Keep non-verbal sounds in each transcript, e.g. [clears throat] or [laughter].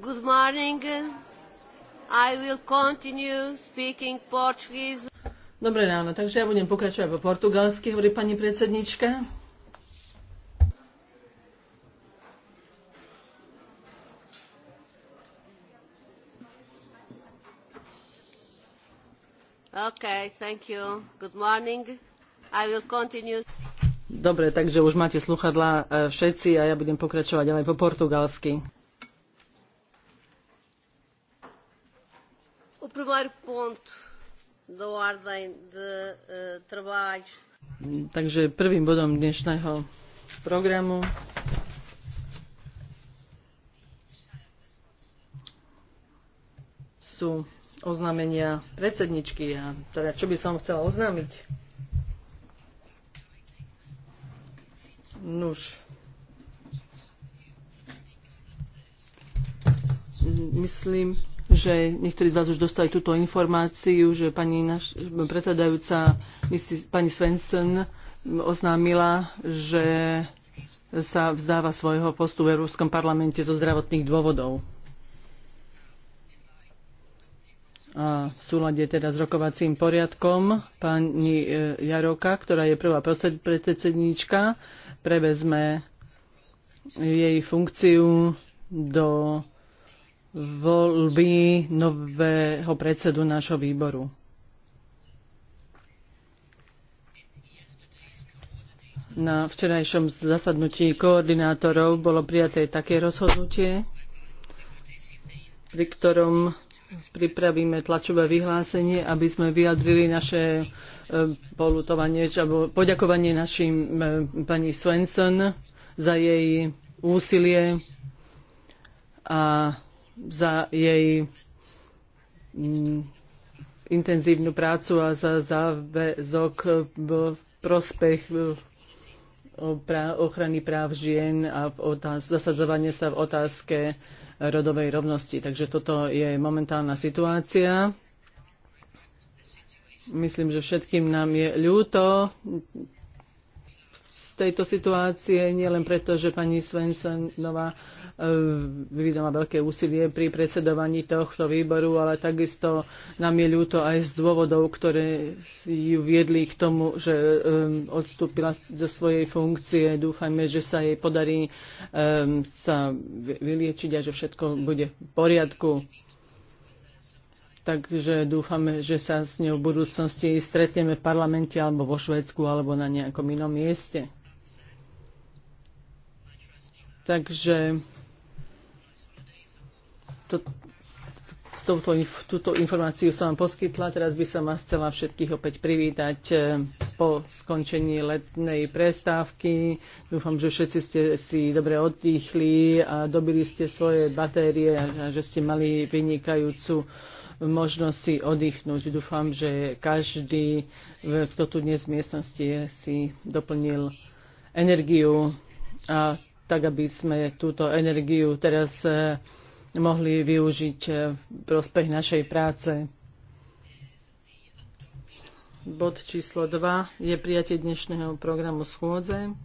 Good morning. I will continue speaking Portuguese. Dobré ráno, takže ja budem pokračovať po portugalsky, hovorí pani predsednička. OK, thank you. Good morning. I will continue. Dobre, takže už máte sluchadla eh, všetci a ja budem pokračovať ďalej po portugalsky. O primeiro ponto da ordem de uh, trabalhos. Takže prvým bodom dnešného programu sú oznámenia predsedničky. A teda čo by som chcela oznámiť? Nuž. Myslím, že niektorí z vás už dostali túto informáciu, že pani naš, predsedajúca pani Svensson oznámila, že sa vzdáva svojho postu v Európskom parlamente zo zdravotných dôvodov. A v súlade teda s rokovacím poriadkom pani e, Jaroka, ktorá je prvá predsedníčka, prevezme jej funkciu do voľby nového predsedu nášho výboru. Na včerajšom zasadnutí koordinátorov bolo prijaté také rozhodnutie, pri ktorom pripravíme tlačové vyhlásenie, aby sme vyjadrili naše e, polutovanie alebo poďakovanie našim e, pani Svensson za jej úsilie a za jej mm, intenzívnu prácu a za záväzok v prospech e, ochrany práv žien a otáz- zasadzovanie sa v otázke rodovej rovnosti. Takže toto je momentálna situácia. Myslím, že všetkým nám je ľúto z tejto situácie, nielen preto, že pani Svensonová Ehm, vyvinula veľké úsilie pri predsedovaní tohto výboru, ale takisto nám je ľúto aj z dôvodov, ktoré ju viedli k tomu, že ehm, odstúpila zo svojej funkcie. Dúfajme, že sa jej podarí ehm, sa vyliečiť a že všetko bude v poriadku takže dúfame, že sa s ňou v budúcnosti stretneme v parlamente alebo vo Švédsku alebo na nejakom inom mieste. Takže to, túto informáciu som vám poskytla. Teraz by som vás chcela všetkých opäť privítať eh, po skončení letnej prestávky. Dúfam, že všetci ste si dobre oddychli a dobili ste svoje batérie a že ste mali vynikajúcu možnosť si oddychnúť. Dúfam, že každý, kto tu dnes v miestnosti je, si doplnil energiu a tak, aby sme túto energiu teraz eh, mohli využiť v e, prospech našej práce. Bod číslo 2 je prijatie dnešného programu schôdze.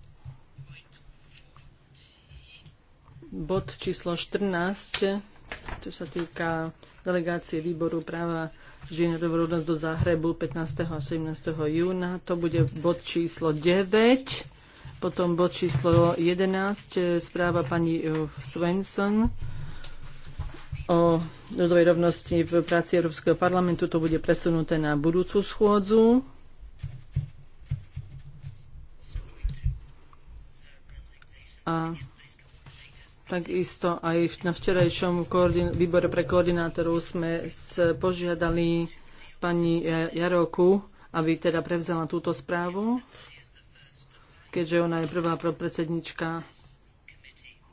Bod číslo 14, čo sa týka delegácie výboru práva žien a dobrovoľnosť do Záhrebu 15. a 17. júna. To bude bod číslo 9. Potom bod číslo 11, e, správa pani e, Svensson o rodovej rovnosti v práci Európskeho parlamentu. To bude presunuté na budúcu schôdzu. A takisto aj na včerajšom výbore pre koordinátorov sme požiadali pani Jaroku, aby teda prevzala túto správu, keďže ona je prvá predsednička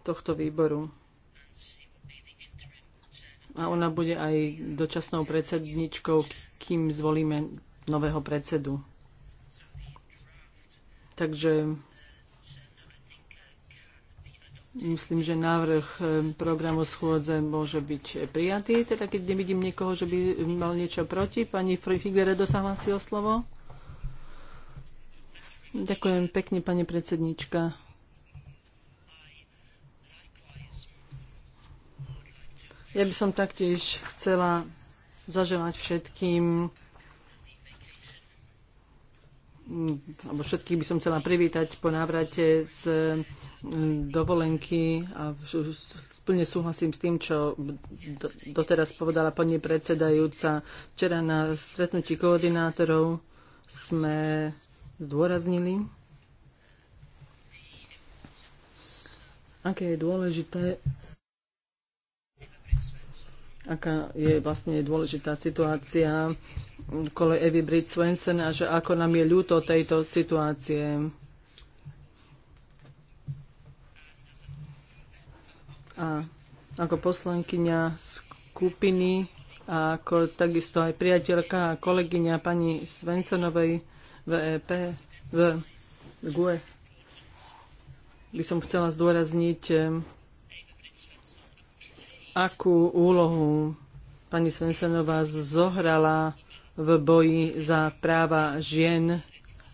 tohto výboru. A ona bude aj dočasnou predsedničkou, kým zvolíme nového predsedu. Takže myslím, že návrh e, programu schôdze môže byť prijatý, teda keď nevidím niekoho, že by mal niečo proti. Pani Figuere sa si o slovo. Ďakujem pekne, pani predsednička. Ja by som taktiež chcela zaželať všetkým alebo všetkých by som chcela privítať po návrate z mm, dovolenky a plne súhlasím s tým, čo doteraz povedala pani predsedajúca. Včera na stretnutí koordinátorov sme zdôraznili, aké je dôležité aká je vlastne dôležitá situácia kole Evy Brit Svensson a že ako nám je ľúto tejto situácie. A ako poslankyňa skupiny a ako takisto aj priateľka a kolegyňa pani Svensonovej VEP v GUE e, by som chcela zdôrazniť akú úlohu pani Svensenová zohrala v boji za práva žien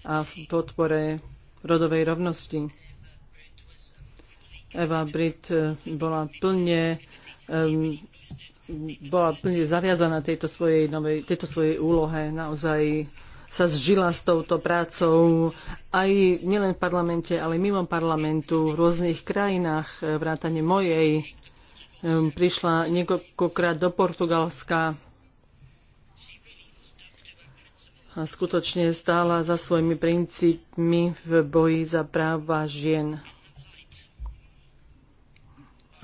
a v podpore rodovej rovnosti. Eva Brit eh, bola plne um, bola plne zaviazaná tejto svojej, novej, tejto svojej úlohe, naozaj sa zžila s touto prácou aj nielen v parlamente, ale mimo parlamentu, v rôznych krajinách, eh, vrátane mojej prišla niekoľkokrát do Portugalska a skutočne stála za svojimi princípmi v boji za práva žien.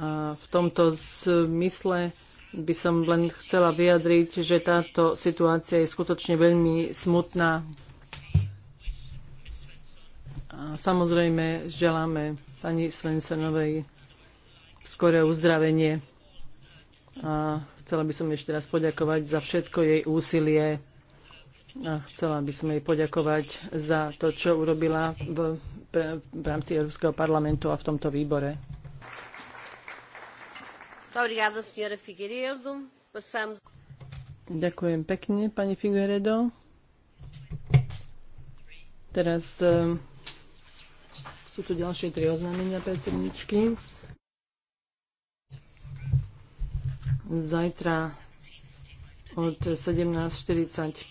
A v tomto zmysle by som len chcela vyjadriť, že táto situácia je skutočne veľmi smutná. A samozrejme želáme pani Svensenovej skoré uzdravenie. A chcela by som ešte raz poďakovať za všetko jej úsilie a chcela by som jej poďakovať za to, čo urobila v, v rámci Európskeho parlamentu a v tomto výbore. Ďakujem pekne, pani Figueredo. Teraz eh, sú tu ďalšie tri oznámenia predsedničky. zajtra od 17.45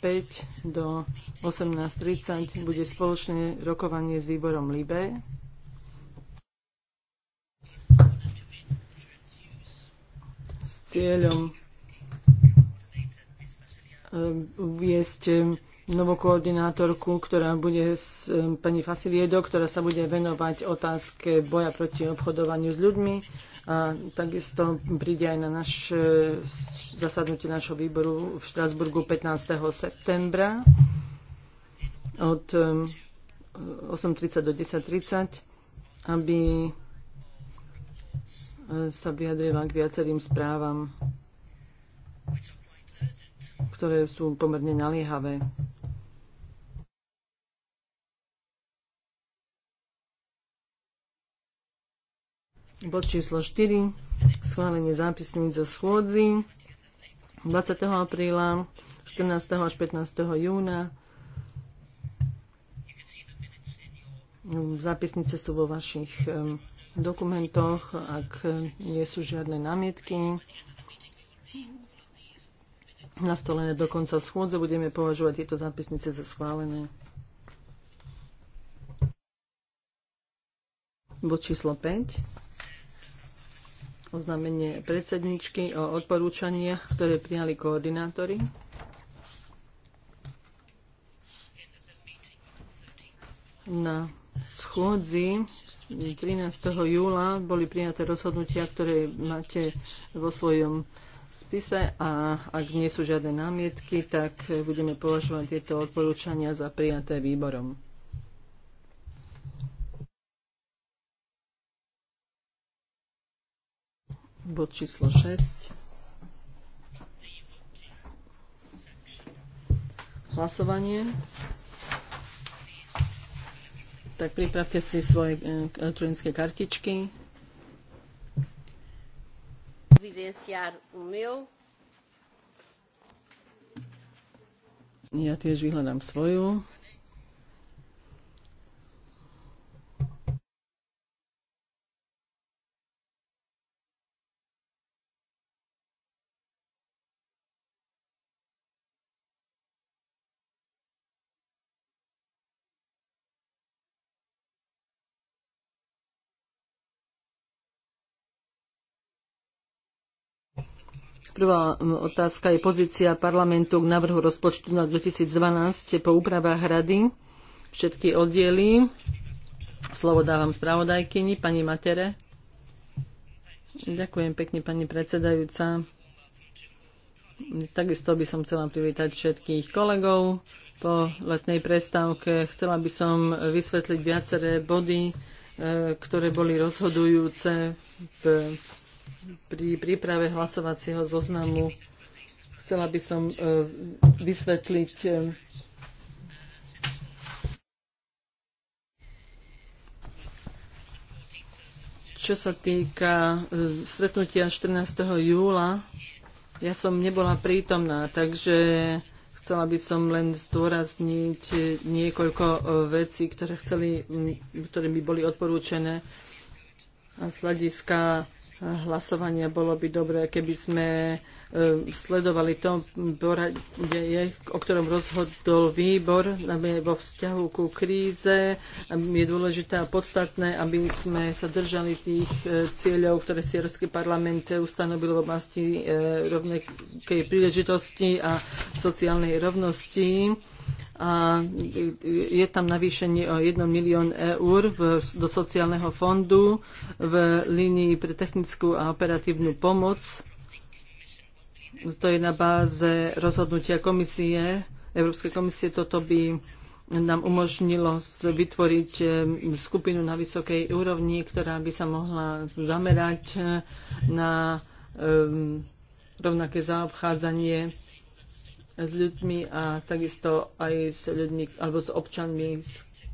do 18.30 bude spoločné rokovanie s výborom LIBE. S cieľom eh, viesť eh, novú koordinátorku, ktorá bude s eh, pani Fasiliedo, ktorá sa bude venovať otázke boja proti obchodovaniu s ľuďmi a takisto príde aj na naš, zasadnutie našho výboru v Štrasburgu 15. septembra od 8.30 um, do 10.30, aby e, sa vyjadrila k viacerým správam, ktoré sú pomerne naliehavé. Bod číslo 4. Schválenie zápisníc zo schôdzi 20. apríla, 14. až 15. júna. Zápisnice sú vo vašich dokumentoch, ak nie sú žiadne námietky. Nastolené do konca schôdze budeme považovať tieto zápisnice za schválené. Bod číslo 5 oznámenie predsedničky o odporúčaniach, ktoré prijali koordinátori. Na schôdzi 13. júla boli prijaté rozhodnutia, ktoré máte vo svojom spise a ak nie sú žiadne námietky, tak budeme považovať tieto odporúčania za prijaté výborom. Bod číslo 6. Hlasovanie. Tak pripravte si svoje eh, elektronické kartičky. Evidenciar o meu. Ja tiež vyhľadám svoju. Prvá um, otázka je pozícia parlamentu k návrhu rozpočtu na 2012 po úpravách rady. Všetky oddiely. Slovo dávam spravodajkyni, pani Matere. Ďakujem pekne, pani predsedajúca. Takisto by som chcela privítať všetkých kolegov po letnej prestávke. Chcela by som vysvetliť viaceré body, eh, ktoré boli rozhodujúce v pri príprave hlasovacieho zoznamu chcela by som e, vysvetliť e, čo sa týka e, stretnutia 14. júla, ja som nebola prítomná, takže chcela by som len zdôrazniť niekoľko vecí, ktoré, chceli, ktoré by boli odporúčené a z hľadiska hlasovania bolo by dobré, keby sme e, sledovali to poradie, o ktorom rozhodol výbor vo vzťahu ku kríze. Je dôležité a podstatné, aby sme sa držali tých e, cieľov, ktoré si Európsky parlament ustanovil v oblasti e, rovnakej príležitosti a sociálnej rovnosti a je tam navýšenie o 1 milión eur v, do sociálneho fondu v línii pre technickú a operatívnu pomoc. To je na báze rozhodnutia komisie. Európskej komisie toto by nám umožnilo vytvoriť skupinu na vysokej úrovni, ktorá by sa mohla zamerať na rovnaké zaobchádzanie s ľuďmi a takisto aj s ľuďmi alebo s občanmi,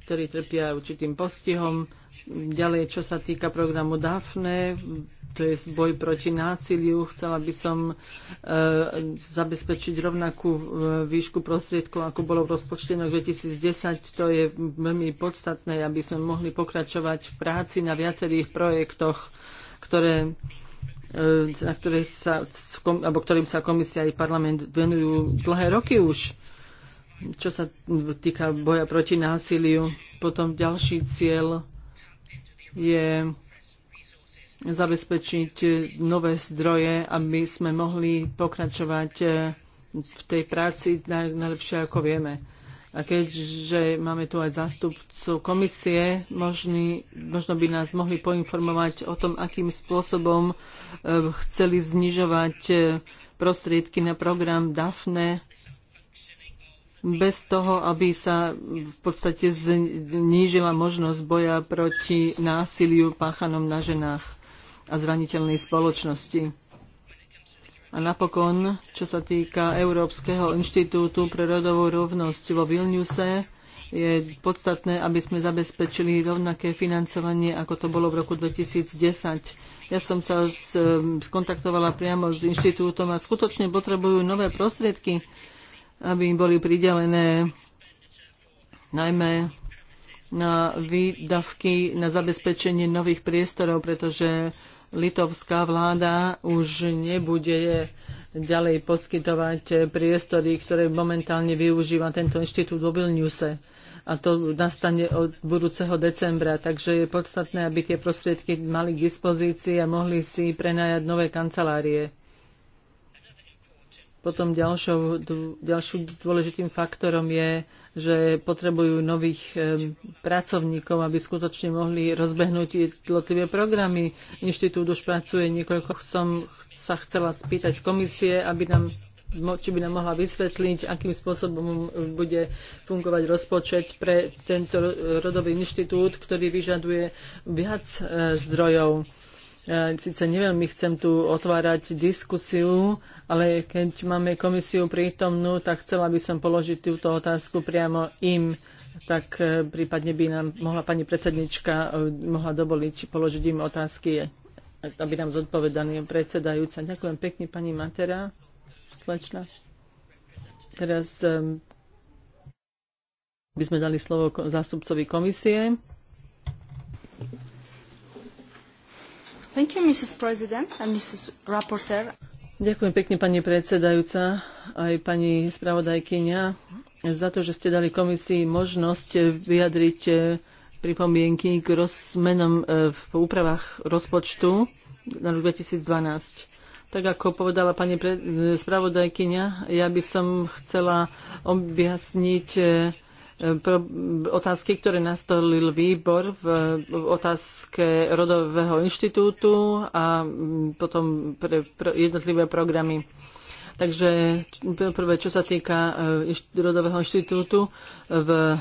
ktorí trpia určitým postihom. Ďalej, čo sa týka programu DAFNE, to je boj proti násiliu. Chcela by som e, zabezpečiť rovnakú e, výšku prostriedkov, ako bolo v rozpočte 2010. To je veľmi podstatné, aby sme mohli pokračovať v práci na viacerých projektoch, ktoré E, na ktoré sa, alebo ktorým sa komisia aj parlament venujú dlhé roky už, čo sa týka boja proti násiliu. Potom ďalší cieľ je zabezpečiť nové zdroje, aby sme mohli pokračovať e, v tej práci najlepšie, ako vieme. A keďže máme tu aj zástupcu komisie, možný, možno by nás mohli poinformovať o tom, akým spôsobom e, chceli znižovať e, prostriedky na program DAFNE bez toho, aby sa v podstate znížila možnosť boja proti násiliu páchanom na ženách a zraniteľnej spoločnosti. A napokon, čo sa týka Európskeho inštitútu pre rodovú rovnosť vo Vilniuse, je podstatné, aby sme zabezpečili rovnaké financovanie, ako to bolo v roku 2010. Ja som sa skontaktovala priamo s inštitútom a skutočne potrebujú nové prostriedky, aby im boli pridelené najmä na výdavky na zabezpečenie nových priestorov, pretože litovská vláda už nebude ďalej poskytovať priestory, ktoré momentálne využíva tento inštitút vo Vilniuse a to nastane od budúceho decembra. Takže je podstatné, aby tie prostriedky mali k dispozícii a mohli si prenajať nové kancelárie. Potom ďalšou, ďalším dôležitým faktorom je, že potrebujú nových pracovníkov, aby skutočne mohli rozbehnúť jednotlivé programy. Inštitút už pracuje niekoľko. Som sa chcela spýtať komisie, aby nám či by nám mohla vysvetliť, akým spôsobom bude fungovať rozpočet pre tento rodový inštitút, ktorý vyžaduje viac e, zdrojov. Sice neveľmi chcem tu otvárať diskusiu, ale keď máme komisiu prítomnú, tak chcela by som položiť túto otázku priamo im, tak e, prípadne by nám mohla pani predsednička e, mohla dovoliť položiť im otázky, e, aby nám zodpovedaný predsedajúca. Ďakujem pekne pani Matera. Slečna. Teraz by sme dali slovo zástupcovi komisie. Ďakujem pekne, pani predsedajúca, aj pani spravodajkyňa, za to, že ste dali komisii možnosť vyjadriť eh, pripomienky k rozmenom eh, v úpravách rozpočtu na rok 2012. Tak ako povedala pani spravodajkyňa, ja by som chcela objasniť eh, otázky, ktoré nastolil výbor v otázke Rodového inštitútu a mm, potom pre jednotlivé programy. Takže prvé, čo sa týka e, Rodového inštitútu v,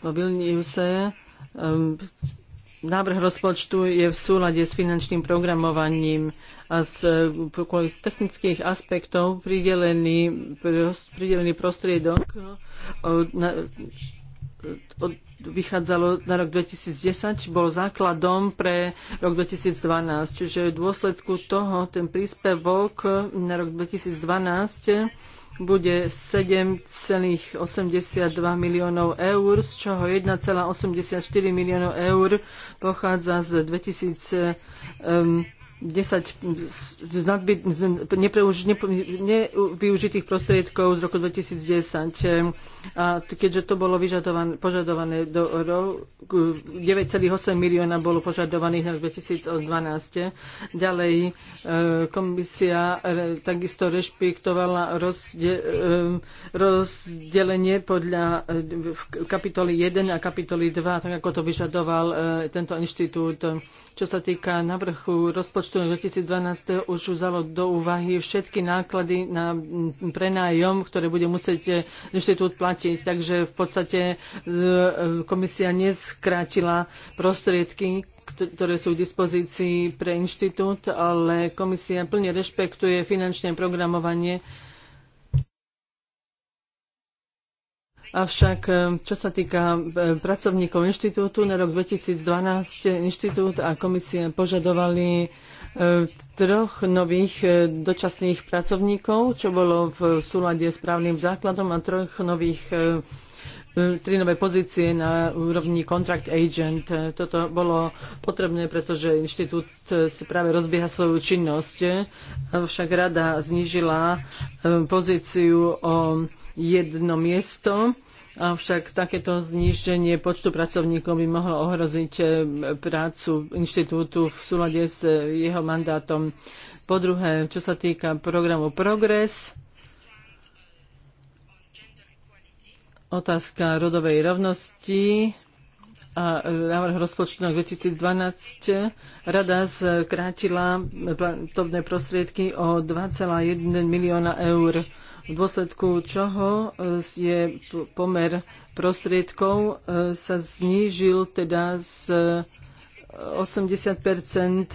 Vilniuse, e, návrh rozpočtu je v súlade s finančným programovaním a z, e, technických aspektov pridelený, pridelený prostriedok e, na, e, od, vychádzalo na rok 2010, bol základom pre rok 2012. Čiže v dôsledku toho ten príspevok na rok 2012 bude 7,82 miliónov eur, z čoho 1,84 miliónov eur pochádza z 2000, um, 10 z, nadby, z nepreuž, ne, nevyužitých prostriedkov z roku 2010. A keďže to bolo vyžadované, požadované do roku 9,8 milióna bolo požadovaných na 2012. Ďalej e, komisia takisto rešpektovala rozde, e, rozdelenie podľa e, kapitoly 1 a kapitoly 2, tak ako to vyžadoval tento inštitút. Čo sa týka navrhu rozpočtu rozpočtu 2012 už vzalo do úvahy všetky náklady na prenájom, ktoré bude musieť inštitút platiť. Takže v podstate e, komisia neskrátila prostriedky, ktoré sú v dispozícii pre inštitút, ale komisia plne rešpektuje finančné programovanie. Avšak, e, čo sa týka e, pracovníkov inštitútu, na rok 2012 inštitút a komisia požadovali troch nových e, dočasných pracovníkov, čo bolo v súlade s právnym základom a troch nových e, e, tri nové pozície na úrovni contract agent. Toto bolo potrebné, pretože inštitút si práve rozbieha svoju činnosť, však rada znížila pozíciu o jedno miesto avšak takéto zníženie počtu pracovníkov by mohlo ohroziť eh, prácu inštitútu v súlade s eh, jeho mandátom. Po druhé, čo sa týka programu Progress, otázka rodovej rovnosti a e, návrh rozpočtu na 2012 rada skrátila platobné prostriedky o 2,1 milióna eur, v dôsledku čoho e, je pomer prostriedkov e, sa znížil teda z 80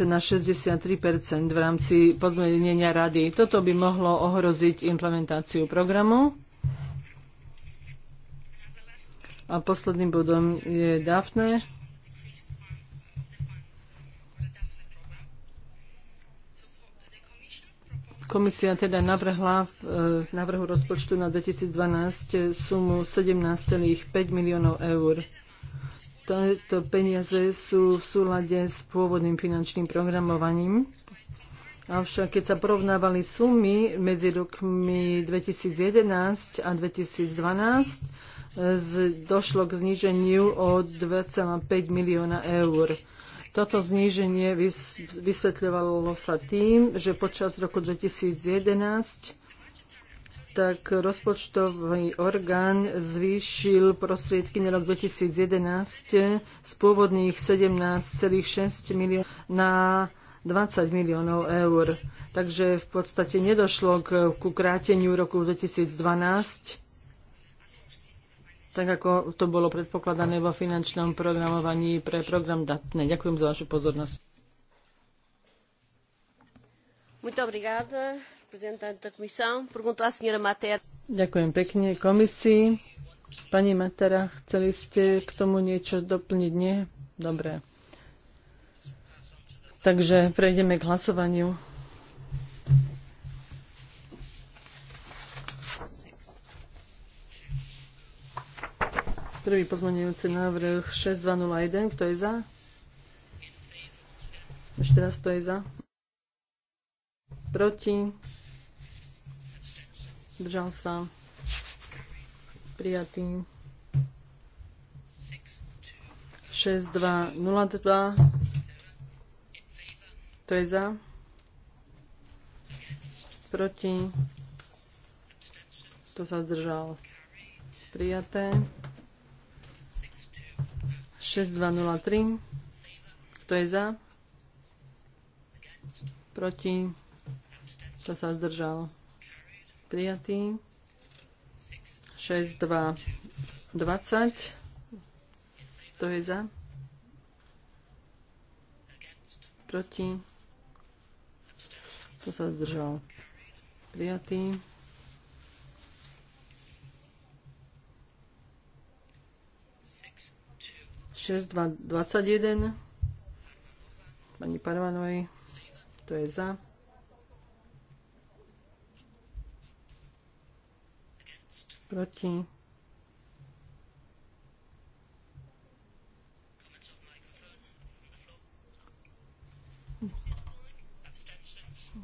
na 63 v rámci pozmenenia rady. Toto by mohlo ohroziť implementáciu programu. A posledným bodom je Daphne. Komisia teda navrhla v e, návrhu rozpočtu na 2012 sumu 17,5 miliónov eur. Tieto peniaze sú v súlade s pôvodným finančným programovaním. Avšak keď sa porovnávali sumy medzi rokmi 2011 a 2012, z, došlo k zníženiu o 2,5 milióna eur. Toto zníženie vys, vysvetľovalo sa tým, že počas roku 2011 tak rozpočtový orgán zvýšil prostriedky na rok 2011 z pôvodných 17,6 miliónov na 20 miliónov eur. Takže v podstate nedošlo k, ku kráteniu roku 2012, tak ako to bolo predpokladané vo finančnom programovaní pre program DATNE. Ďakujem za vašu pozornosť. Ďakujem pekne komisii. Pani Matera, chceli ste k tomu niečo doplniť? Nie? Dobre. Takže prejdeme k hlasovaniu. Prvý pozmeňujúci návrh 6201, kto je za? Ešte raz, kto je za? Proti? Držal sa? Prijatý? 6202. To je za. Proti. To sa zdržal. Prijaté. 6203. Kto je za? Proti? Kto sa zdržal? Prijatý. 6220. Kto je za? Proti? Kto sa zdržal? Prijatý. 621. Pani Parvanovej, to je za. Proti.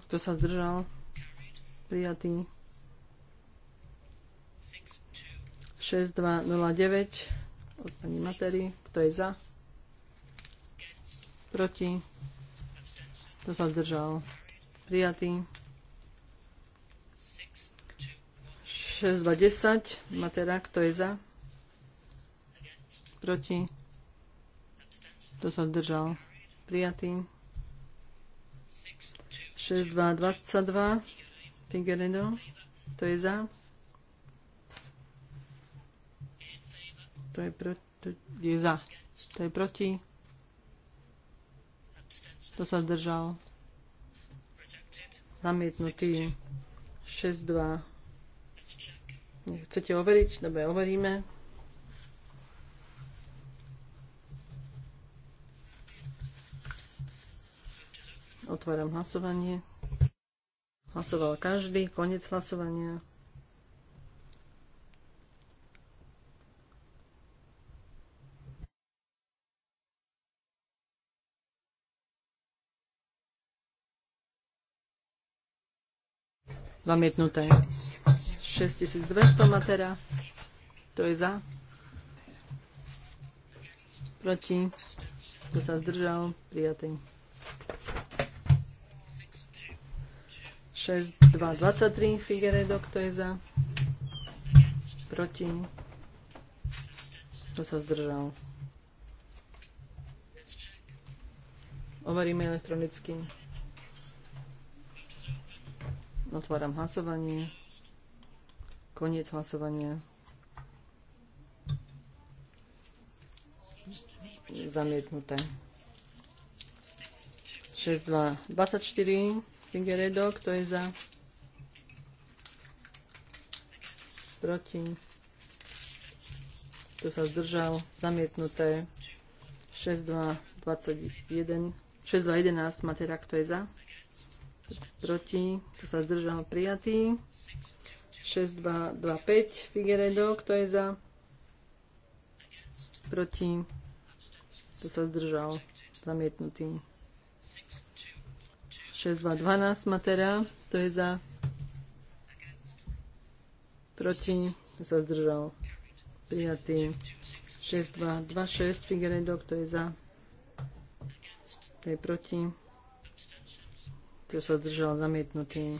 Kto sa zdržal? Prijatý. 6209 od pani Matery. Kto je za? Proti? Kto sa zdržal? Prijatý. 6, 2, 10. Matera, kto je za? Proti? Kto sa zdržal? Prijatý. 6, 2, 22. Figueredo, kto je za? Kto je proti? To je za. To je proti. To sa zdržal. Zamietnutý. 6-2. Chcete overiť? Dobre, overíme. Otváram hlasovanie. Hlasoval každý. Konec hlasovania. zamietnuté. 6200 Matera, to je za, proti, kto sa zdržal, prijatý. 6, 2, 23 Figueredo, kto je za? Proti? To sa zdržal? Overíme elektronicky. Otváram hlasovanie. Koniec hlasovania. Zamietnuté. 6, 2, 24. Fingeredo. kto je za? Proti. Kto sa zdržal? Zamietnuté. 6, 2, 21. 6, 2, 11. Matera, kto je za? proti, kto sa zdržal prijatý. 6, 2, 5, Figueredo, kto je za, proti, kto sa zdržal, zamietnutý. 12, Matera, kto je za, proti, kto sa zdržal, prijatý. 6, Figueredo, kto je za, kto je proti, kto sa zdržal zamietnutý.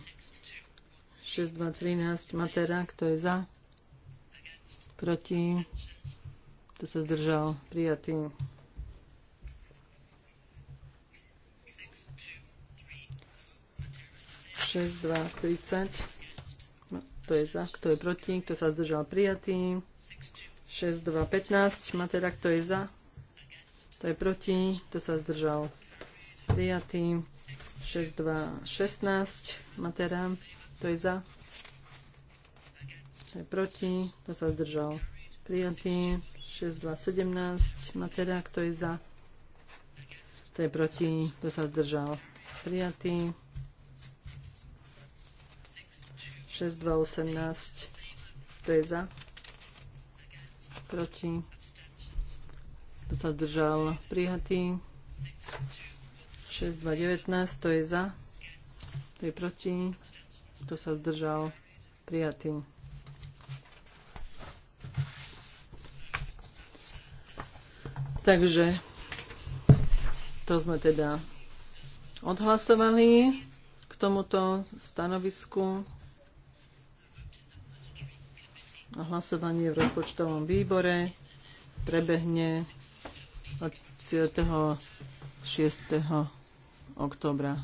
6, 2, 13, Matera, kto je za? Proti? Kto sa zdržal? Prijatý. 6, 2, 30. Kto je za? Kto je proti? Kto sa zdržal? Prijatý. 6, 2, 15. Matera, kto je za? Kto je proti? Kto sa zdržal? Prijatý. 6216 Matera. To je za. To je proti. To sa zdržal. Prijatý. 6217 Matera. Kto je za? To je proti. To sa zdržal. Prijatý. 6218 to je za proti to sa zdržal prijatý 6219, to je za, to je proti, kto sa zdržal, prijatý. Takže to sme teda odhlasovali k tomuto stanovisku. Hlasovanie v rozpočtovom výbore prebehne od 6 októbra.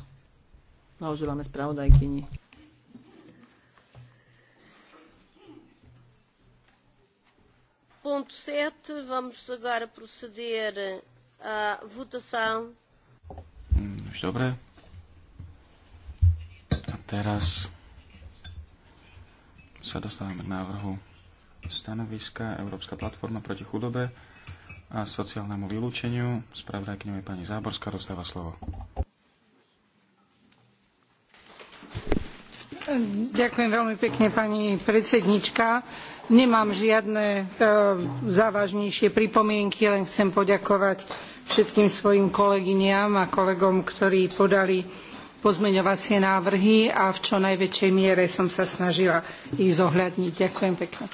Blahoželáme spravodajkyni. Ponto 7, vamos agora proceder à votação. Už dobre. A teraz sa dostávame k návrhu stanoviska Európska platforma proti chudobe a sociálnemu vylúčeniu. Spravodajkňou je pani Záborská, dostáva slovo. Ďakujem veľmi pani Nemám žiadne e, závažnejšie pripomienky, len chcem poďakovať všetkým svojim kolegyniam a kolegom, ktorí podali pozmeňovacie návrhy a v čo najväčšej miere som sa snažila ich zohľadniť. Ďakujem pekne.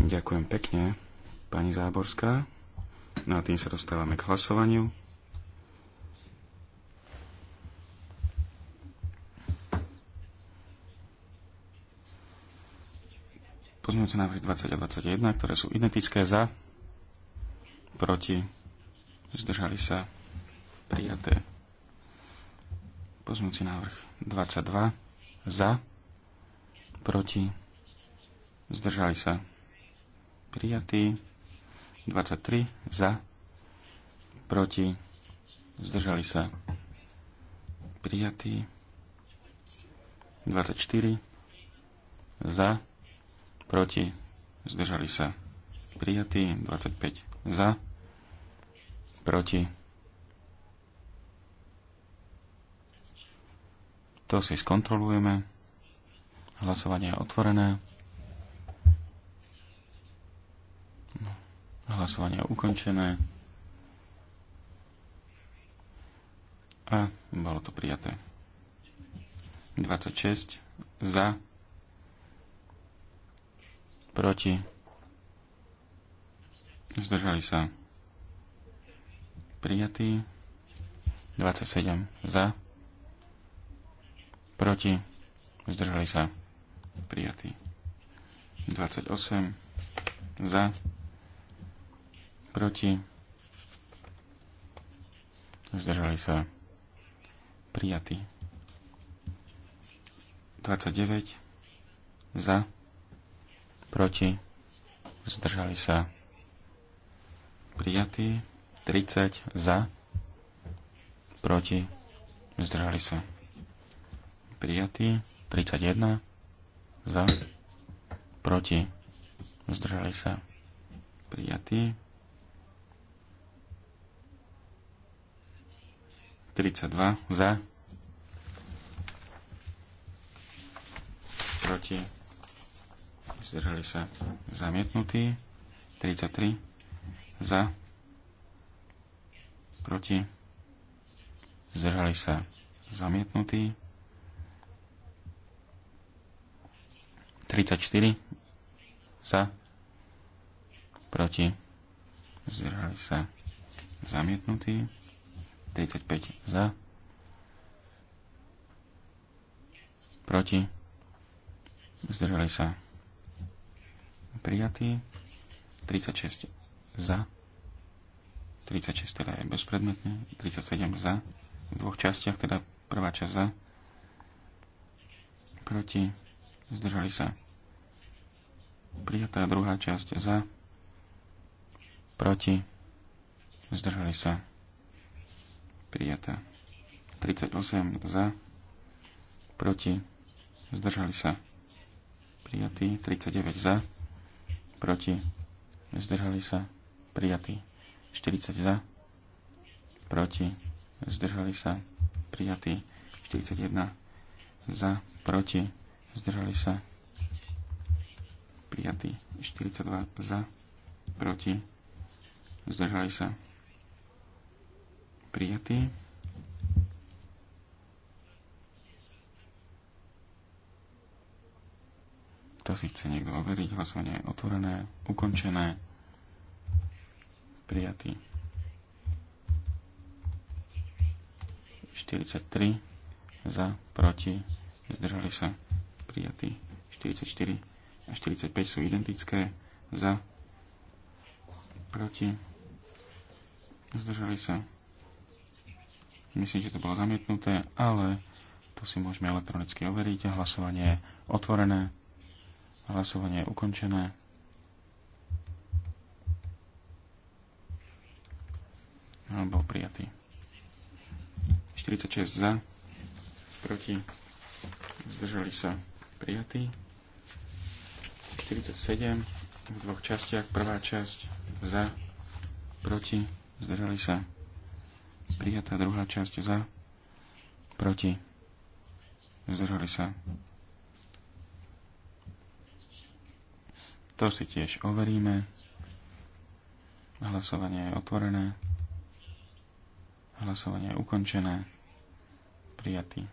Ďakujem pekne, pani Záborská. No a tým sa dostávame k hlasovaniu. Pozmeňujúce návrhy 20 a 21, ktoré sú identické za, proti, zdržali sa, prijaté. Pozmeňujúci návrh 22, za, proti, zdržali sa, prijatý. 23 za, proti, zdržali sa, prijatý. 24 za, proti, zdržali sa, prijatý. 25 za, proti. To si skontrolujeme. Hlasovanie je otvorené. Hlasovanie je ukončené. A bolo to prijaté. 26 za, proti, zdržali sa prijatí, 27 za, proti, zdržali sa prijatí, 28 za, proti, zdržali sa prijatí. 29 za, proti, zdržali sa prijatí. 30 za, proti, zdržali sa prijatí. 31 za, proti, zdržali sa prijatí. 42 za, proti, zdržali sa zamietnutí, 33 za, proti, Zdrhali sa zamietnutí, 34 za, proti, Zdrhali sa zamietnutí, 35 za, proti, zdržali sa prijatí, 36 za, 36 teda je bezpredmetne, 37 za, v dvoch častiach, teda prvá časť za, proti, zdržali sa prijatá druhá časť za, proti, zdržali sa prijatá 38 za, proti, zdržali sa, prijatí. 39 za, proti, zdržali sa, prijatí. 40 za, proti, zdržali sa, prijatí. 41 za, proti, zdržali sa, prijatí. 42 za, proti, zdržali sa, prijatý. To si chce niekto overiť. Hlasovanie je otvorené, ukončené, prijatý. 43 za, proti, zdržali sa, prijatý. 44 a 45 sú identické, za, proti, zdržali sa, Myslím, že to bolo zamietnuté, ale to si môžeme elektronicky overiť. Hlasovanie je otvorené. Hlasovanie je ukončené. A bol prijatý. 46 za, proti, zdržali sa prijatí. 47 v dvoch častiach. Prvá časť za, proti, zdržali sa prijatá, druhá časť za, proti, zdržali sa. To si tiež overíme. Hlasovanie je otvorené. Hlasovanie je ukončené. Prijatý.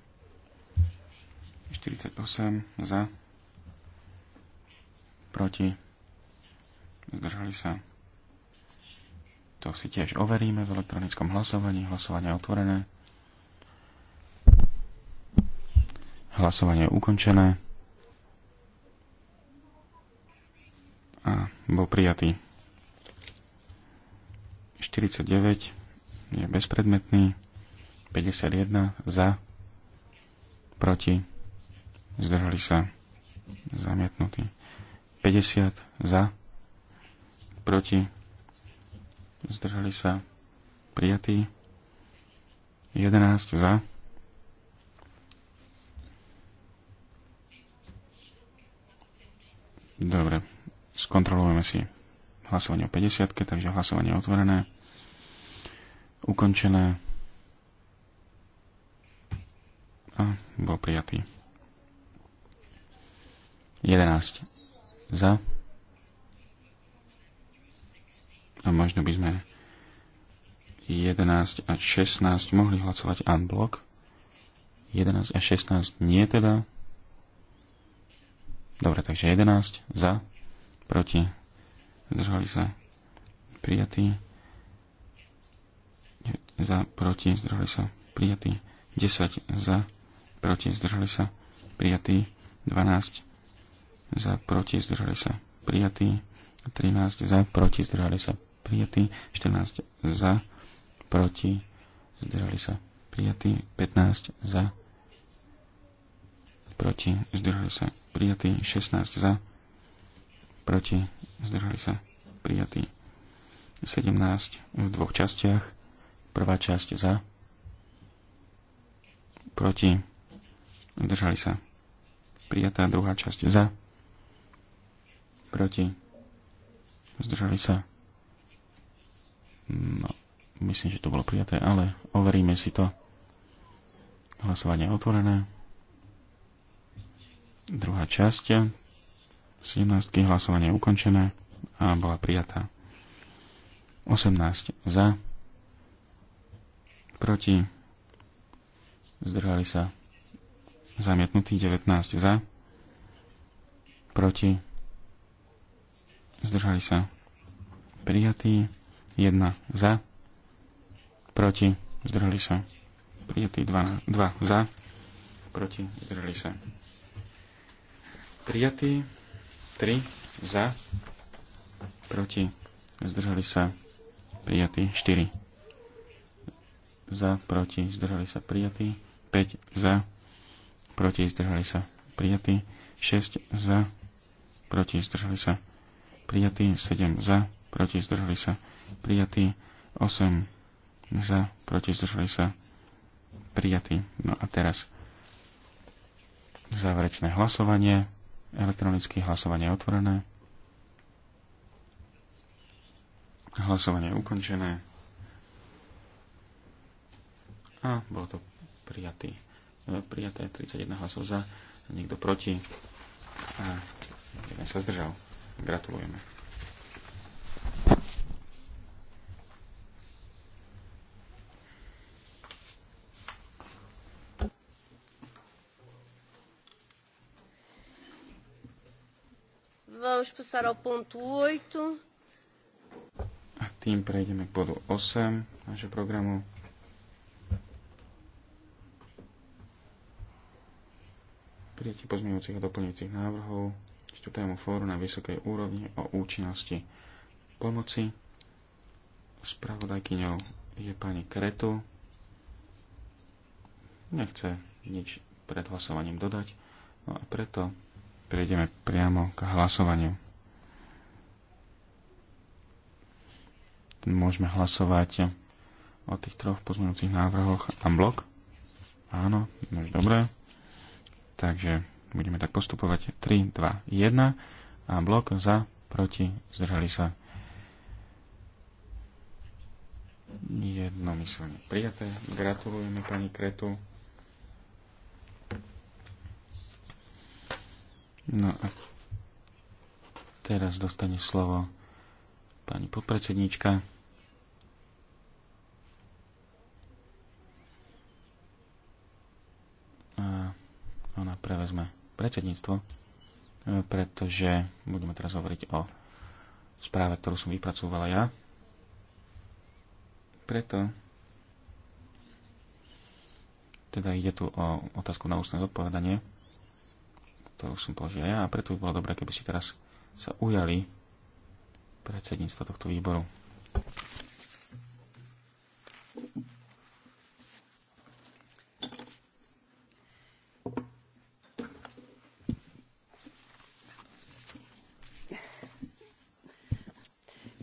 48 za. Proti. Zdržali sa to si tiež overíme v elektronickom hlasovaní. Hlasovanie je otvorené. Hlasovanie je ukončené. A bol prijatý. 49 je bezpredmetný. 51 za. Proti. Zdržali sa. Zamietnutý. 50 za. Proti zdržali sa prijatí, 11 za, Dobre, skontrolujeme si hlasovanie o 50, takže hlasovanie je otvorené, ukončené a bol prijatý. 11 za, a možno by sme 11 a 16 mohli hlasovať unblock. 11 a 16 nie teda. Dobre, takže 11 za, proti, zdržali sa prijatí. Za, proti, zdržali sa prijatí. 10 za, proti, zdržali sa prijatí. 12 za, proti, zdržali sa prijatí. 13 za, proti, zdržali sa prijatý, 14 za, proti, zdržali sa prijatý, 15 za, proti, zdržali sa prijatý, 16 za, proti, zdržali sa prijatý, 17 v dvoch častiach, prvá časť za, proti, zdržali sa prijatá druhá časť za, proti, zdržali sa No, myslím, že to bolo prijaté, ale overíme si to. Hlasovanie je otvorené. Druhá časť. 17. Hlasovanie je ukončené a bola prijatá. 18 za, proti, zdržali sa zamietnutí 19 za, proti, zdržali sa prijatí 1 za, proti, zdrhli sa, prijatý 2, 2 za, proti, zdrhli sa. Prijatý 3 za, proti, zdrhli sa, prijatý 4 za, proti, zdrhli sa, prijatý 5 za, proti, zdrhli sa, prijatý 6 za, proti, zdrhli sa, prijatý 7 za, proti, zdrhli sa, prijatý. 8 za, proti zdržali sa prijatý. No a teraz záverečné hlasovanie, elektronické hlasovanie otvorené, hlasovanie ukončené a bolo to prijatý. prijaté 31 hlasov za, nikto proti a jeden sa zdržal. Gratulujeme. Vamos passar ao ponto 8. A tým prejdeme k bodu 8 nášho programu. Prijetí pozmeňujúcich a doplňujúcich návrhov 4. fóru na vysokej úrovni o účinnosti pomoci. Spravodajkyňou je pani Kretu. Nechce nič pred hlasovaním dodať, no a preto prejdeme priamo k hlasovaniu. Môžeme hlasovať o tých troch pozmeňujúcich návrhoch a blok. Áno, už dobre. Takže budeme tak postupovať 3, 2, 1 a blok za, proti, zdržali sa Jednomyslne prijaté. Gratulujeme pani Kretu. No a teraz dostane slovo pani podpredsedníčka. A ona prevezme predsedníctvo, e, pretože budeme teraz hovoriť o správe, ktorú som vypracovala ja. Preto teda ide tu o otázku na ústne zodpovedanie ktorú som položil ja a preto by bolo dobré, keby si teraz sa ujali predsedníctva tohto výboru.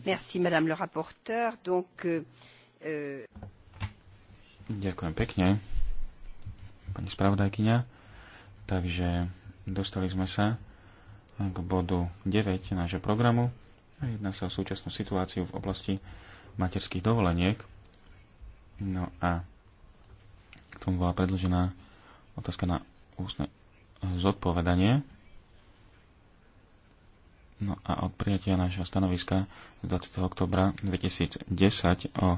Merci, madame le rapporteur. Donc, euh... euh Ďakujem pekne, pani spravodajkyňa. Takže Dostali sme sa k bodu 9 nášho programu. Jedná sa o súčasnú situáciu v oblasti materských dovoleniek. No a k tomu bola predložená otázka na ústne zodpovedanie. No a od prijatia nášho stanoviska z 20. oktobra 2010 o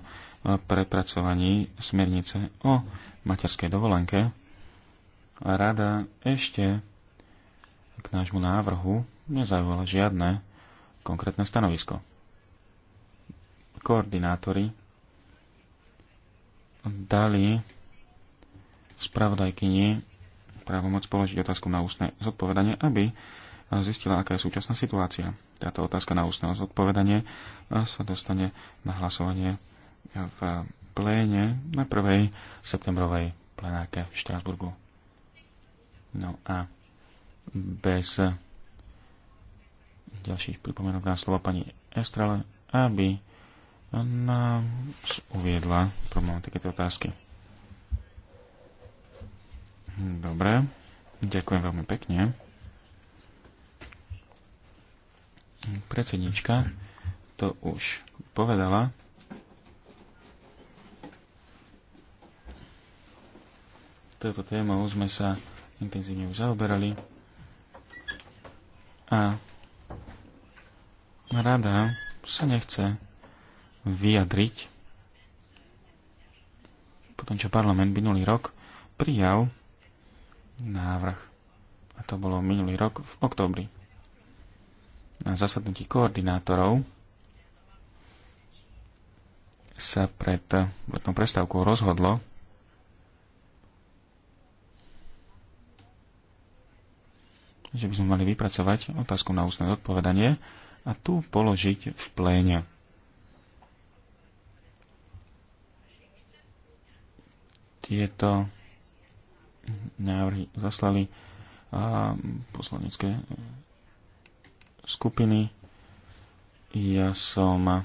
prepracovaní smernice o materskej dovolenke Rada ešte k nášmu návrhu nezaujala žiadne konkrétne stanovisko. Koordinátori dali spravodajkyni právomoc položiť otázku na ústne zodpovedanie, aby zistila, aká je súčasná situácia. Táto otázka na ústne zodpovedanie sa dostane na hlasovanie v pléne na 1. septembrovej plenárke v Štrasburgu. No a bez ďalších pripomenok na slova pani Estrale, aby nám uviedla problematiky tej otázky. Dobre, ďakujem veľmi pekne. Predsednička to už povedala. Toto témou sme sa intenzívne už zaoberali. A rada sa nechce vyjadriť potom čo parlament minulý rok prijal návrh. A to bolo minulý rok v oktobri. Na zasadnutí koordinátorov sa pred letnou prestávkou rozhodlo, že by sme mali vypracovať otázku na ústne odpovedanie a tu položiť v pléne. Tieto návrhy zaslali a poslanecké skupiny. Ja som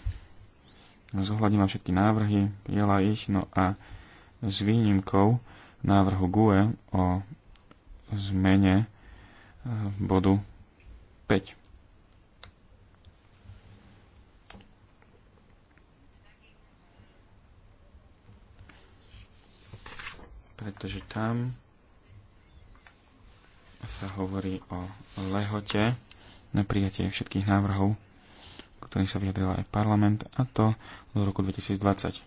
zohľadnila všetky návrhy, prijela ich, no a s výnimkou návrhu GUE o zmene bodu 5. pretože tam sa hovorí o lehote na prijatie všetkých návrhov, ktorým sa vyjadril aj parlament, a to do roku 2020.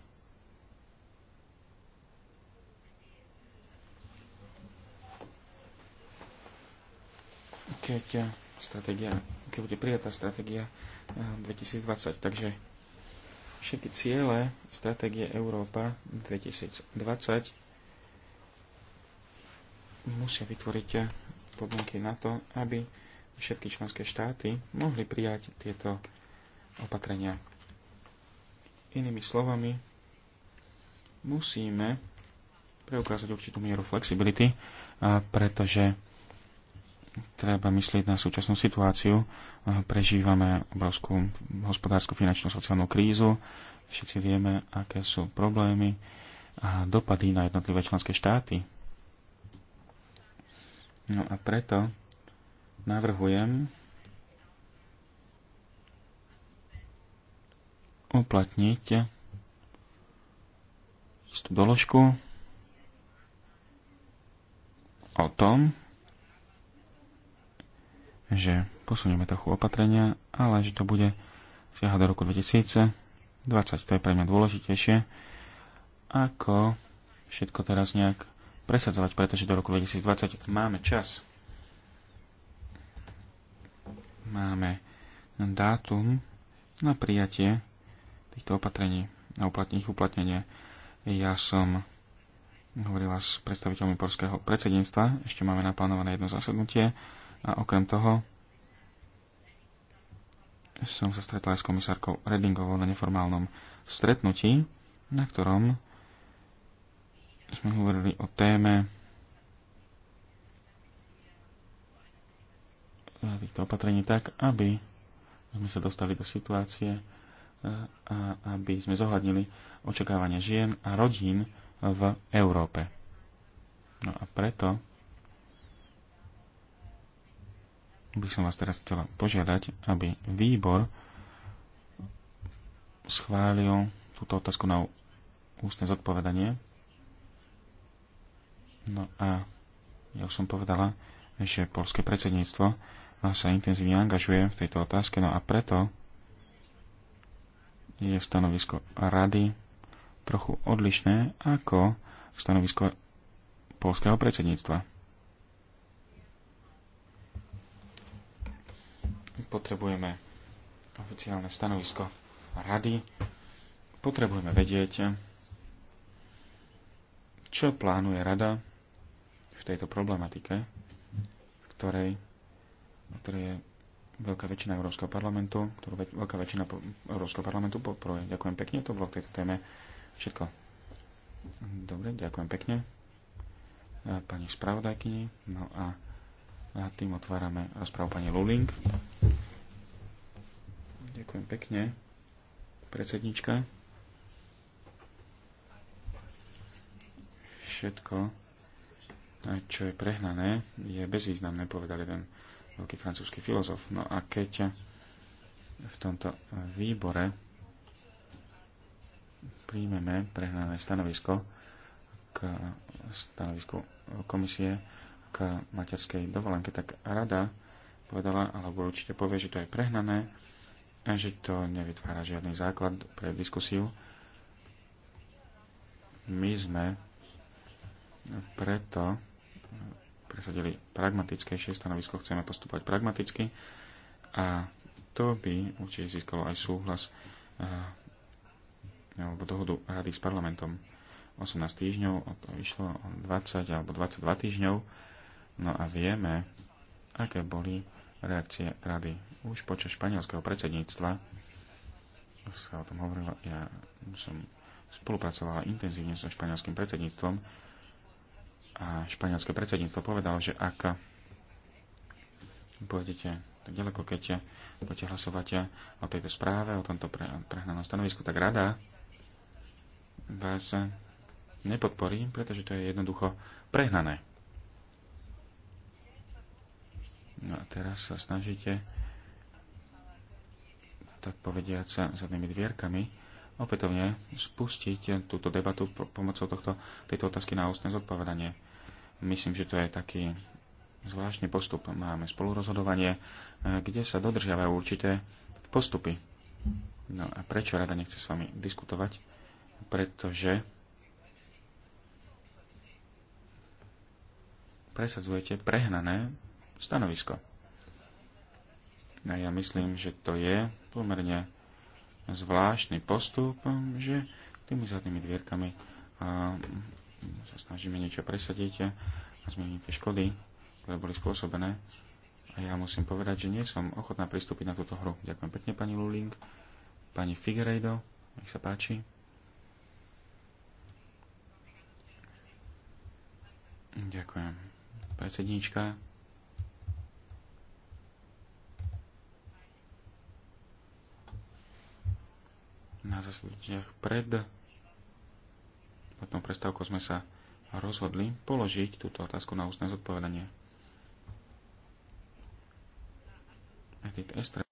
keď, stratégia, keď bude prijatá stratégia 2020. Eh, Takže všetky ciele stratégie Európa 2020 musia vytvoriť eh, podmienky na to, aby všetky členské štáty mohli prijať tieto opatrenia. Inými slovami, musíme preukázať určitú mieru flexibility, eh, pretože treba myslieť na súčasnú situáciu. Prežívame obrovskú hospodárskú, finančnú, sociálnu krízu. Všetci vieme, aké sú problémy a dopady na jednotlivé členské štáty. No a preto navrhujem uplatniť istú doložku o tom, že posunieme trochu opatrenia, ale že to bude siahať do roku 2020. To je pre mňa dôležitejšie, ako všetko teraz nejak presadzovať, pretože do roku 2020 máme čas. Máme dátum na prijatie týchto opatrení a ich uplatnenie. Ja som hovorila s predstaviteľmi polského predsedníctva, ešte máme naplánované jedno zasadnutie, a okrem toho som sa stretla aj s komisárkou Redingovou na neformálnom stretnutí, na ktorom sme hovorili o téme týchto opatrení tak, aby sme sa dostali do situácie, e, a aby sme zohľadnili očakávania žien a rodín v Európe. No a preto by som vás teraz chcela požiadať, aby výbor schválil túto otázku na ústne zodpovedanie. No a ja už som povedala, že polské predsedníctvo sa intenzívne angažuje v tejto otázke, no a preto je stanovisko rady trochu odlišné ako stanovisko polského predsedníctva. potrebujeme oficiálne stanovisko rady, potrebujeme vedieť, čo plánuje rada v tejto problematike, v ktorej, v ktorej je veľká väčšina Európskeho parlamentu, ktorú ve, veľká väčšina Európskeho parlamentu podporuje. Ďakujem pekne, to bolo k tejto téme všetko. Dobre, ďakujem pekne e, pani spravodajkyni. No a a tým otvárame rozprávu pani Luling. Ďakujem pekne. Predsednička. Všetko, čo je prehnané, je bezvýznamné, povedal jeden veľký francúzsky filozof. No a keď v tomto výbore príjmeme prehnané stanovisko k stanovisku komisie, k materskej dovolenke, tak rada povedala, alebo určite povie, že to je prehnané a že to nevytvára žiadny základ pre diskusiu. My sme preto presadili pragmatickejšie stanovisko, chceme postupovať pragmaticky a to by určite získalo aj súhlas eh, alebo dohodu rady s parlamentom. 18 týždňov, o to išlo 20 alebo 22 týždňov No a vieme, aké boli reakcie rady. Už počas španielského predsedníctva sa o tom hovorilo, ja som spolupracovala intenzívne so španielským predsedníctvom a španielské predsedníctvo povedalo, že ak pôjdete tak ďaleko, keď budete hlasovať o tejto správe, o tomto pre, prehnanom stanovisku, tak rada vás nepodporí, pretože to je jednoducho prehnané. No a teraz sa snažíte, tak povediať sa zadnými dvierkami, opätovne spustiť túto debatu pomocou tohto, tejto otázky na ústne zodpovedanie. Myslím, že to je taký zvláštny postup. Máme spolurozhodovanie, eh, kde sa dodržiavajú určité postupy. No a prečo rada nechce s vami diskutovať? Pretože presadzujete prehnané stanovisko. A ja myslím, že to je pomerne zvláštny postup, že tými zadnými dvierkami a, mm, sa snažíme niečo presadiť a zmeniť tie škody, ktoré boli spôsobené. A ja musím povedať, že nie som ochotná pristúpiť na túto hru. Ďakujem pekne, pani Luling, pani Figueiredo, nech sa páči. Ďakujem. Predsedníčka, na zasadnutiach pred potom prestávkou sme sa rozhodli položiť túto otázku na ústne zodpovedanie. Edith Estre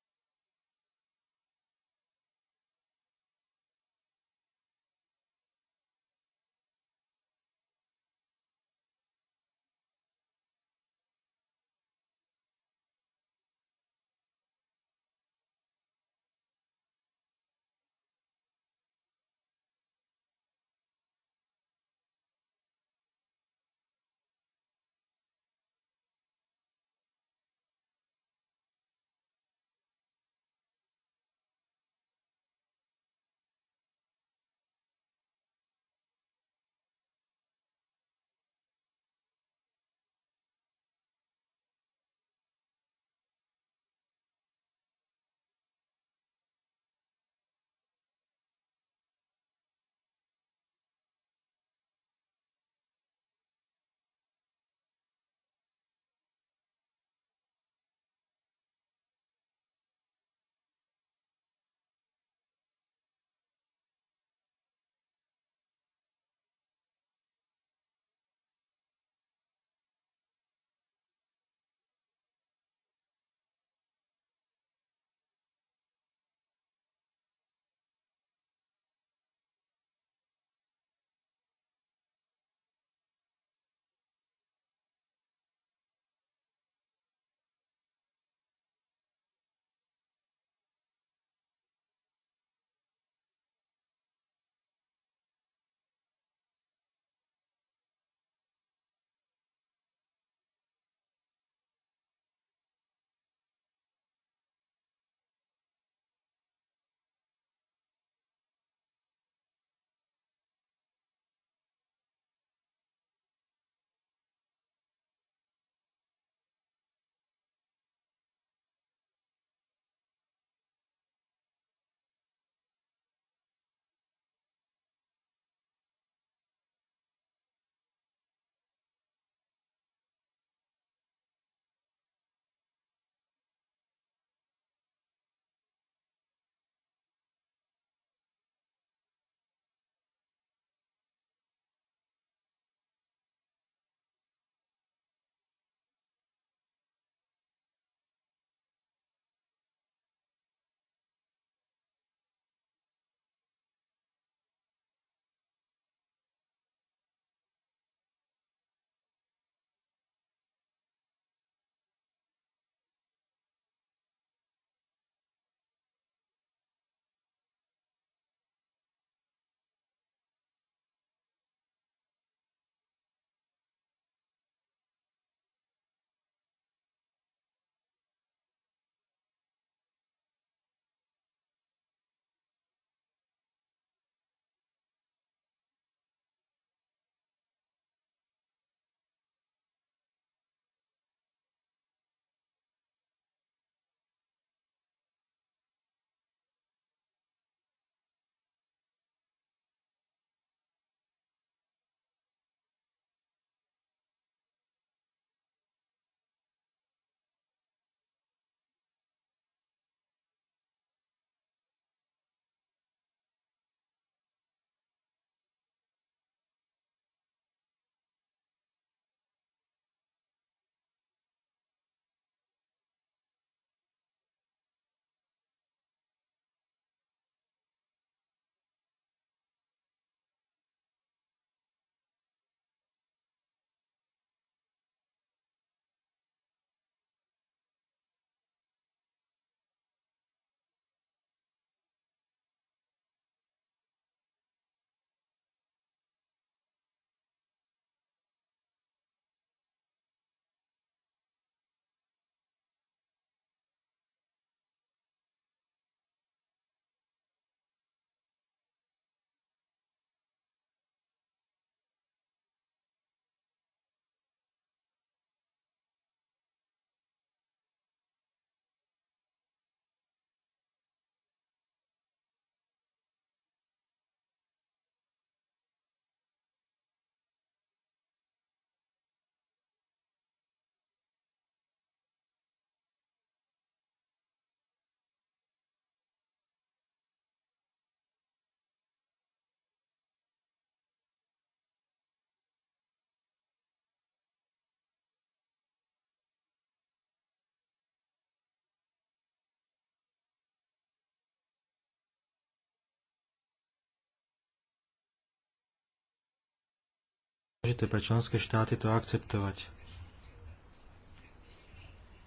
dôležité pre členské štáty to akceptovať.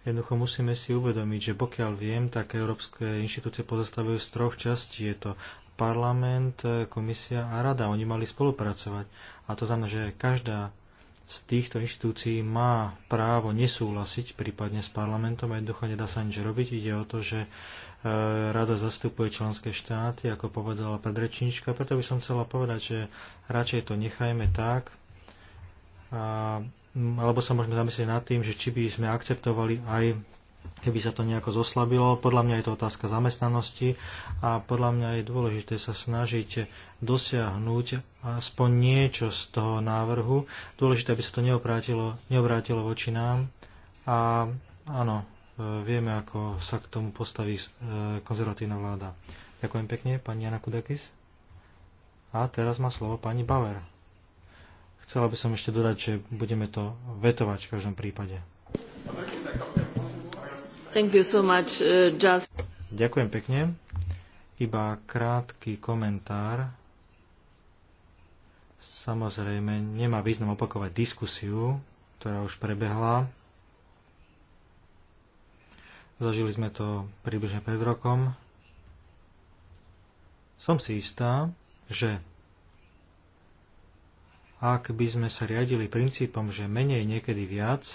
Jednoducho musíme si uvedomiť, že pokiaľ viem, tak európske inštitúcie pozostávajú z troch častí. Je to parlament, komisia a rada. Oni mali spolupracovať. A to znamená, že každá z týchto inštitúcií má právo nesúhlasiť prípadne s parlamentom a jednoducho nedá sa nič robiť. Ide o to, že e, rada zastupuje členské štáty, ako povedala predrečníčka. Preto by som chcela povedať, že radšej to nechajme tak, a, alebo sa môžeme zamyslieť nad tým, že či by sme akceptovali aj keby sa to nejako zoslabilo. Podľa mňa je to otázka zamestnanosti a podľa mňa je dôležité sa snažiť dosiahnuť aspoň niečo z toho návrhu. Dôležité, aby sa to neobrátilo, neobrátilo voči nám a áno, e, vieme, ako sa k tomu postaví e, konzervatívna vláda. Ďakujem pekne, pani Jana Kudakis. A teraz má slovo pani Bauer. Chcela by som ešte dodať, že budeme to vetovať v každom prípade. Thank you so much, uh, just... Ďakujem pekne. Iba krátky komentár. Samozrejme, nemá význam opakovať diskusiu, ktorá už prebehla. Zažili sme to približne pred rokom. Som si istá, že ak by sme sa riadili princípom, že menej niekedy viac,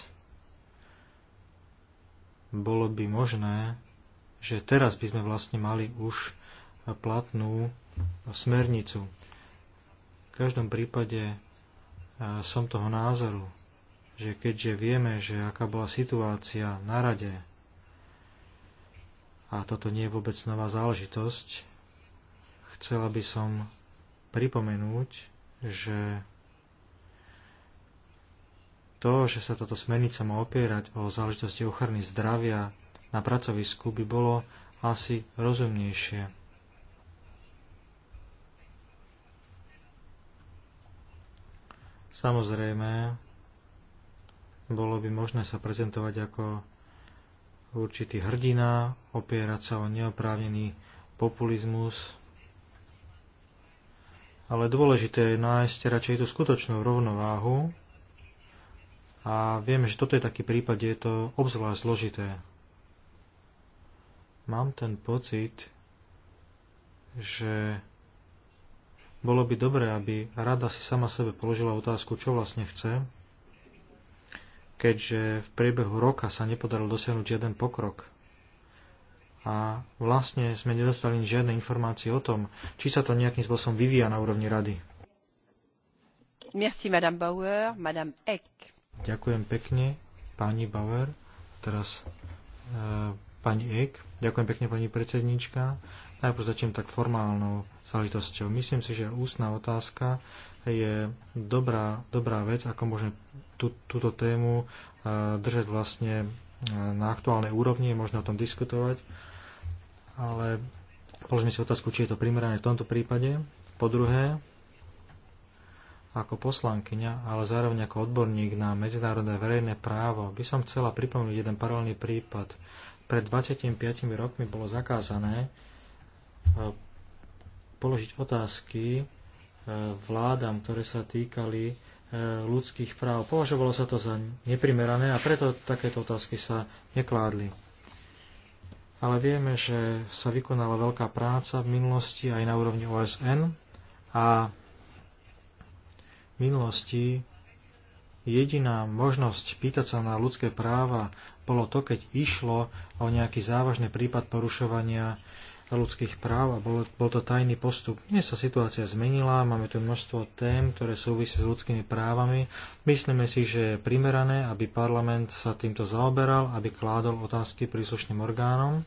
bolo by možné, že teraz by sme vlastne mali už platnú smernicu. V každom prípade e, som toho názoru, že keďže vieme, že aká bola situácia na rade, a toto nie je vôbec nová záležitosť, chcela by som pripomenúť, že to, že sa táto smernica má opierať o záležitosti ochrany zdravia na pracovisku, by bolo asi rozumnejšie. Samozrejme, bolo by možné sa prezentovať ako určitý hrdina, opierať sa o neoprávnený populizmus, ale dôležité je nájsť radšej tú skutočnú rovnováhu a vieme, že toto je taký prípad, kde je to obzvlášť zložité. Mám ten pocit, že bolo by dobré, aby rada si sama sebe položila otázku, čo vlastne chce, keďže v priebehu roka sa nepodarilo dosiahnuť žiaden pokrok. A vlastne sme nedostali žiadne informácie o tom, či sa to nejakým spôsobom vyvíja na úrovni rady. Merci, Madame Bauer, Madame Eck. Ďakujem pekne, pani Bauer. Teraz e, pani Ek. Ďakujem pekne, pani predsedníčka. Najprv začnem tak formálnou záležitosťou. Myslím si, že ústna otázka je dobrá, dobrá vec, ako môžeme tú, túto tému e, držať vlastne e, na aktuálnej úrovni, je možné o tom diskutovať, ale položme si otázku, či je to primerané v tomto prípade. Po druhé, ako poslankyňa, ale zároveň ako odborník na medzinárodné verejné právo, by som chcela pripomenúť jeden paralelný prípad. Pred 25 rokmi bolo zakázané e, položiť otázky e, vládam, ktoré sa týkali e, ľudských práv. Považovalo sa to za neprimerané a preto takéto otázky sa nekládli. Ale vieme, že sa vykonala veľká práca v minulosti aj na úrovni OSN a minulosti jediná možnosť pýtať sa na ľudské práva bolo to, keď išlo o nejaký závažný prípad porušovania ľudských práv a bol, bol to tajný postup. Dnes sa situácia zmenila, máme tu množstvo tém, ktoré súvisí s ľudskými právami. Myslíme si, že je primerané, aby parlament sa týmto zaoberal, aby kládol otázky príslušným orgánom.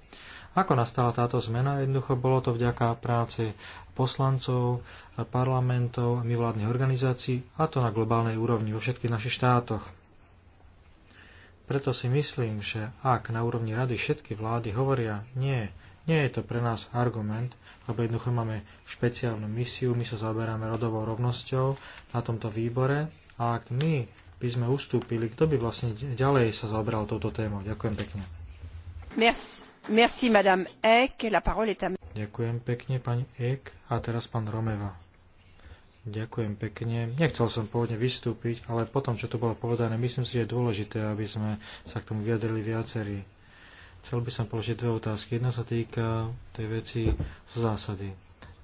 Ako nastala táto zmena? Jednoducho bolo to vďaka práci poslancov, parlamentov, mimovládnych organizácií a to na globálnej úrovni vo všetkých našich štátoch. Preto si myslím, že ak na úrovni rady všetky vlády hovoria nie, nie je to pre nás argument, lebo jednoducho máme špeciálnu misiu, my sa zaoberáme rodovou rovnosťou na tomto výbore a ak my by sme ustúpili, kto by vlastne ďalej sa zaoberal touto témou. Ďakujem pekne. Merci. Ďakujem pekne, pani Ek. A teraz pán Romeva. Ďakujem pekne. Nechcel som pôvodne vystúpiť, ale potom, čo to bolo povedané, myslím si, že je dôležité, aby sme sa k tomu vyjadrili viacerí. Chcel by som položiť dve otázky. Jedna sa týka tej veci zo zásady.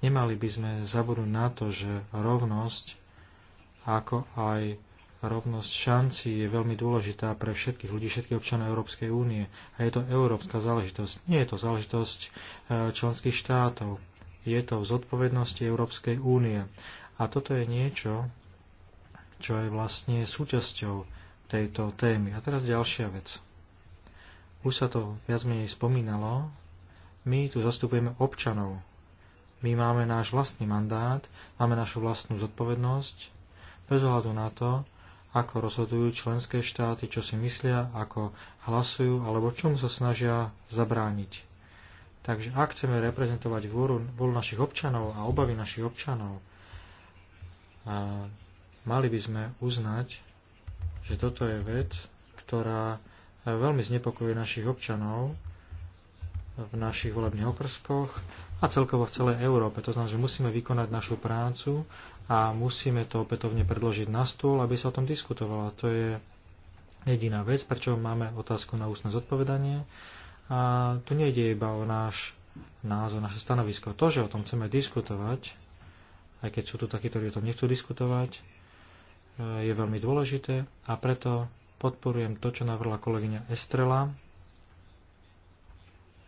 Nemali by sme zabudnúť na to, že rovnosť, ako aj rovnosť šanci je veľmi dôležitá pre všetkých ľudí, všetkých občanov Európskej únie. A je to európska záležitosť. Nie je to záležitosť eh, členských štátov. Je to v zodpovednosti Európskej únie. A toto je niečo, čo je vlastne súčasťou tejto témy. A teraz ďalšia vec. Už sa to viac menej spomínalo. My tu zastupujeme občanov. My máme náš vlastný mandát, máme našu vlastnú zodpovednosť, bez ohľadu na to, ako rozhodujú členské štáty, čo si myslia, ako hlasujú alebo čomu sa snažia zabrániť. Takže ak chceme reprezentovať vôľu, vôľu našich občanov a obavy našich občanov, a mali by sme uznať, že toto je vec, ktorá veľmi znepokojuje našich občanov v našich volebných okrskoch a celkovo v celej Európe. To znamená, že musíme vykonať našu prácu a musíme to opätovne predložiť na stôl, aby sa o tom diskutovalo. To je jediná vec, prečo máme otázku na ústne zodpovedanie. A tu nejde iba o náš názor, naše stanovisko. To, že o tom chceme diskutovať, aj keď sú tu takí, ktorí o tom nechcú diskutovať, eh, je veľmi dôležité a preto podporujem to, čo navrhla kolegyňa Estrela.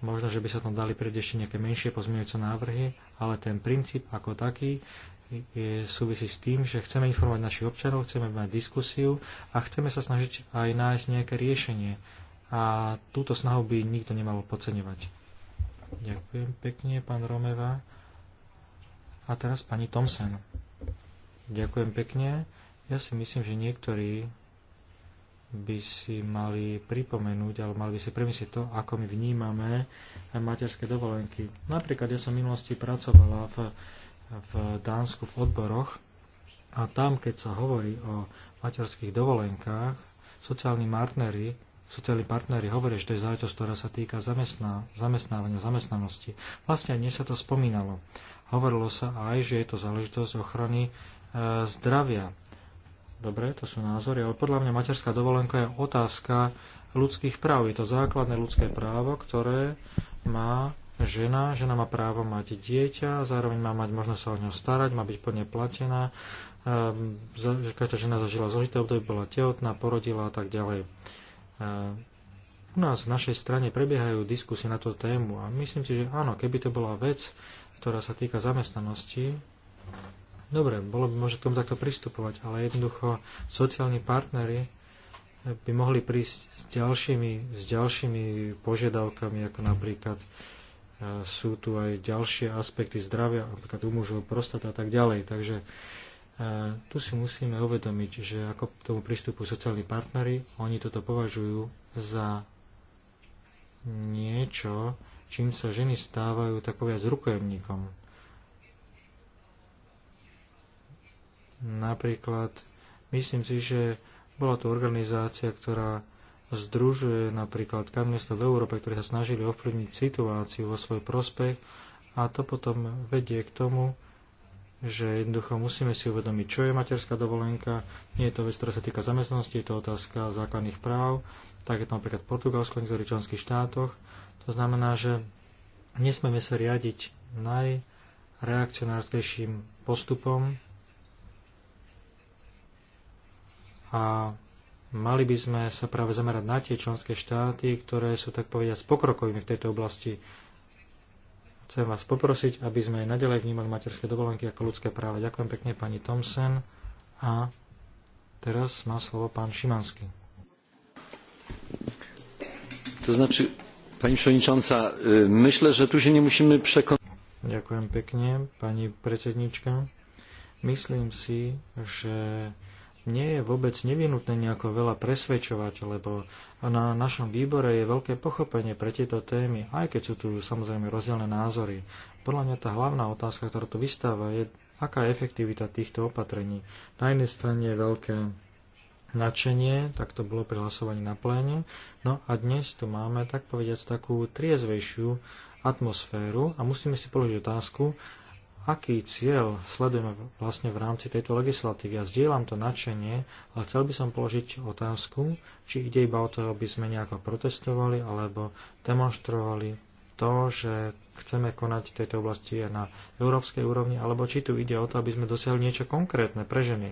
Možno, že by sa tam dali prieť ešte nejaké menšie pozmeňujúce návrhy, ale ten princíp ako taký je, súvisí s tým, že chceme informovať našich občanov, chceme mať diskusiu a chceme sa snažiť aj nájsť nejaké riešenie. A túto snahu by nikto nemal podceňovať. Ďakujem pekne, pán Romeva. A teraz pani Tomsen. Ďakujem pekne. Ja si myslím, že niektorí by si mali pripomenúť, alebo mali by si premyslieť to, ako my vnímame materské dovolenky. Napríklad ja som v minulosti pracovala v v Dánsku v odboroch a tam, keď sa hovorí o materských dovolenkách, sociálni partneri, sociálni partneri hovoria, že to je záležitosť, ktorá sa týka zamestná, zamestnávania, zamestnanosti. Vlastne aj dnes sa to spomínalo. Hovorilo sa aj, že je to záležitosť ochrany e, zdravia. Dobre, to sú názory, ale podľa mňa materská dovolenka je otázka ľudských práv. Je to základné ľudské právo, ktoré má žena, žena má právo mať dieťa, zároveň má mať možnosť sa o ňo starať, má byť plne platená, ehm, že každá žena zažila zložité obdobie, bola tehotná, porodila a tak ďalej. Ehm, u nás v našej strane prebiehajú diskusie na tú tému a myslím si, že áno, keby to bola vec, ktorá sa týka zamestnanosti, dobre, bolo by možno k tomu takto pristupovať, ale jednoducho sociálni partnery eh, by mohli prísť s ďalšími, s ďalšími požiadavkami, ako napríklad sú tu aj ďalšie aspekty zdravia, napríklad u mužov prostata a tak ďalej. Takže tu si musíme uvedomiť, že ako k tomu prístupu sociálni partnery, oni toto považujú za niečo, čím sa ženy stávajú tak povedať rukojemníkom. Napríklad, myslím si, že bola tu organizácia, ktorá združuje napríklad kamionistov v Európe, ktorí sa snažili ovplyvniť situáciu vo svoj prospech a to potom vedie k tomu, že jednoducho musíme si uvedomiť, čo je materská dovolenka, nie je to vec, ktorá sa týka zamestnanosti, je to otázka základných práv, tak je to napríklad v Portugalsku, v niektorých členských štátoch. To znamená, že nesmieme sa riadiť najreakcionárskejším postupom a mali by sme sa práve zamerať na tie členské štáty, ktoré sú tak povediať pokrokovými v tejto oblasti. Chcem vás poprosiť, aby sme aj nadalej vnímali materské dovolenky ako ľudské práva. Ďakujem pekne pani Thomsen a teraz má slovo pán Šimanský. To znači, pani przewodnicząca, myślę, že tu si nemusíme prekonať. Ďakujem pekne, pani predsednička. Myslím si, že nie je vôbec nevinutné nejako veľa presvedčovať, lebo na našom výbore je veľké pochopenie pre tieto témy, aj keď sú tu samozrejme rozdielne názory. Podľa mňa tá hlavná otázka, ktorá tu vystáva, je, aká je efektivita týchto opatrení. Na jednej strane je veľké nadšenie, tak to bolo pri hlasovaní na pléne. No a dnes tu máme, tak povediať, takú triezvejšiu atmosféru a musíme si položiť otázku, aký cieľ sledujeme vlastne v rámci tejto legislatívy. Ja zdieľam to nadšenie, ale chcel by som položiť otázku, či ide iba o to, aby sme nejako protestovali alebo demonstrovali to, že chceme konať v tejto oblasti aj na európskej úrovni, alebo či tu ide o to, aby sme dosiahli niečo konkrétne pre ženy.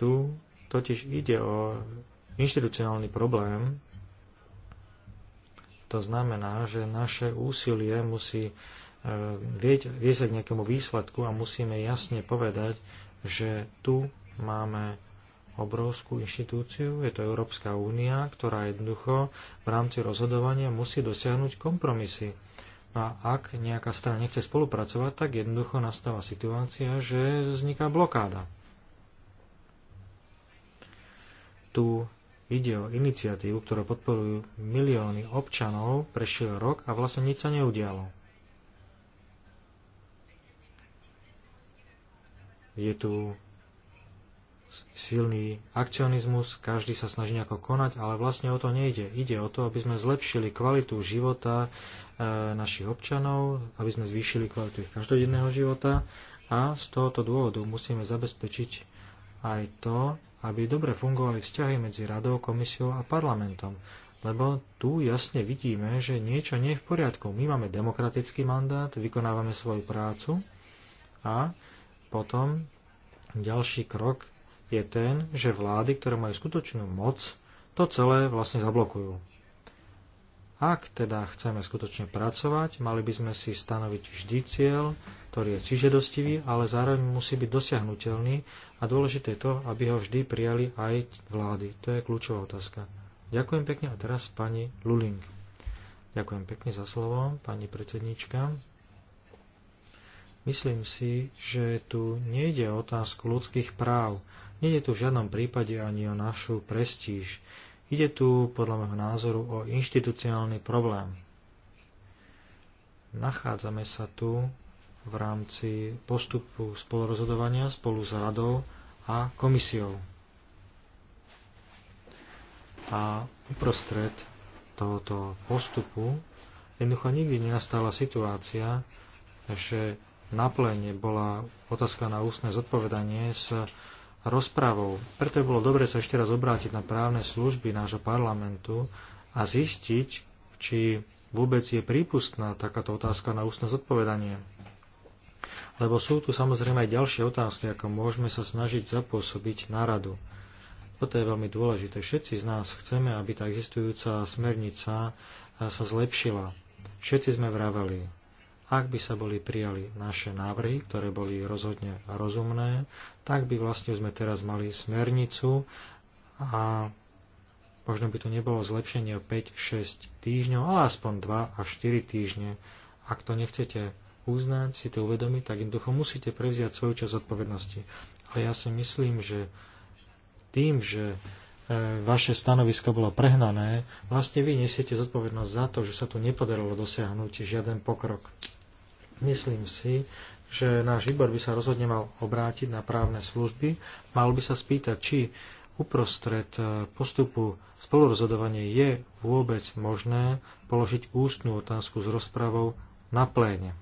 Tu totiž ide o inštitucionálny problém, to znamená, že naše úsilie musí vieť, viesť k nejakému výsledku a musíme jasne povedať, že tu máme obrovskú inštitúciu, je to Európska únia, ktorá jednoducho v rámci rozhodovania musí dosiahnuť kompromisy. No a ak nejaká strana nechce spolupracovať, tak jednoducho nastáva situácia, že vzniká blokáda. Tu ide o iniciatívu, ktorú podporujú milióny občanov, prešiel rok a vlastne nič sa neudialo. je tu silný akcionizmus, každý sa snaží nejako konať, ale vlastne o to nejde. Ide o to, aby sme zlepšili kvalitu života e, našich občanov, aby sme zvýšili kvalitu ich každodenného života a z tohoto dôvodu musíme zabezpečiť aj to, aby dobre fungovali vzťahy medzi radou, komisiou a parlamentom. Lebo tu jasne vidíme, že niečo nie je v poriadku. My máme demokratický mandát, vykonávame svoju prácu a potom ďalší krok je ten, že vlády, ktoré majú skutočnú moc, to celé vlastne zablokujú. Ak teda chceme skutočne pracovať, mali by sme si stanoviť vždy cieľ, ktorý je cižedostivý, ale zároveň musí byť dosiahnutelný a dôležité je to, aby ho vždy prijali aj vlády. To je kľúčová otázka. Ďakujem pekne a teraz pani Luling. Ďakujem pekne za slovo, pani predsedníčka. Myslím si, že tu nejde o otázku ľudských práv. Nejde tu v žiadnom prípade ani o našu prestíž. Ide tu, podľa môjho názoru, o inštitucionálny problém. Nachádzame sa tu v rámci postupu spolurozhodovania spolu s radou a komisiou. A uprostred tohoto postupu jednoducho nikdy nenastala situácia, že na pléne bola otázka na ústne zodpovedanie s rozpravou. Preto by bolo dobre sa ešte raz obrátiť na právne služby nášho parlamentu a zistiť, či vôbec je prípustná takáto otázka na ústne zodpovedanie. Lebo sú tu samozrejme aj ďalšie otázky, ako môžeme sa snažiť zapôsobiť na radu. Toto je veľmi dôležité. Všetci z nás chceme, aby tá existujúca smernica sa zlepšila. Všetci sme vraveli, ak by sa boli prijali naše návrhy, ktoré boli rozhodne rozumné, tak by vlastne sme teraz mali smernicu a možno by to nebolo zlepšenie o 5-6 týždňov, ale aspoň 2 až 4 týždne. Ak to nechcete uznať, si to uvedomiť, tak jednoducho musíte prevziať svoju časť odpovednosti. Ale ja si myslím, že tým, že e, vaše stanovisko bolo prehnané, vlastne vy nesiete zodpovednosť za to, že sa tu nepodarilo dosiahnuť žiaden pokrok. Myslím si, že náš výbor by sa rozhodne mal obrátiť na právne služby, mal by sa spýtať, či uprostred e, postupu spolurozhodovania je vôbec možné položiť ústnu otázku s rozpravou na pléne.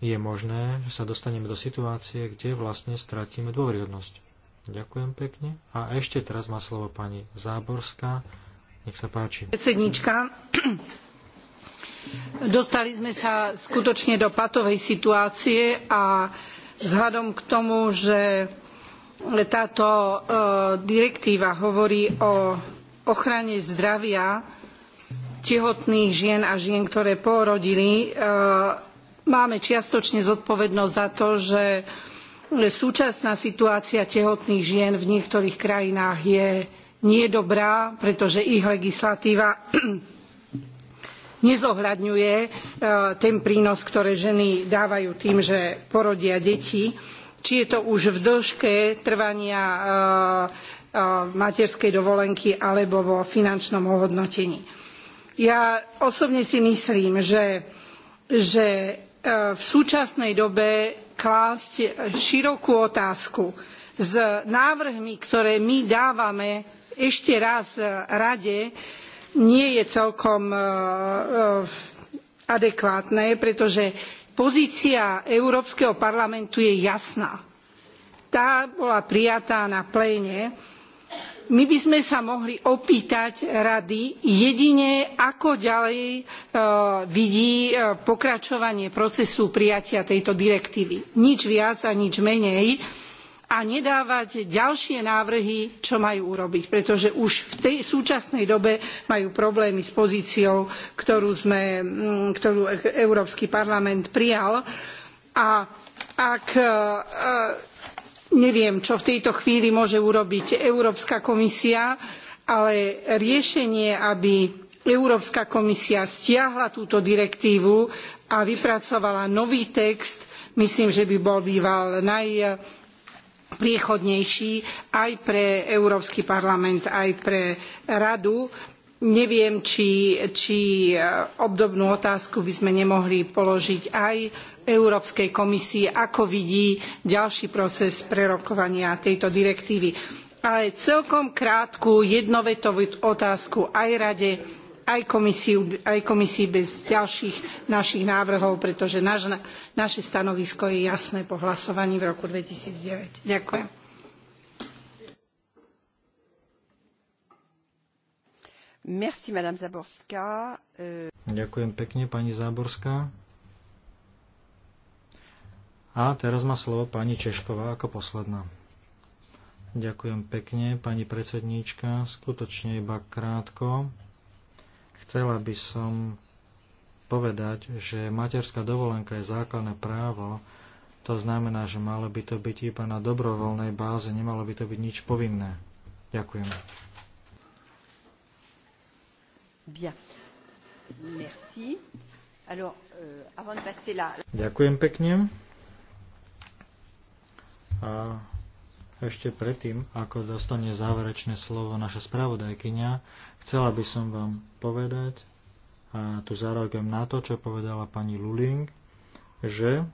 Je možné, že sa dostaneme do situácie, kde vlastne stratíme dôveryhodnosť. Ďakujem pekne. A ešte teraz má slovo pani Záborská nech sa páči. Predsednička, dostali sme sa skutočne do patovej situácie a vzhľadom k tomu, že táto e, direktíva hovorí o ochrane zdravia tehotných žien a žien, ktoré porodili, e, máme čiastočne zodpovednosť za to, že súčasná situácia tehotných žien v niektorých krajinách je nie je dobrá, pretože ich legislatíva [clears throat] nezohľadňuje e, ten prínos, ktoré ženy dávajú tým, že porodia deti. Či je to už v dĺžke trvania e, e, materskej dovolenky alebo vo finančnom ohodnotení. Ja osobne si myslím, že, že v súčasnej dobe klásť širokú otázku s návrhmi, ktoré my dávame ešte raz e, rade nie je celkom e, e, adekvátne, pretože pozícia Európskeho parlamentu je jasná. Tá bola prijatá na pléne. My by sme sa mohli opýtať rady jedine, ako ďalej vidí pokračovanie procesu prijatia tejto direktívy. Nič viac a nič menej a nedávať ďalšie návrhy, čo majú urobiť, pretože už v tej súčasnej dobe majú problémy s pozíciou, ktorú, mm, e-, Európsky parlament prijal. A ak e, e, neviem, čo v tejto chvíli môže urobiť Európska komisia, ale riešenie, aby Európska komisia stiahla túto direktívu a vypracovala nový text, myslím, že by bol býval naj priechodnejší aj pre Európsky parlament, aj pre Radu. Neviem, či, či e, obdobnú otázku by sme nemohli položiť aj Európskej komisii, ako vidí ďalší proces prerokovania tejto direktívy. Ale celkom krátku jednovetovú otázku aj Rade, aj, komisii bez ďalších našich návrhov, pretože naše stanovisko je jasné po hlasovaní v roku two 2009. Ďakujem. Merci, euh, Ďakujem pekne, pani Záborská. A teraz má slovo pani Češková ako posledná. Ďakujem pekne, pani predsedníčka. Skutočne iba krátko. Chcela by som povedať, že materská dovolenka je základné právo, to znamená, že malo by to byť iba na dobrovoľnej báze, nemalo by to byť nič povinné. Ďakujem. Bien. Merci. Alors, euh, avant de passer la... Ďakujem pekne. A ešte predtým, ako dostane záverečné slovo naša spravodajkyňa, chcela by som vám povedať, a tu zareagujem na to, čo povedala pani Luling, že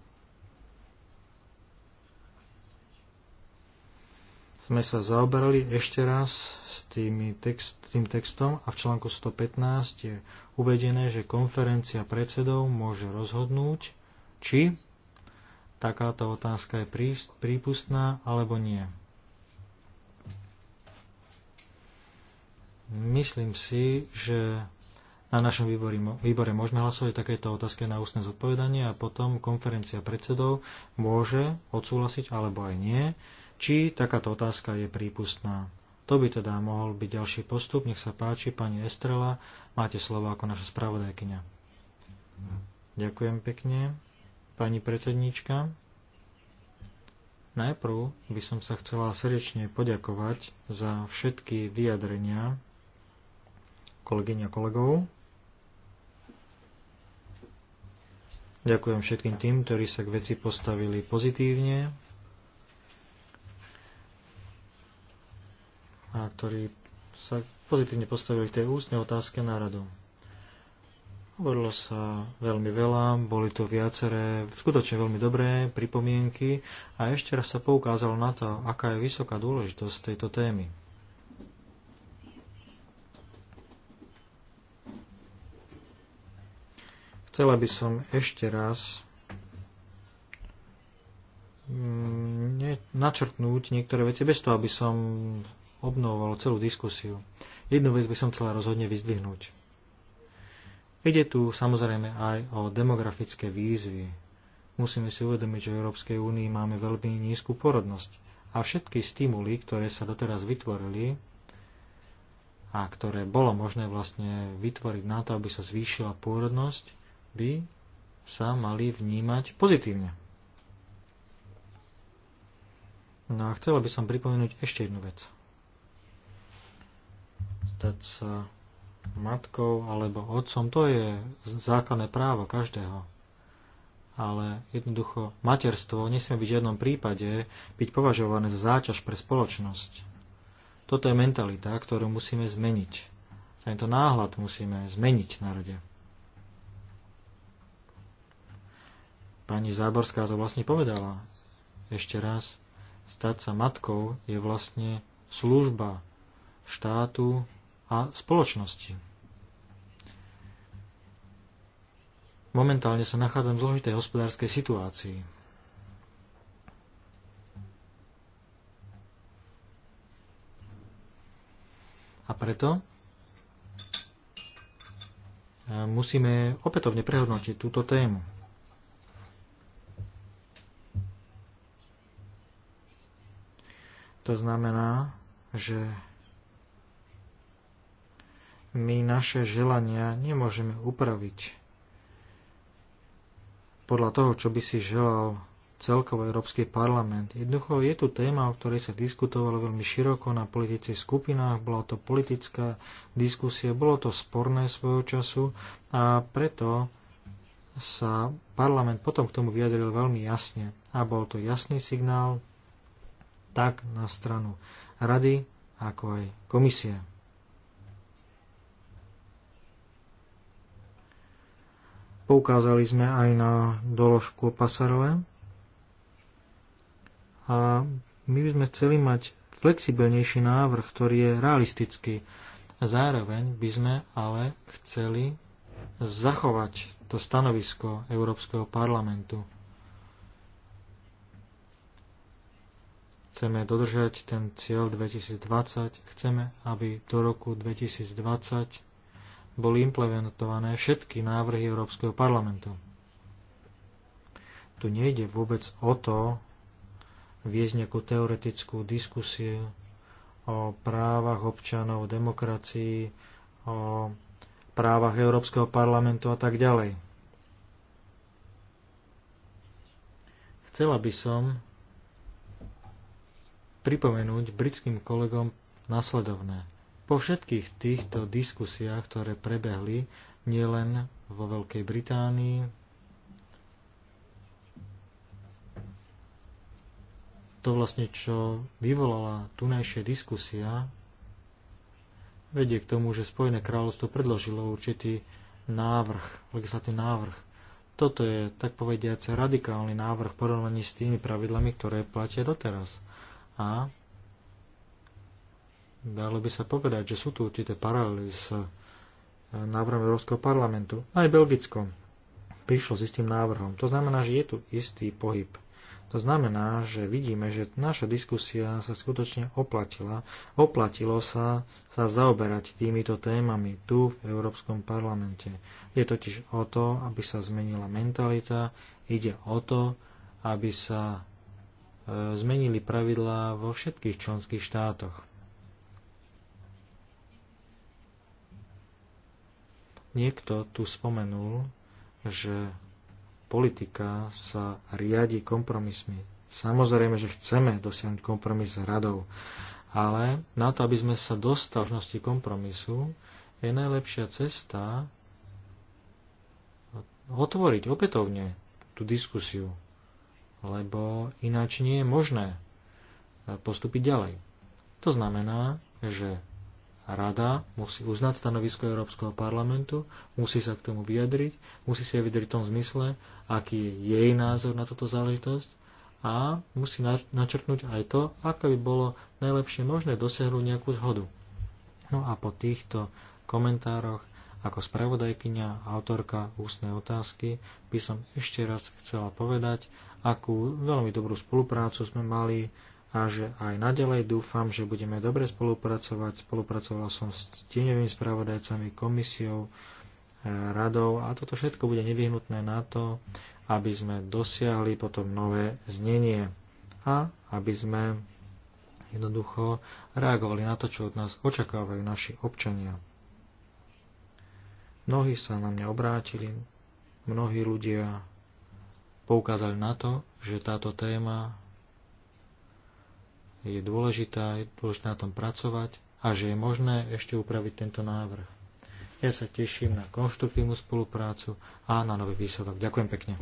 sme sa zaoberali ešte raz s tými text, tým textom a v článku 115 je uvedené, že konferencia predsedov môže rozhodnúť, či takáto otázka je prípustná alebo nie. Myslím si, že na našom výbore, výbore môžeme hlasovať takéto otázky na ústne zodpovedanie a potom konferencia predsedov môže odsúhlasiť alebo aj nie, či takáto otázka je prípustná. To by teda mohol byť ďalší postup. Nech sa páči, pani Estrela, máte slovo ako naša spravodajkyňa. Ďakujem pekne pani predsedníčka. Najprv by som sa chcela srdečne poďakovať za všetky vyjadrenia kolegyň a kolegov. Ďakujem všetkým tým, ktorí sa k veci postavili pozitívne a ktorí sa pozitívne postavili k tej ústnej otázke na radu. Hovorilo sa veľmi veľa, boli tu viaceré skutočne veľmi dobré pripomienky a ešte raz sa poukázalo na to, aká je vysoká dôležitosť tejto témy. Chcela by som ešte raz mm, načrtnúť niektoré veci bez toho, aby som obnovoval celú diskusiu. Jednu vec by som chcela rozhodne vyzdvihnúť. Ide tu samozrejme aj o demografické výzvy. Musíme si uvedomiť, že v Európskej únii máme veľmi nízku porodnosť a všetky stimuly, ktoré sa doteraz vytvorili a ktoré bolo možné vlastne vytvoriť na to, aby sa zvýšila pôrodnosť, by sa mali vnímať pozitívne. No a chcel by som pripomenúť ešte jednu vec. Zdať sa matkou alebo otcom, to je základné právo každého. Ale jednoducho materstvo nesmie byť v žiadnom prípade byť považované za záťaž pre spoločnosť. Toto je mentalita, ktorú musíme zmeniť. Tento náhľad musíme zmeniť na rade. Pani Záborská to vlastne povedala. Ešte raz, stať sa matkou je vlastne služba štátu a spoločnosti. Momentálne sa nachádzam v zložitej hospodárskej situácii. A preto e, musíme opätovne prehodnotiť túto tému. To znamená, že my naše želania nemôžeme upraviť podľa toho, čo by si želal celkovo Európsky parlament. Jednoducho je tu téma, o ktorej sa diskutovalo veľmi široko na politických skupinách, bola to politická diskusia, bolo to sporné svojho času a preto sa parlament potom k tomu vyjadril veľmi jasne a bol to jasný signál tak na stranu rady, ako aj komisie. Poukázali sme aj na doložku Pasarové. A my by sme chceli mať flexibilnejší návrh, ktorý je realistický. Zároveň by sme ale chceli zachovať to stanovisko Európskeho parlamentu. Chceme dodržať ten cieľ 2020, chceme, aby do roku 2020 boli implementované všetky návrhy Európskeho parlamentu. Tu nejde vôbec o to viesť nejakú teoretickú diskusiu o právach občanov, o demokracii, o právach Európskeho parlamentu a tak ďalej. Chcela by som pripomenúť britským kolegom nasledovné. Po všetkých týchto diskusiách, ktoré prebehli nielen vo Veľkej Británii, to vlastne, čo vyvolala tunajšia diskusia, vedie k tomu, že Spojené kráľovstvo predložilo určitý návrh, legislatívny návrh. Toto je, tak povediať radikálny návrh v porovnaní s tými pravidlami, ktoré platia doteraz. A dalo by sa povedať, že sú tu určité paralely s e, návrhom Európskeho parlamentu. Aj Belgicko prišlo s istým návrhom. To znamená, že je tu istý pohyb. To znamená, že vidíme, že naša diskusia sa skutočne oplatila. Oplatilo sa sa zaoberať týmito témami tu v Európskom parlamente. Je totiž o to, aby sa zmenila mentalita, ide o to, aby sa e, zmenili pravidlá vo všetkých členských štátoch. Niekto tu spomenul, že politika sa riadi kompromismi. Samozrejme, že chceme dosiahnuť kompromis s radou, ale na to, aby sme sa dostali možnosti kompromisu, je najlepšia cesta otvoriť opätovne tú diskusiu, lebo ináč nie je možné postúpiť ďalej. To znamená, že Rada musí uznať stanovisko Európskeho parlamentu, musí sa k tomu vyjadriť, musí sa vyjadriť v tom zmysle, aký je jej názor na túto záležitosť a musí načrtnúť aj to, ako by bolo najlepšie možné dosiahnuť nejakú zhodu. No a po týchto komentároch ako spravodajkyňa, autorka ústnej otázky by som ešte raz chcela povedať, akú veľmi dobrú spoluprácu sme mali a že aj naďalej dúfam, že budeme dobre spolupracovať. spolupracoval som s tieňovými spravodajcami, komisiou, e, radou a toto všetko bude nevyhnutné na to, aby sme dosiahli potom nové znenie a aby sme jednoducho reagovali na to, čo od nás očakávajú naši občania. Mnohí sa na mňa obrátili, mnohí ľudia poukázali na to, že táto téma je dôležitá, je dôležité na tom pracovať a že je možné ešte upraviť tento návrh. Ja sa teším na konštruktívnu spoluprácu a na nový výsledok. Ďakujem pekne.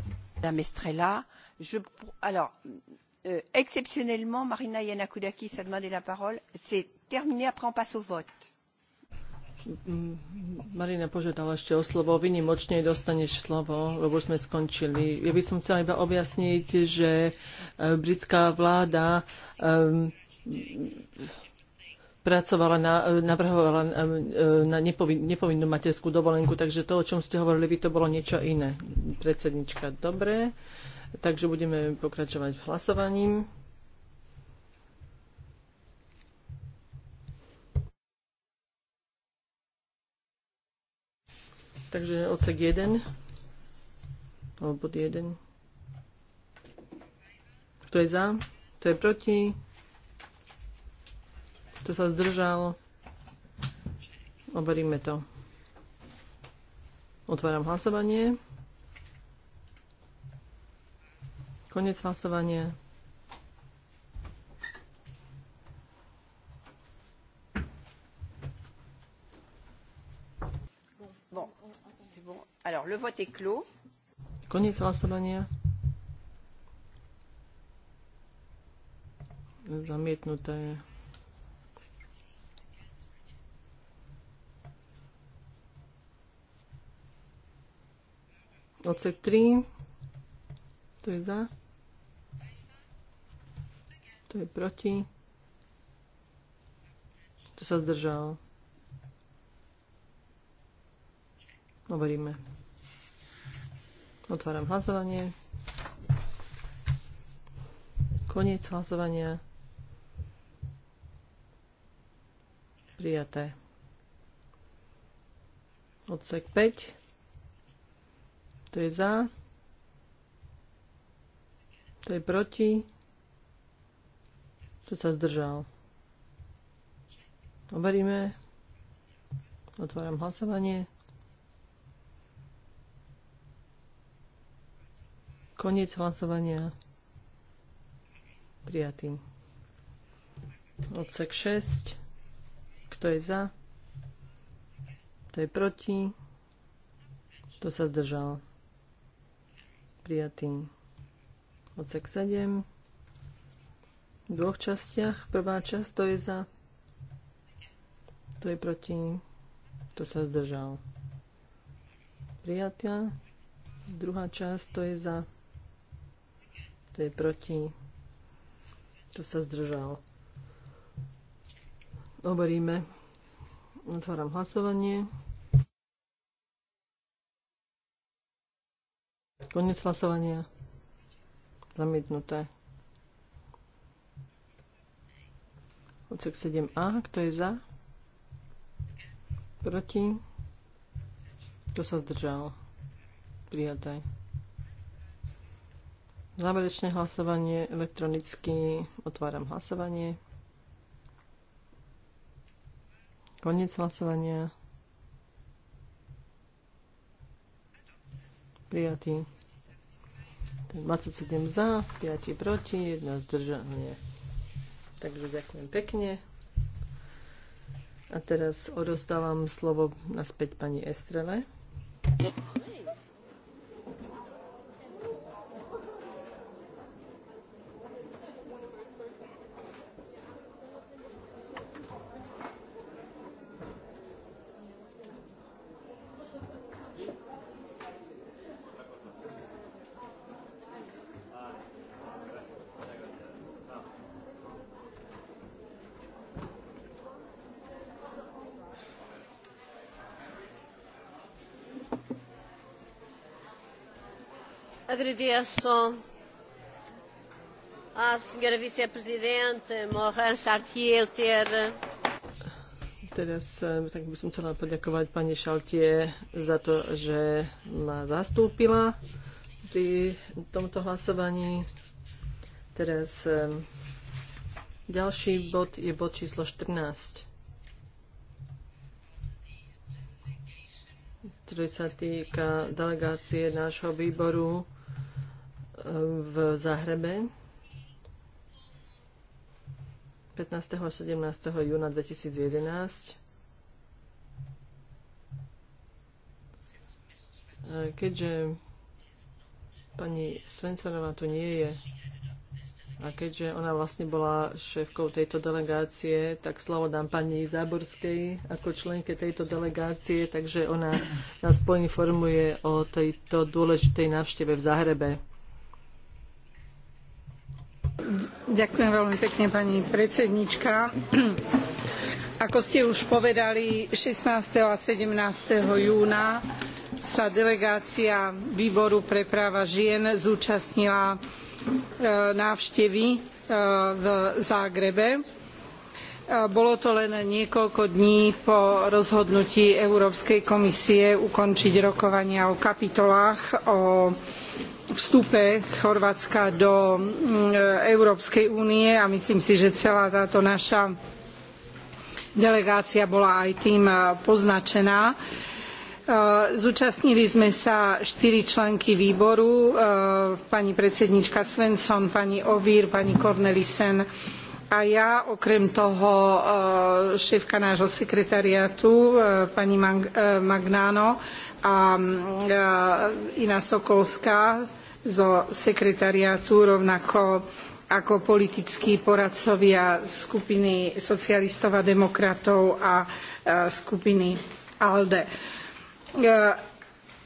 Euh, exceptionnellement, Marina Yannakoudakis a demandé la parole. C'est terminé, après on passe au vote. Mm, Marina požiadala ešte o slovo. Vynimočne dostaneš slovo, lebo sme skončili. Ja by som chcela iba objasniť, že e, britská vláda um, pracovala na, e, navrhovala e, na nepovin, nepovinnú materskú dovolenku, takže to, o čom ste hovorili, by to bolo niečo iné. Predsednička, dobre. Takže budeme pokračovať hlasovaním. Takže odsek 1, alebo bod 1. Kto je za? Kto je proti? Kto sa zdržal? Overíme to. Otváram hlasovanie. Konec hlasovania. Alors, le vote est clos. Koniec hlasovania. Zamietnuté. Odsek 3. To je za. To je proti. To sa zdržalo. Hovoríme. Otváram hlasovanie. Koniec hlasovania. Prijaté. Odsek 5. To je za. To je proti. To sa zdržal. Oberíme. Otváram hlasovanie. Koniec hlasovania. Prijatý. Odsek 6. Kto je za? Kto je proti? Kto sa zdržal? Prijatý. Odsek 7. V dvoch častiach. Prvá časť, to je za. To je proti. Kto sa zdržal. Prijatá. Druhá časť, to je za kto je proti, To sa zdržal. Oberíme. Otváram hlasovanie. Konec hlasovania. Zamietnuté. Odsek 7a. Kto je za? Proti? Kto sa zdržal? Prijaté. Záverečné hlasovanie elektronicky. Otváram hlasovanie. Koniec hlasovania. Prijatý. 27 za, 5 proti, 1 zdržanie. Takže ďakujem pekne. A teraz odostávam slovo naspäť pani Estrele. agradeço à senhora vice-presidente Morin Chartier ter Teraz eh, tak by som chcela poďakovať pani Šaltie za to, že ma zastúpila pri tomto hlasovaní. Teraz eh, ďalší bod je bod číslo 14, ktorý sa týka delegácie nášho výboru v Zahrebe 15. a 17. júna 2011. Keďže pani Svensonová tu nie je a keďže ona vlastne bola šéfkou tejto delegácie, tak slovo dám pani Záborskej ako členke tejto delegácie, takže ona nás poinformuje o tejto dôležitej návšteve v Zahrebe. Ďakujem veľmi pekne, pani predsednička. Ako ste už povedali, 16. a 17. júna sa delegácia Výboru pre práva žien zúčastnila e, návštevy e, v Zágrebe. E, bolo to len niekoľko dní po rozhodnutí Európskej komisie ukončiť rokovania o kapitolách o vstupe Chorvátska do mm, Európskej únie a myslím si, že celá táto naša delegácia bola aj tým e, poznačená. E, zúčastnili sme sa štyri členky výboru, e, pani predsednička Svensson, pani Ovír, pani Cornelissen a ja, okrem toho šéfka nášho sekretariátu, pani Magnano a mm, e, Ina Sokolská zo sekretariátu, rovnako ako politickí poradcovia skupiny socialistov a demokratov a e, skupiny ALDE. E,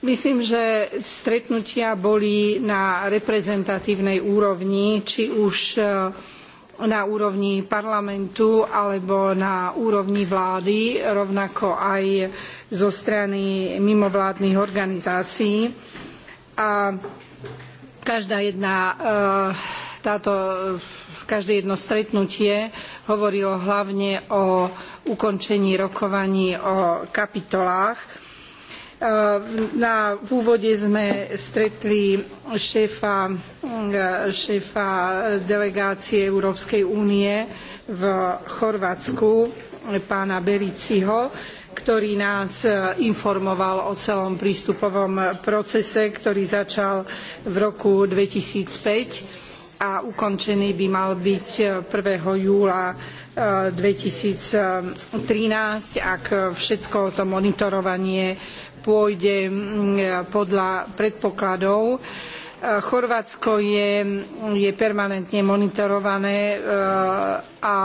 myslím, že stretnutia boli na reprezentatívnej úrovni, či už na úrovni parlamentu alebo na úrovni vlády, rovnako aj zo strany mimovládnych organizácií. A každá jedna, eh, táto, každé jedno stretnutie hovorilo hlavne o ukončení rokovaní o kapitolách na, v úvode sme stretli šéfa, mm, šéfa delegácie Európskej únie v Chorvátsku, pána Bericiho, ktorý nás e, informoval o celom prístupovom procese, ktorý začal v roku 2005 a ukončený by mal byť 1. E, júla 2013, e, ak všetko to monitorovanie pôjde podľa predpokladov. E, Chorvátsko je, je permanentne monitorované a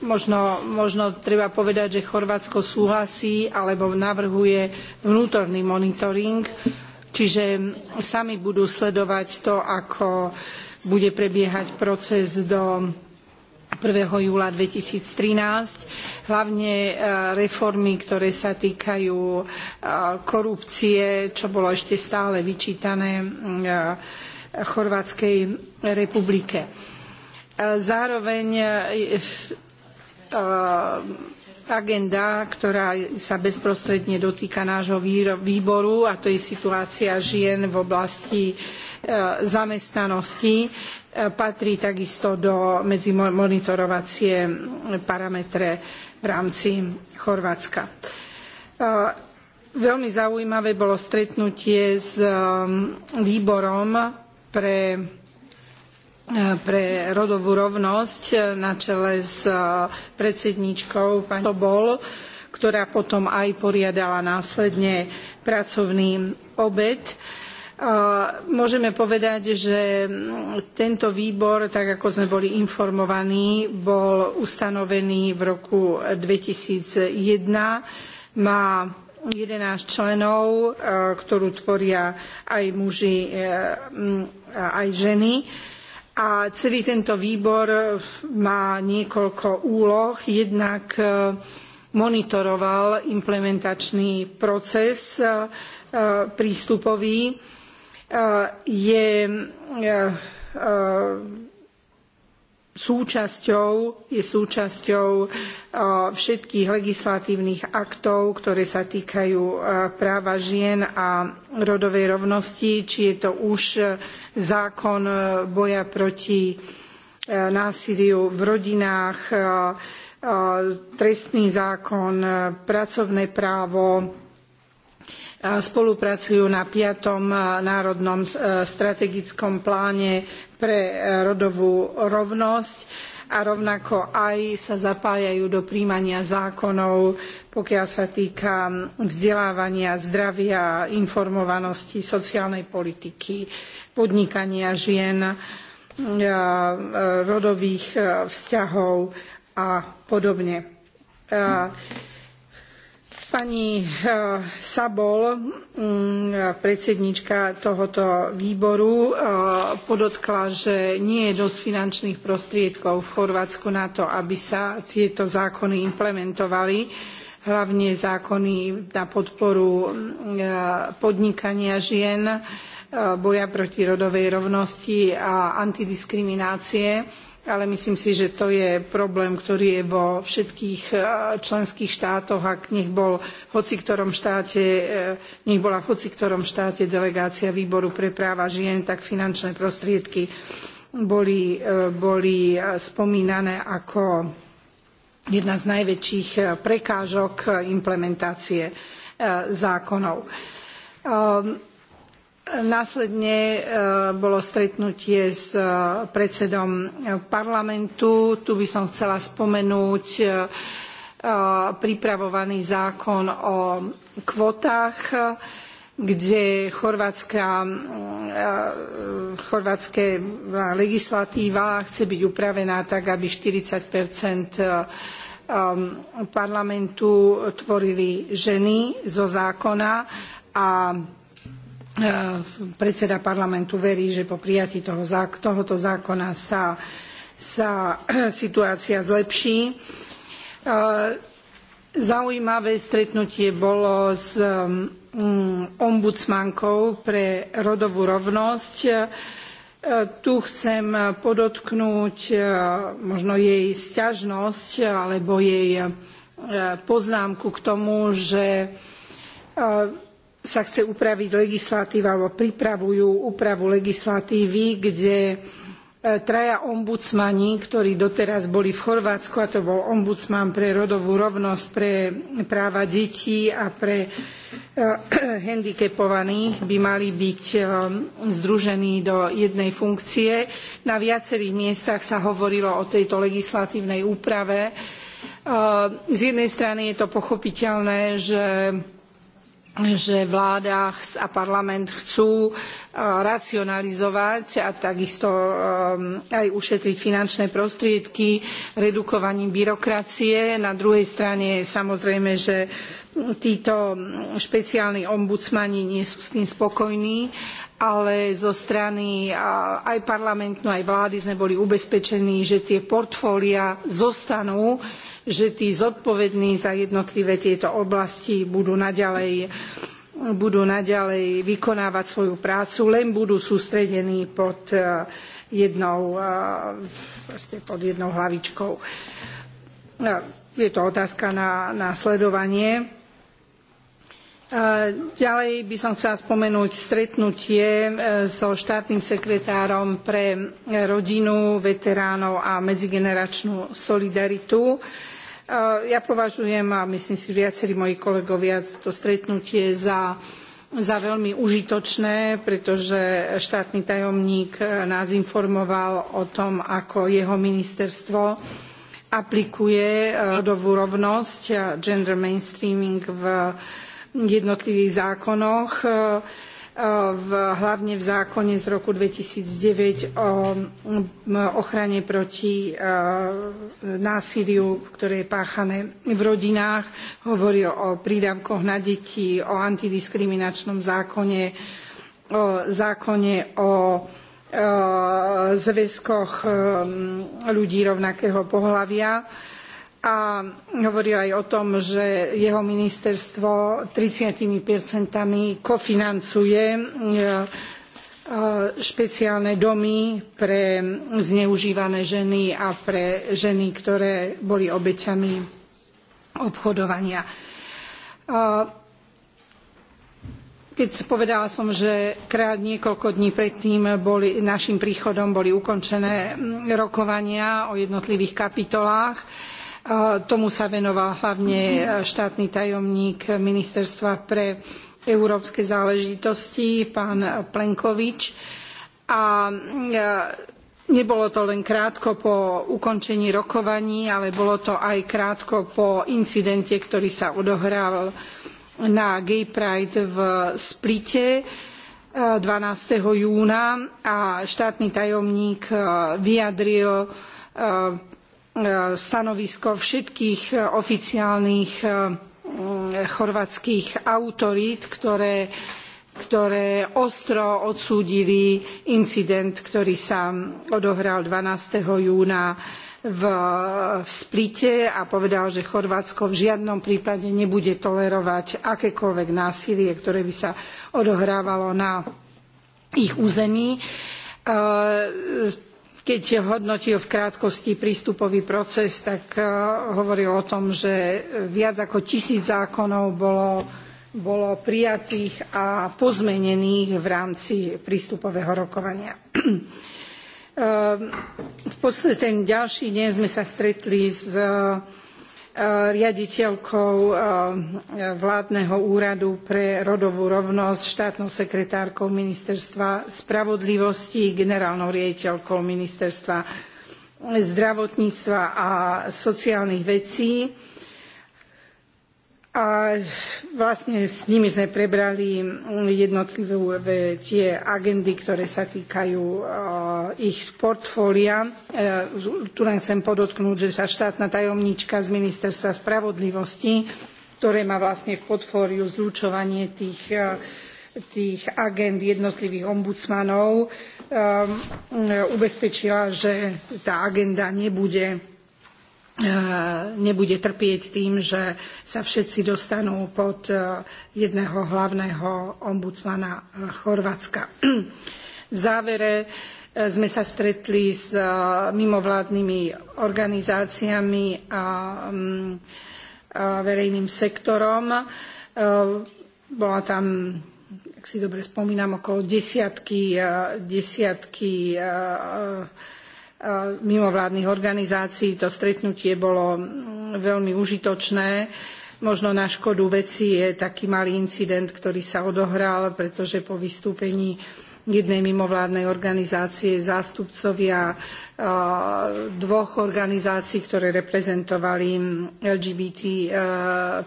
Možno, možno, treba povedať, že Chorvátsko súhlasí alebo navrhuje vnútorný monitoring, čiže sami budú sledovať to, ako bude prebiehať proces do 1. júla 2013, hlavne e, reformy, ktoré sa týkajú e, korupcie, čo bolo ešte stále vyčítané e, Chorvátskej republike. Zároveň agenda, ktorá sa bezprostredne dotýka nášho výboru, a to je situácia žien v oblasti E, zamestnanosti e, patrí takisto do, medzi monitorovacie parametre v rámci Chorvátska. E, veľmi zaujímavé bolo stretnutie s výborom pre rodovú rovnosť na čele s predsedníčkou pani sobol ktorá potom aj poriadala následne pracovný obed. Uh, Môžeme povedať, že tento výbor, tak ako sme boli informovaní, bol ustanovený v roku one Má eleven členov, e, ktorú tvoria aj muži, e, aj ženy. A celý tento výbor má niekoľko úloh. Jednak e, monitoroval implementačný proces prístupový Eh, je eh, eh, súčasťou, je súčasťou všetkých legislatívnych aktov, ktoré sa týkajú práva žien a rodovej rovnosti, či je to už zákon boja proti násiliu v rodinách, trestný zákon, pracovné právo, spolupracujú na piatom národnom e, strategickom pláne pre e, rodovú rovnosť a rovnako aj sa zapájajú do prijímania zákonov, pokiaľ sa týka vzdelávania, zdravia, informovanosti, sociálnej politiky, podnikania žien, e, rodových vzťahov a podobne. Pani eh, Sabol, mm, predsedníčka tohoto výboru, eh, podotkla, že nie je dosť finančných prostriedkov v Chorvátsku na to, aby sa tieto zákony implementovali, hlavne zákony na podporu mm, eh, podnikania žien, boja proti rodovej rovnosti a antidiskriminácie ale myslím si, že to je problém, ktorý je vo všetkých e, členských štátoch, ak nech bol hoci ktorom štáte, e, nech bola v hoci ktorom štáte delegácia výboru pre práva žien, tak finančné prostriedky boli, e, boli spomínané ako jedna z najväčších prekážok implementácie zákonov ehm, Následne e, bolo stretnutie s e, predsedom e, parlamentu. Tu by som chcela spomenúť pripravovaný zákon o kvotách, kde chorvátska, chorvátske legislatíva chce byť upravená tak, aby 40 parlamentu tvorili ženy zo zákona a Eh, predseda parlamentu verí, že po prijatí toho, tohoto zákona sa, sa [clears throat] situácia zlepší. Eh, zaujímavé stretnutie bolo s mm, ombudsmankou pre rodovú rovnosť. Eh, tu chcem podotknúť možno jej sťažnosť alebo jej poznámku k tomu, že sa chce upraviť legislatíva alebo pripravujú úpravu legislatívy, kde e, traja ombudsmani, ktorí doteraz boli v Chorvátsku, a to bol ombudsman pre rodovú rovnosť, pre práva detí a pre e, [clears throat] handicapovaných, by mali byť e, združení do jednej funkcie. Na viacerých miestach sa hovorilo o tejto legislatívnej úprave. Z jednej strany je to pochopiteľné, že že vláda a parlament chcú e, racionalizovať a takisto e, aj ušetriť finančné prostriedky redukovaním byrokracie. Na druhej strane samozrejme, že títo špeciálni ombudsmani nie sú s tým spokojní ale zo strany aj parlamentu, aj vlády sme boli ubezpečení, že tie portfólia zostanú že tí zodpovední za jednotlivé tieto oblasti budú naďalej budú naďalej vykonávať svoju prácu, len budú sústredení pod eh, jednou, eh, pod jednou hlavičkou. Eh, je to otázka na, na sledovanie Ďalej by som chcela spomenúť stretnutie e, so štátnym sekretárom pre rodinu, veteránov a medzigeneračnú solidaritu. E, ja považujem, a myslím si, že viacerí moji kolegovia, to stretnutie za, za veľmi užitočné, pretože štátny tajomník e, nás informoval o tom, ako jeho ministerstvo aplikuje rodovú rovnosť a gender mainstreaming v jednotlivých zákonoch, e, e, v, hlavne v zákone z roku 2009 o ochrane proti e, násiliu, ktoré je páchané v rodinách. Hovoril o prídavkoch na deti, o antidiskriminačnom zákone, o zákone o zväzkoch ľudí rovnakého pohlavia a hovoril aj o tom, že jeho ministerstvo percentami kofinancuje e, e, špeciálne domy pre zneužívané ženy a pre ženy, ktoré boli obeťami obchodovania. E, keď povedala som, že krát niekoľko dní predtým boli, našim príchodom boli ukončené rokovania o jednotlivých kapitolách, Tomu sa venoval hlavne e, štátny tajomník Ministerstva pre európske záležitosti, pán Plenkovič. A e, Nebolo to len krátko po ukončení rokovaní, ale bolo to aj krátko po incidente, ktorý sa odohral na Gay Pride v Splite 12. E, júna a štátny tajomník vyjadril E, stanovisko všetkých e, oficiálnych e, chorvátskych autorít, ktoré, ktoré ostro odsúdili incident, ktorý sa odohral 12. júna v, Splite a povedal, že Chorvátsko v žiadnom prípade nebude tolerovať akékoľvek násilie, ktoré by sa odohrávalo na ich území. E, keď hodnotil v krátkosti prístupový proces, tak e, hovoril o tom, že viac ako tisíc zákonov bolo, bolo prijatých a pozmenených v rámci prístupového rokovania. [clears throat] E, v podstate ten ďalší deň sme sa stretli s E, riaditeľkou e, e, vládneho úradu pre rodovú rovnosť, štátnou sekretárkou ministerstva spravodlivosti, generálnou riaditeľkou ministerstva zdravotníctva a sociálnych vecí a vlastne s nimi sme prebrali um, jednotlivé e tie agendy, ktoré sa týkajú uh, ich portfólia. Uh, tu len chcem podotknúť, že sa štátna tajomníčka z ministerstva spravodlivosti, ktoré má vlastne v portfóliu zlučovanie tých, uh, tých agend jednotlivých ombudsmanov, um, um, ubezpečila, že tá agenda nebude Eh, nebude trpieť tým, že sa všetci dostanú pod eh, jedného hlavného ombudsmana eh, Chorvátska. V závere sme sa stretli s mimovládnymi organizáciami a mm, verejným sektorom. Bola tam, ak si dobre spomínam, okolo desiatky, desiatky E, mimovládnych organizácií. To stretnutie bolo mm, veľmi užitočné. Možno na škodu veci je taký malý incident, ktorý sa odohral, pretože po vystúpení jednej mimovládnej organizácie zástupcovia Eh, dvoch organizácií, ktoré reprezentovali LGBT eh,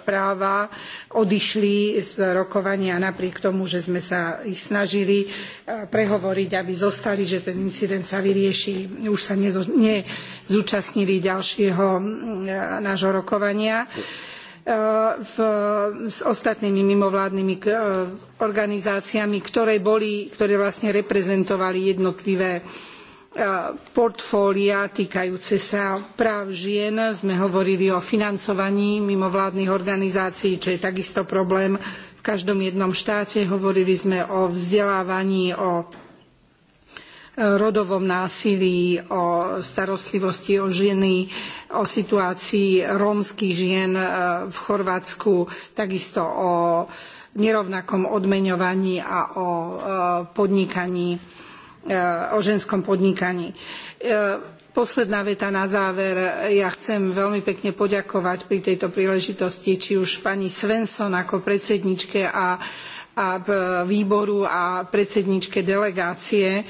práva, odišli z rokovania napriek tomu, že sme sa ich snažili eh, prehovoriť, aby zostali, že ten incident sa vyrieši. Už sa nezúčastnili ďalšieho mm, nášho rokovania. s ostatnými mimovládnymi organizáciami, ktoré, boli, ktoré vlastne reprezentovali jednotlivé portfólia týkajúce sa práv žien. Sme hovorili o financovaní mimovládnych organizácií, čo je takisto problém v každom jednom štáte. Hovorili sme o vzdelávaní, o e, rodovom násilí, o starostlivosti o ženy, o situácii rómskych žien e, v Chorvátsku, takisto o nerovnakom odmeňovaní a o e, podnikaní o ženskom podnikaní. E, posledná veta na záver. Ja chcem veľmi pekne poďakovať pri tejto príležitosti či už pani Svensson ako predsedničke a, a výboru a predsedničke delegácie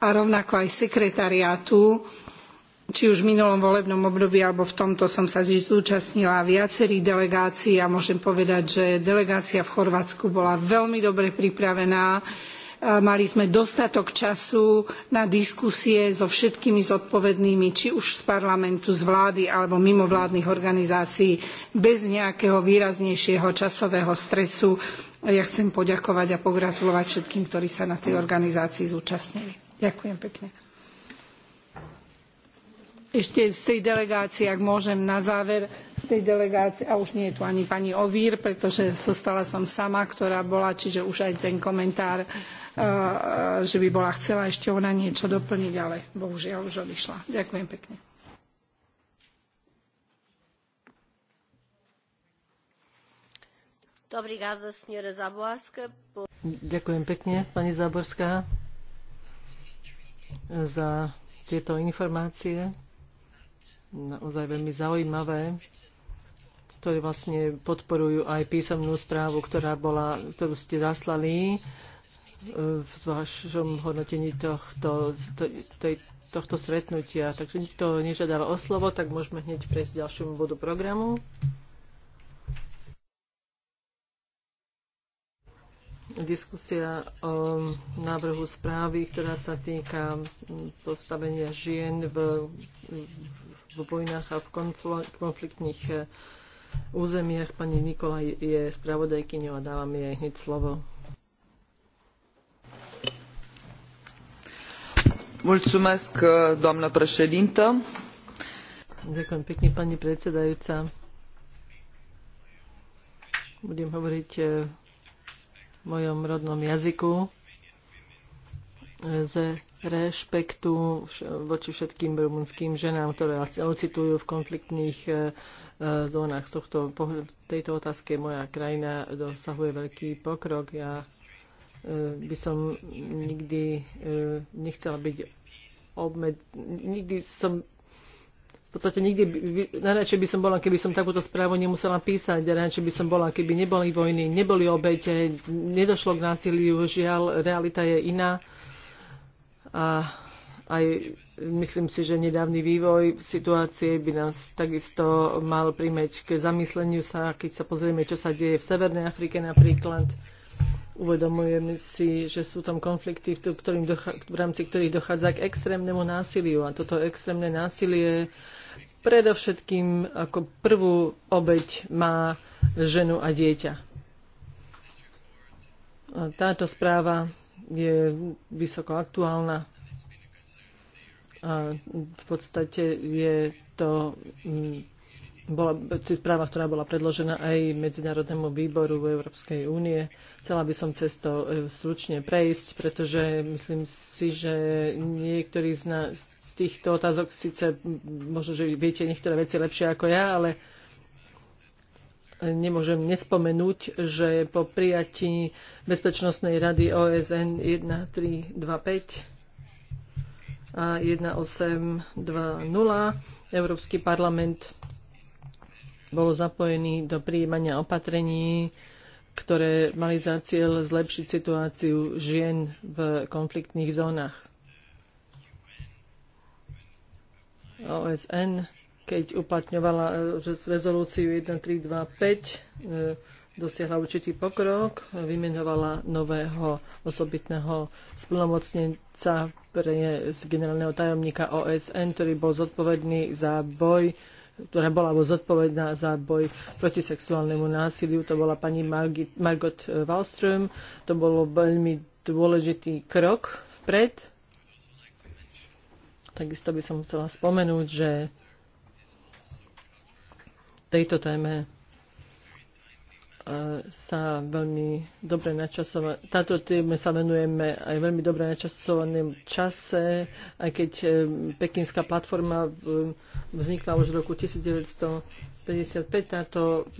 a rovnako aj sekretariátu. Či už v minulom volebnom období alebo v tomto som sa zúčastnila viacerých delegácií a môžem povedať, že delegácia v Chorvátsku bola veľmi dobre pripravená Eh, mali sme dostatok času na diskusie so všetkými zodpovednými, či už z parlamentu, z vlády alebo mimovládnych organizácií, bez nejakého výraznejšieho časového stresu. Ja chcem poďakovať a pogratulovať všetkým, ktorí sa na tej organizácii zúčastnili. Ďakujem pekne ešte z tej delegácie, ak môžem na záver, z tej delegácie, a už nie je tu ani pani Ovír, pretože zostala som sama, ktorá bola, čiže už aj ten komentár, eh, že by bola chcela ešte ona niečo doplniť, ale bohužiaľ už odišla. Ďakujem pekne. Ďakujem pekne, pani Záborská, za tieto informácie naozaj veľmi zaujímavé, ktoré vlastne podporujú aj písomnú správu, ktorá bola, ktorú ste zaslali eh, v vašom hodnotení tohto, tej, tohto stretnutia. Takže nikto nežiadal o slovo, tak môžeme hneď prejsť k ďalšiemu bodu programu. Diskusia o návrhu správy, ktorá sa týka postavenia žien v, v v vojnách a v konfl- konfliktných eh, územiach. Pani Nikola je spravodajkyňou a dávam jej hneď slovo. Mulțumesc, eh, doamnă președintă. Ďakujem pekne, pani predsedajúca. Budem hovoriť eh, v mojom rodnom jazyku. Ze rešpektu voči všetkým rumunským ženám, ktoré ocitujú v konfliktných e, e, zónach. Z tohto, tejto otázke moja krajina dosahuje veľký pokrok. Ja e, by som nikdy nechcela byť obmed... Nikdy som v podstate nikdy, najradšej by som bola, keby som takúto správu nemusela písať, najradšej by som bola, keby neboli vojny, neboli obete, nedošlo k násiliu, žiaľ, realita je iná. A aj myslím si, že nedávny vývoj situácie by nás takisto mal prímeť k zamysleniu sa, keď sa pozrieme, čo sa deje v Severnej Afrike napríklad. Uvedomujeme si, že sú tam konflikty, v, ktorým v rámci ktorých dochádza k extrémnemu násiliu. A toto extrémne násilie predovšetkým ako prvú obeď má ženu a dieťa. A táto správa je vysoko aktuálna. A v podstate je to mm, bola správa, ktorá bola predložená aj Medzinárodnému výboru Európskej únie. Chcela by som cez to e, stručne prejsť, pretože myslím si, že niektorí z, nás, z týchto otázok síce možno, že viete niektoré veci lepšie ako ja, ale nemôžem nespomenúť, že po prijatí Bezpečnostnej rady OSN 1325 a 1820 Európsky parlament bol zapojený do prijímania opatrení, ktoré mali za cieľ zlepšiť situáciu žien v konfliktných zónach. OSN keď uplatňovala e, rezolúciu 1325, e, dosiahla určitý pokrok, vymenovala nového osobitného splnomocnenca pre, z generálneho tajomníka OSN, ktorý bol zodpovedný za boj ktorá bola zodpovedná za boj proti sexuálnemu násiliu. To bola pani Margit, Margot Wallström. To bol veľmi dôležitý krok vpred. Takisto by som chcela spomenúť, že tejto téme e, sa veľmi dobre načasované. Táto téme sa venujeme aj veľmi dobre načasovaném čase, aj keď e, pekinská platforma e, vznikla už v roku 1955. Táto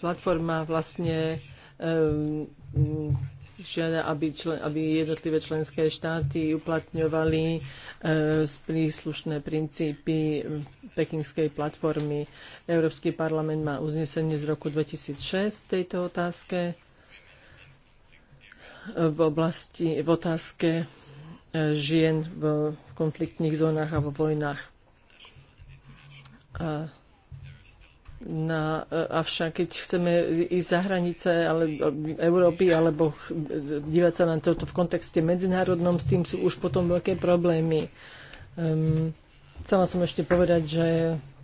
platforma vlastne žiada, aby, člen, aby jednotlivé členské štáty uplatňovali e, príslušné princípy pekinskej platformy. Európsky parlament má uznesenie z roku 2006 v tejto otázke v oblasti, v otázke e, žien v konfliktných zónach a vo vojnách. A na, e, avšak keď chceme ísť za hranice ale, Európy alebo dívať sa na toto v kontexte medzinárodnom, s tým sú už potom veľké problémy. Um, chcela som ešte povedať, že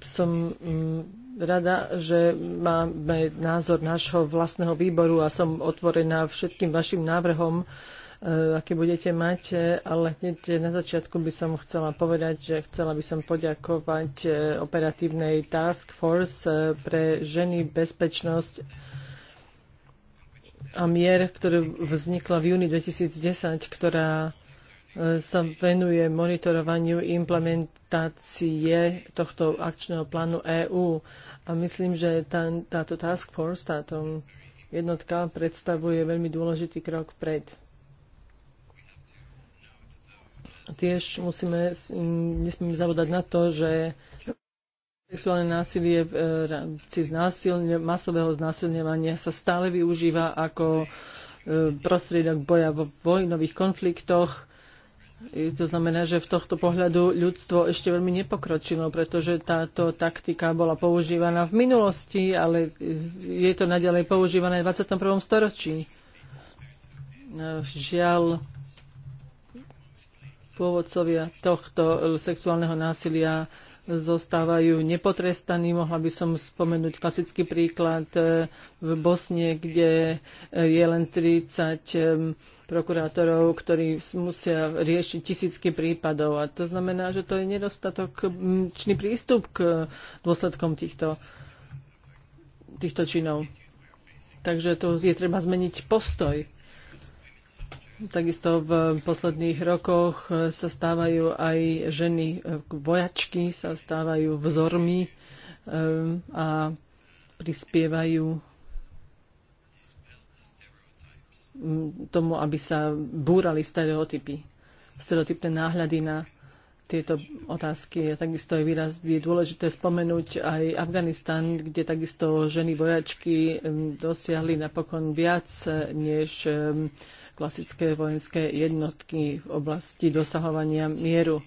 som um, rada, že máme názor nášho vlastného výboru a som otvorená všetkým vašim návrhom, uh, Eh, aké budete mať, eh, ale hneď na začiatku by som chcela povedať, že chcela by som poďakovať eh, operatívnej Task Force pre ženy, bezpečnosť a mier, ktorá vznikla v júni 2010, ktorá sa venuje monitorovaniu implementácie tohto akčného plánu EÚ. A myslím, že tá, táto task force, táto jednotka predstavuje veľmi dôležitý krok vpred tiež musíme, nesmieme zabúdať na to, že sexuálne násilie v e, rámci znásilne, masového znásilňovania sa stále využíva ako e, prostriedok boja vo vojnových konfliktoch. To znamená, že v tohto pohľadu ľudstvo ešte veľmi nepokročilo, pretože táto taktika bola používaná v minulosti, ale je to naďalej používané v 21. storočí. E, žiaľ, pôvodcovia tohto e, sexuálneho násilia zostávajú nepotrestaní. Mohla by som spomenúť klasický príklad e, v Bosne, kde e, je len 30 prokurátorov, ktorí musia riešiť tisícky prípadov. A to znamená, že to je nedostatočný mm, prístup k dôsledkom týchto, týchto činov. Takže to je treba zmeniť postoj. Takisto v posledných rokoch sa stávajú aj ženy vojačky, sa stávajú vzormi ehm, a prispievajú mm, tomu, aby sa búrali stereotypy, stereotypné náhľady na tieto otázky. A takisto je výraz, je dôležité spomenúť aj Afganistan, kde takisto ženy vojačky ehm, dosiahli napokon viac, než ehm, klasické vojenské jednotky v oblasti dosahovania mieru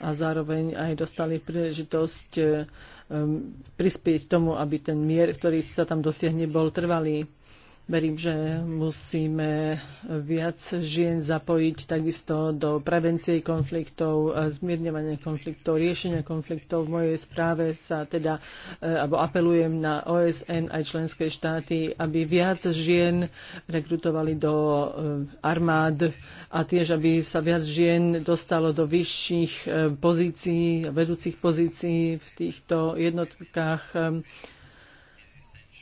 a zároveň aj dostali príležitosť eh, prispieť tomu, aby ten mier, ktorý sa tam dosiahne, bol trvalý. Verím, že musíme viac žien zapojiť takisto do prevencie konfliktov, zmierňovania konfliktov, riešenia konfliktov. V mojej správe sa teda, e, alebo apelujem na OSN aj členské štáty, aby viac žien rekrutovali do e, armád a tiež, aby sa viac žien dostalo do vyšších e, pozícií, vedúcich pozícií v týchto jednotkách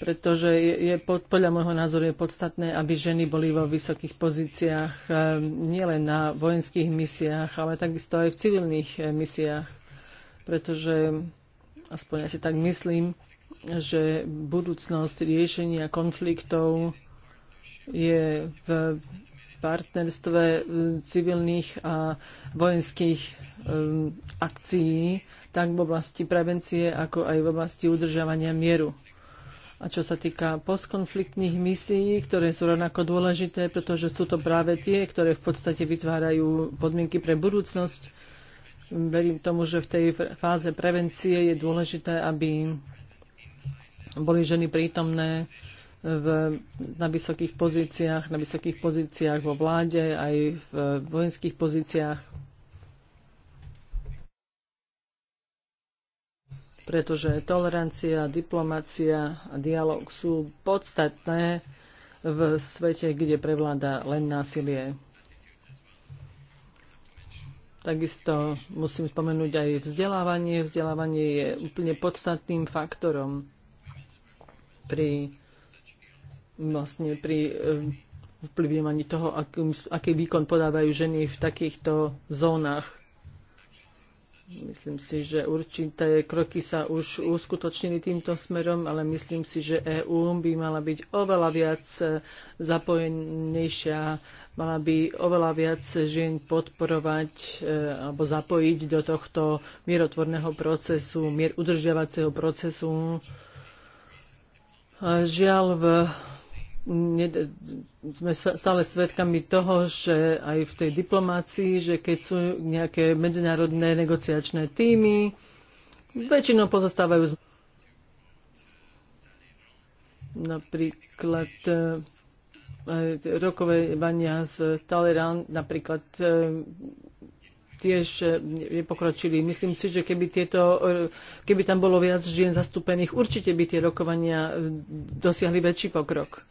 pretože je, je podľa môjho názoru je podstatné, aby ženy boli vo vysokých pozíciách eh, nielen na vojenských misiách, ale takisto aj v civilných eh, misiách, pretože aspoň ja si tak myslím, že budúcnosť riešenia konfliktov je v partnerstve eh, civilných a vojenských akcií, tak v oblasti prevencie, ako aj v oblasti udržiavania mieru. A čo sa týka postkonfliktných misií, ktoré sú rovnako dôležité, pretože sú to práve tie, ktoré v podstate vytvárajú podmienky pre budúcnosť. Verím tomu, že v tej fáze prevencie je dôležité, aby boli ženy prítomné v, na vysokých pozíciách, na vysokých pozíciách vo vláde, aj v vojenských pozíciách. pretože tolerancia, diplomácia a dialog sú podstatné v svete, kde prevláda len násilie. Takisto musím spomenúť aj vzdelávanie. Vzdelávanie je úplne podstatným faktorom pri, vlastne pri eh, vplyvňovaní toho, aký, aký výkon podávajú ženy v takýchto zónach Myslím si, že určité kroky sa už uskutočnili týmto smerom, ale myslím si, že EÚ by mala byť oveľa viac e, zapojenejšia, mala by oveľa viac žien podporovať e, alebo zapojiť do tohto mierotvorného procesu, mier udržiavacieho procesu. Žiaľ, v sme stále svedkami toho, že aj v tej diplomácii, že keď sú nejaké medzinárodné negociačné týmy, väčšinou pozostávajú z... napríklad e, e, rokovania z Talerán, napríklad e, tiež nepokročili. Myslím si, že keby, tieto, keby tam bolo viac žien zastúpených, určite by tie rokovania dosiahli väčší pokrok.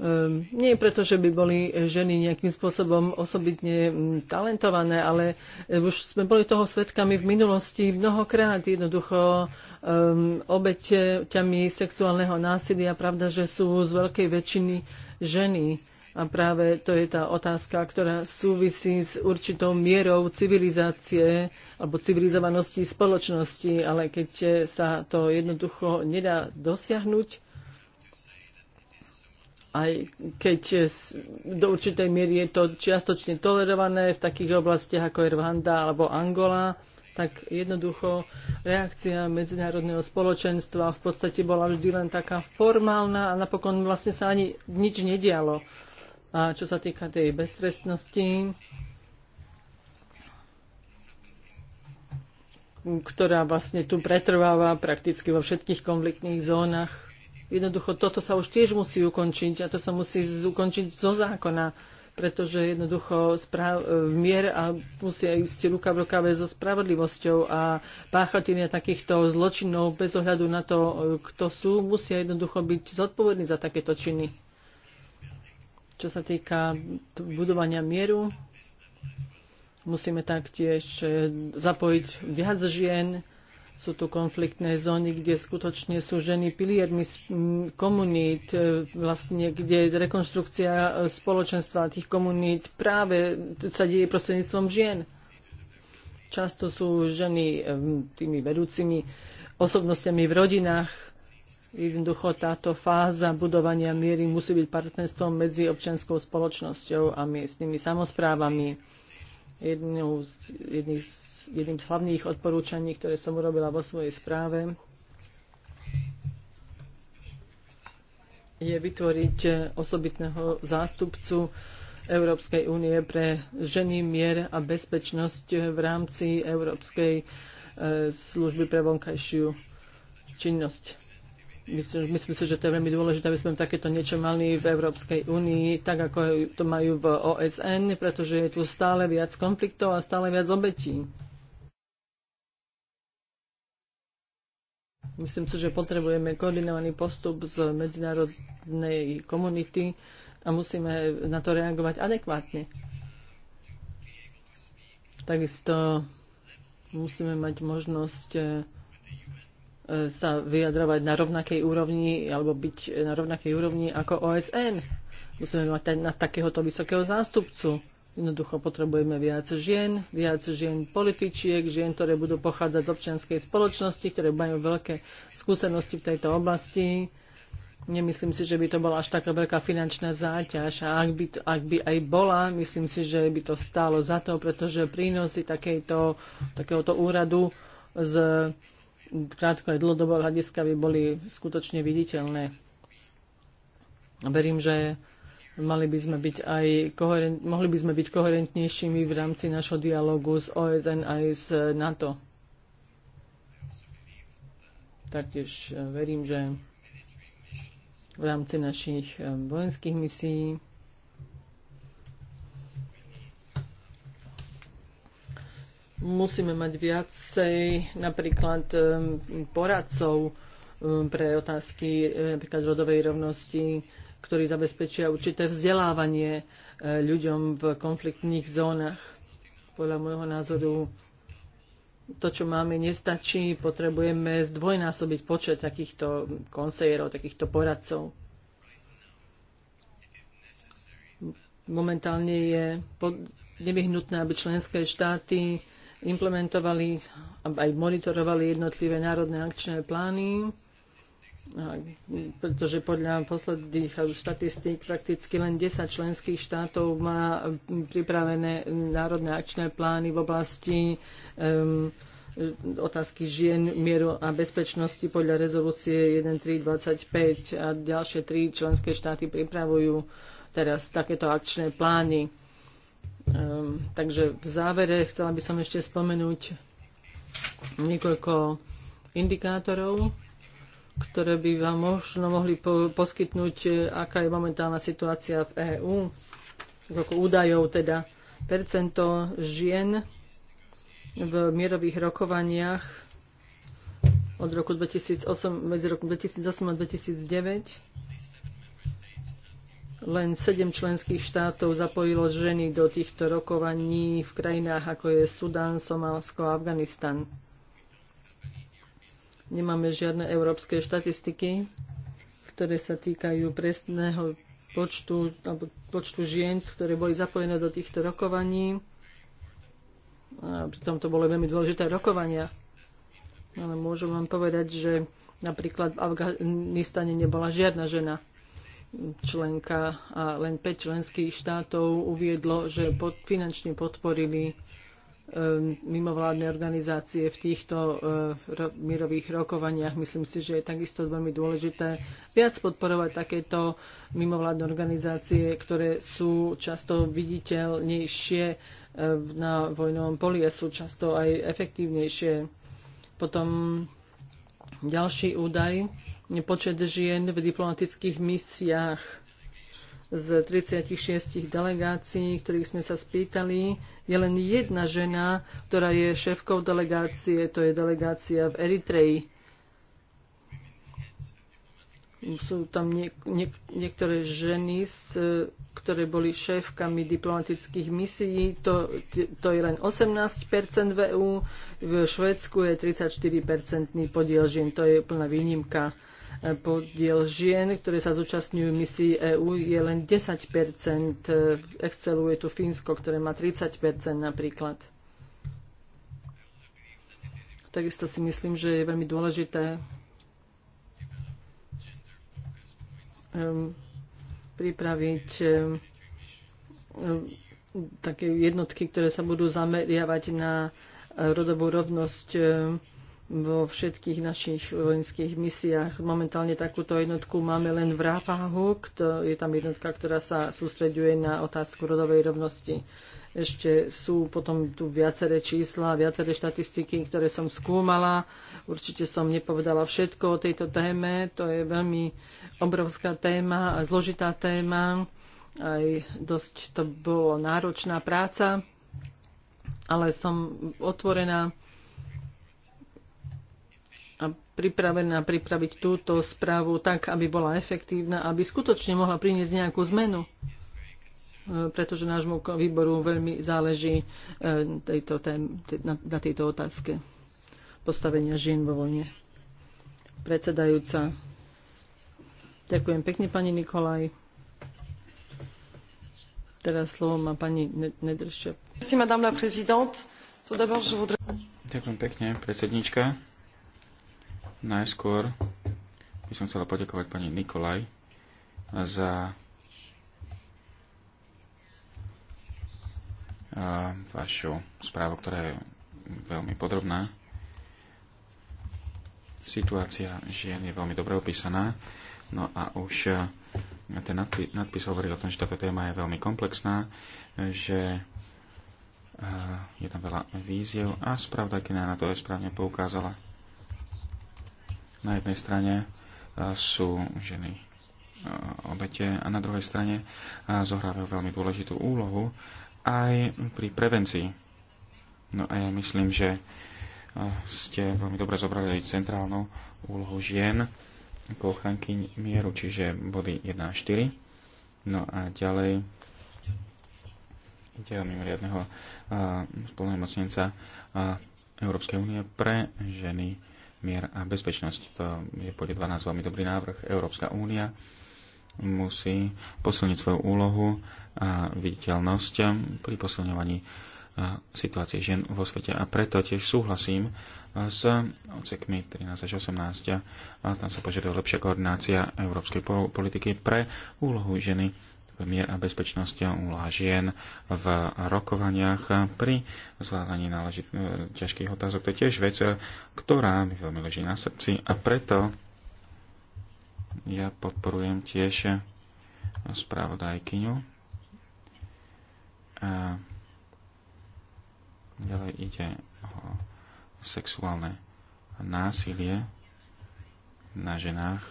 Ehm, nie preto, že by boli eh, ženy nejakým spôsobom osobitne mm, talentované, ale eh, už sme boli toho svetkami v minulosti mnohokrát jednoducho um, obeťami sexuálneho násilia. Pravda, že sú z veľkej väčšiny ženy. A práve to je tá otázka, ktorá súvisí s určitou mierou civilizácie alebo civilizovanosti spoločnosti, ale keď eh, sa to jednoducho nedá dosiahnuť, aj keď do určitej miery je to čiastočne tolerované v takých oblastiach ako je Rwanda alebo Angola, tak jednoducho reakcia medzinárodného spoločenstva v podstate bola vždy len taká formálna a napokon vlastne sa ani nič nedialo. A čo sa týka tej beztrestnosti, ktorá vlastne tu pretrváva prakticky vo všetkých konfliktných zónach, Jednoducho toto sa už tiež musí ukončiť a to sa musí ukončiť zo zákona, pretože jednoducho správ, e, mier a musia ísť ruka v rukave so spravodlivosťou a páchatelia takýchto zločinov bez ohľadu na to, e, kto sú, musia jednoducho byť zodpovední za takéto činy. Čo sa týka budovania mieru, musíme taktiež e, zapojiť viac žien, sú tu konfliktné zóny, kde skutočne sú ženy piliermi komunít, e, vlastne kde rekonstrukcia e, spoločenstva tých komunít práve sa deje prostredníctvom žien. Často sú ženy e, tými vedúcimi osobnostiami v rodinách. Jednoducho táto fáza budovania miery musí byť partnerstvom medzi občianskou spoločnosťou a miestnymi samozprávami jednou z, jedným z hlavných odporúčaní, ktoré som urobila vo svojej správe, je vytvoriť osobitného zástupcu Európskej únie pre ženy, mier a bezpečnosť v rámci Európskej e, služby pre vonkajšiu činnosť myslím si, že to je veľmi dôležité, aby sme takéto niečo mali v Európskej únii, tak ako to majú v OSN, pretože je tu stále viac konfliktov a stále viac obetí. Myslím si, že potrebujeme koordinovaný postup z medzinárodnej komunity a musíme na to reagovať adekvátne. Takisto musíme mať možnosť eh, sa vyjadrovať na rovnakej úrovni alebo byť na rovnakej úrovni ako OSN. Musíme mať na takéhoto vysokého zástupcu. Jednoducho potrebujeme viac žien, viac žien političiek, žien, ktoré budú pochádzať z občianskej spoločnosti, ktoré majú veľké skúsenosti v tejto oblasti. Nemyslím si, že by to bola až taká veľká finančná záťaž a ak by, to, ak by aj bola, myslím si, že by to stálo za to, pretože prínosy takéto, takéhoto úradu z krátko aj dlhodobo hľadiska by boli skutočne viditeľné. Verím, že mali by sme byť aj koherent, mohli by sme byť koherentnejšími v rámci našho dialogu s OSN aj s NATO. Taktiež eh, verím, že v rámci našich eh, vojenských misií musíme mať viacej napríklad poradcov pre otázky e, napríklad rodovej rovnosti, ktorí zabezpečia určité vzdelávanie e, ľuďom v konfliktných zónach. Podľa môjho názoru to, čo máme, nestačí. Potrebujeme zdvojnásobiť počet takýchto konsejerov, takýchto poradcov. Momentálne je nevyhnutné, aby členské štáty implementovali a aj monitorovali jednotlivé národné akčné plány pretože podľa posledných eh, štatistík prakticky len 10 členských štátov má mm, pripravené mm, národné akčné plány v oblasti um, otázky žien, mieru a bezpečnosti podľa rezolúcie 1325 a ďalšie tri členské štáty pripravujú teraz takéto akčné plány. Um, takže v závere chcela by som ešte spomenúť niekoľko indikátorov, ktoré by vám možno mohli po- poskytnúť, e, aká je momentálna situácia v EÚ. Koľko údajov teda percento žien v mierových rokovaniach od roku 2008, medzi rokom 2008 a 2009 len sedem členských štátov zapojilo ženy do týchto rokovaní v krajinách ako je Sudán, Somálsko a Afganistan. Nemáme žiadne európske štatistiky, ktoré sa týkajú presného počtu, alebo počtu žien, ktoré boli zapojené do týchto rokovaní. A pritom to boli veľmi dôležité rokovania. Ale môžem vám povedať, že napríklad v Afganistane nebola žiadna žena členka a len 5 členských štátov uviedlo, že pod, finančne podporili e, mimovládne organizácie v týchto uh, mirových rokovaniach. Myslím si, že je takisto veľmi dôležité viac podporovať takéto mimovládne organizácie, ktoré sú často viditeľnejšie uh, na vojnovom poli a sú často aj efektívnejšie. Potom ďalší údaj počet žien v diplomatických misiách z 36 delegácií, ktorých sme sa spýtali, je len jedna žena, ktorá je šéfkou delegácie, to je delegácia v Eritreji. Sú tam nie, nie, niektoré ženy, ktoré boli šéfkami diplomatických misií, to, to je len 18 v EU, v Švedsku je 34 podiel žien, to je úplná výnimka E, podiel žien, ktoré sa zúčastňujú misií EÚ, je len 10 e, Exceluje tu Fínsko, ktoré má 30 napríklad. Takisto si myslím, že je veľmi dôležité pripraviť také jednotky, ktoré sa budú zameriavať na e, rodovú rovnosť vo všetkých našich vojenských misiách. Momentálne takúto jednotku máme len v Rápahu, je tam jednotka, ktorá sa sústreďuje na otázku rodovej rovnosti. Ešte sú potom tu viaceré čísla, viaceré štatistiky, ktoré som skúmala. Určite som nepovedala všetko o tejto téme. To je veľmi obrovská téma a zložitá téma. Aj dosť to bolo náročná práca, ale som otvorená pripravená pripraviť túto správu tak, aby bola efektívna, aby skutočne mohla priniesť nejakú zmenu e, pretože nášmu výboru veľmi záleží e, tejto tém, na tejto otázke postavenia žien vo vojne. Predsedajúca. Ďakujem pekne, pani Nikolaj. Teraz slovo má pani Nedršia. Ďakujem pekne, predsednička. Najskôr by som chcela poďakovať pani Nikolaj za vašu správu, ktorá je veľmi podrobná. Situácia žien je veľmi dobre opísaná. No a už ten nadpis, hovorí o tom, že táto téma je veľmi komplexná, že je tam veľa víziev a keď na to je správne poukázala. Na jednej strane e, sú ženy e, obete a na druhej strane e, zohrávajú veľmi dôležitú úlohu aj pri prevencii. No a ja myslím, že ste veľmi dobre zobrali centrálnu úlohu žien ako ochranky mieru, čiže body 1 a 4. No a ďalej ide o mimoriadného spolnomocnenca Európskej únie pre ženy mier a bezpečnosť. To je podľa 12 veľmi dobrý návrh. Európska únia musí posilniť svoju úlohu a viditeľnosť pri posilňovaní e, situácie žien vo svete. A preto tiež súhlasím e, s odsekmi 13 až 18. A tam sa požaduje lepšia koordinácia európskej politiky pre úlohu ženy mier a bezpečnosť úloha v rokovaniach pri zvládaní náležit- e, ťažkých otázok. To je tiež vec, ktorá mi veľmi leží na srdci a preto ja podporujem tiež spravodajkyňu. A ďalej ide o sexuálne násilie na ženách.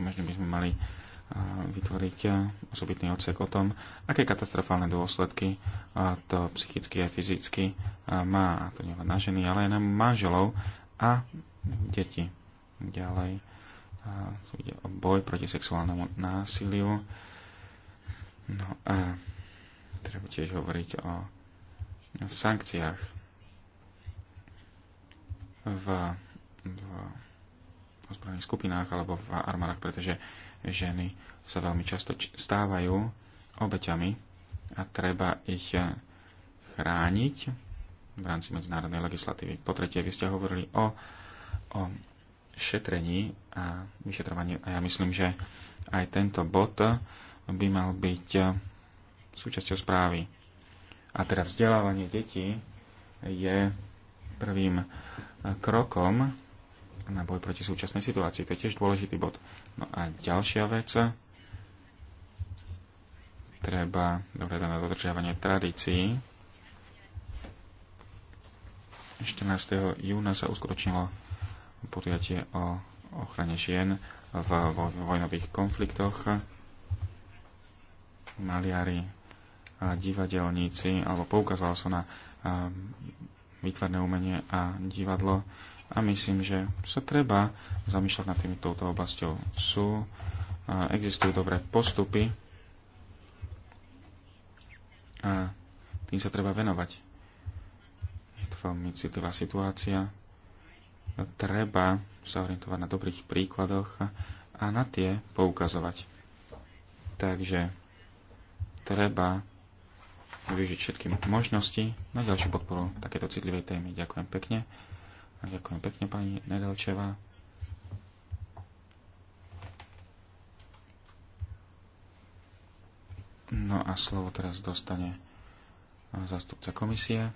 Možno by sme mali vytvoriť eh, osobitný odsek o tom, aké katastrofálne dôsledky to psychicky a fyzicky eh, má. A to nielen na ženy, ale aj na manželov a deti. Ďalej tu eh, ide o boj proti sexuálnemu násiliu. No a treba tiež hovoriť o sankciách v, v ozbrojených skupinách alebo v armádach, pretože uh, ženy sa veľmi často stávajú obeťami a treba ich eh, chrániť v rámci medzinárodnej legislatívy. Po tretie, vy ste hovorili o, o šetrení a vyšetrovaní a ja myslím, že aj tento bod by mal byť eh, súčasťou správy. A teda vzdelávanie detí je prvým eh, krokom na boj proti súčasnej situácii. To je tiež dôležitý bod. No a ďalšia vec, treba dohľadať na dodržiavanie tradícií. 14. júna sa uskutočnilo podujatie o ochrane žien v vojnových konfliktoch. Maliari divadelníci, alebo poukázalo sa na výtvarné umenie a divadlo a myslím, že sa treba zamýšľať nad tým, touto oblasťou. Sú, existujú dobré postupy a tým sa treba venovať. Je to veľmi citlivá situácia. Treba sa orientovať na dobrých príkladoch a na tie poukazovať. Takže treba využiť všetky možnosti na ďalšiu podporu takéto citlivej témy. Ďakujem pekne. A ďakujem pekne pani Nedelčeva. No a slovo teraz dostane zastupca komisie.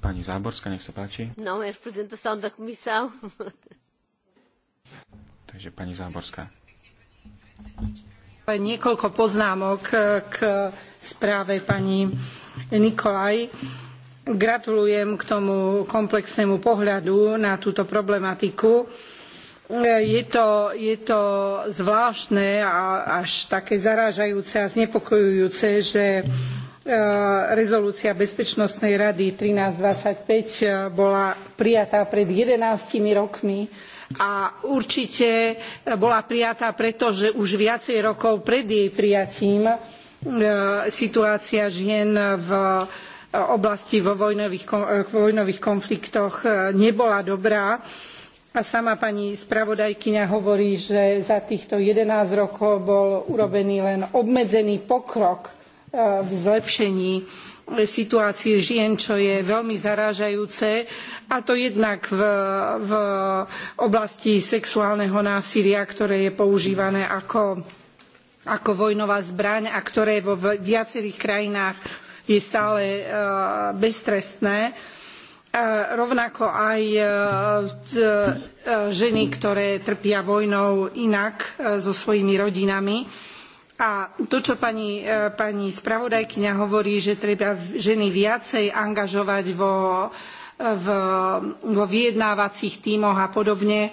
Pani Záborská, nech sa páči. No, Takže pani Záborská. Niekoľko poznámok e, k správe pani Nikolaj. Gratulujem k tomu komplexnému pohľadu na túto problematiku. E, je to, je to zvláštne a až také zarážajúce a znepokojujúce, že e, rezolúcia Bezpečnostnej rady five bola prijatá pred jedenástimi rokmi a určite bola prijatá preto, že už viacej rokov pred jej prijatím e, situácia žien v oblasti vo vojnových, konfliktoch e, nebola dobrá. A sama pani spravodajkyňa hovorí, že za týchto eleven rokov bol urobený len obmedzený pokrok e, v zlepšení situácie žien, čo je veľmi zarážajúce, a to jednak v, oblasti sexuálneho násilia, ktoré je používané ako, ako vojnová zbraň a ktoré vo viacerých krajinách je stále e, beztrestné e, rovnako aj e, ženy, ktoré trpia vojnou inak so svojimi rodinami. A to, čo e, pani, spravodajkyňa hovorí, že treba ženy viacej angažovať vo, e, vo vyjednávacích tímoch a podobne, e,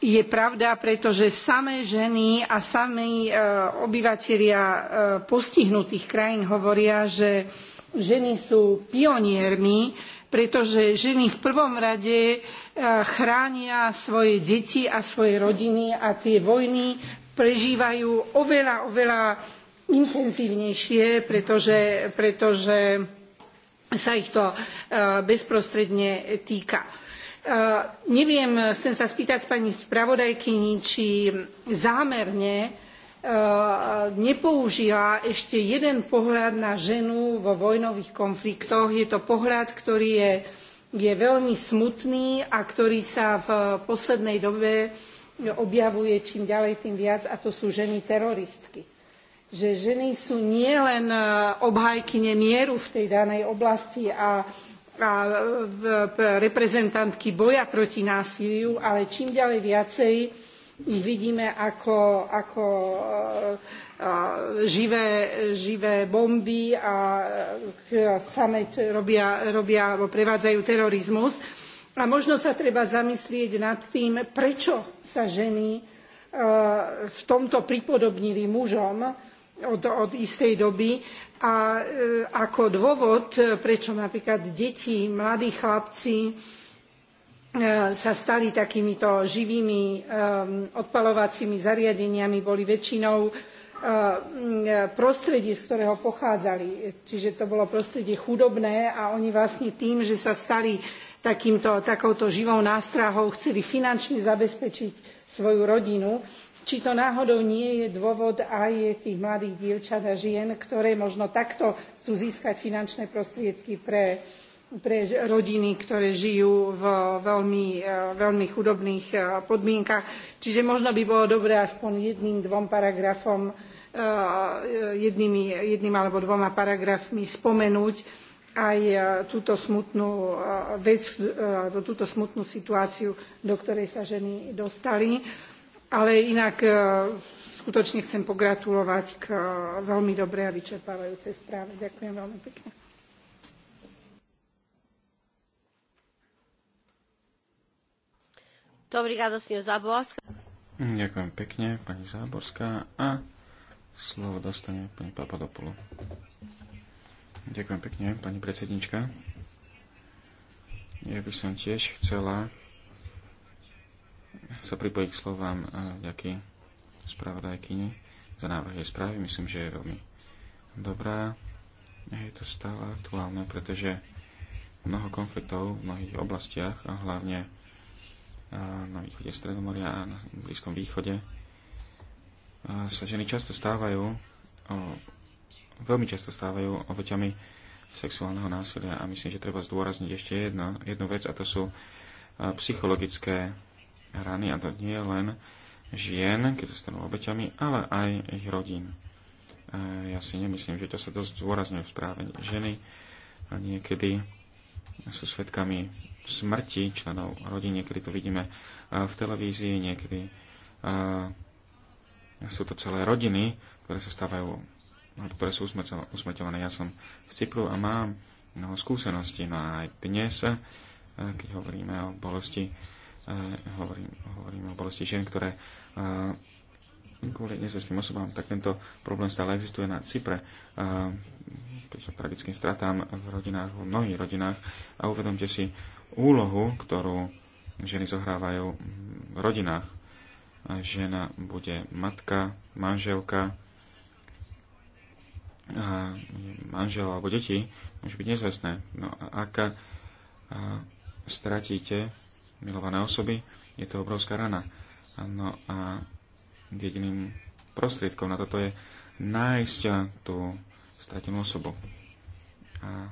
je pravda, pretože samé ženy a samí obyvatelia postihnutých krajín hovoria, že ženy sú pioniermi, pretože ženy v prvom rade chránia svoje deti a svoje rodiny a tie vojny prežívajú oveľa, oveľa intenzívnejšie, pretože, pretože sa ich to eh, bezprostredne týka. Eh, neviem, chcem sa spýtať pani spravodajkyni, či zámerne eh, nepoužila ešte jeden pohľad na ženu vo vojnových konfliktoch. Je to pohľad, ktorý je, je veľmi smutný a ktorý sa v poslednej dobe objavuje čím ďalej, tým viac, a to sú ženy teroristky. Že ženy sú nielen e, obhajkyne mieru v tej danej oblasti a, a reprezentantky boja proti násiliu, ale čím ďalej viacej ich vidíme ako, ako e, e, živé, živé bomby a same robia, robia, prevádzajú terorizmus a možno sa treba zamyslieť nad tým, prečo sa ženy e, v tomto pripodobnili mužom od, od istej doby a e, ako dôvod, prečo napríklad deti, mladí chlapci e, sa stali takýmito živými odpaľovacími zariadeniami, boli väčšinou prostredie, z ktorého pochádzali. Čiže to bolo prostredie chudobné a oni vlastne tým, že sa stali takýmto, takouto živou nástrahou chceli finančne zabezpečiť svoju rodinu či to náhodou nie je dôvod aj tých mladých dievčat a žien, ktoré možno takto chcú získať finančné prostriedky pre, pre rodiny, ktoré žijú v veľmi, e, veľmi chudobných e, podmienkach. Čiže možno by bolo dobré aspoň jedným, dvom paragrafom, e, jedným, jedným alebo dvoma paragrafmi spomenúť, aj e, túto smutnú, e, vec, e, túto smutnú situáciu, do ktorej sa ženy dostali. Ale inak skutočne chcem pogratulovať k veľmi dobrej a vyčerpávajúcej správe. Ďakujem veľmi pekne. Ďakujem pekne, pani Záborská. A slovo dostane pani Papadopoulou. Ďakujem pekne, pani predsednička. Ja by som tiež chcela sa pripojiť k slovám ďaký spravodajkyni za návrh jej správy. Myslím, že je veľmi dobrá. Je to stále aktuálne, pretože mnoho konfliktov v mnohých oblastiach, a hlavne na východe Stredomoria a na Blízkom východe, sa ženy často stávajú veľmi často stávajú obeťami sexuálneho násilia. A myslím, že treba zdôrazniť ešte jedno, jednu vec, a to sú e, psychologické rany, a to nie len žien, keď sa stanú obeťami, ale aj ich rodín. E, ja si nemyslím, že to sa dosť zdôrazňuje v správe. Ženy niekedy sú svetkami smrti členov rodín, niekedy to vidíme e, v televízii, niekedy sú to celé rodiny, ktoré sa stávajú No, ktoré sú usmrteľné. Ja som v Cypru a mám mnoho skúseností. No a aj dnes, eh, keď hovoríme o bolesti, eh, hovorím, hovorím o bolesti žien, ktoré eh, kvôli nezvestným osobám, tak tento problém stále existuje na Cypre. Prišlo tragickým stratám v rodinách, v mnohých rodinách a uvedomte si úlohu, ktorú ženy zohrávajú v rodinách. Žena bude matka, manželka, manželov alebo deti, môže byť nezvestné. No a ak stratíte milované osoby, je to obrovská rana. No a jediným prostriedkom na toto je nájsť tú stratenú osobu. A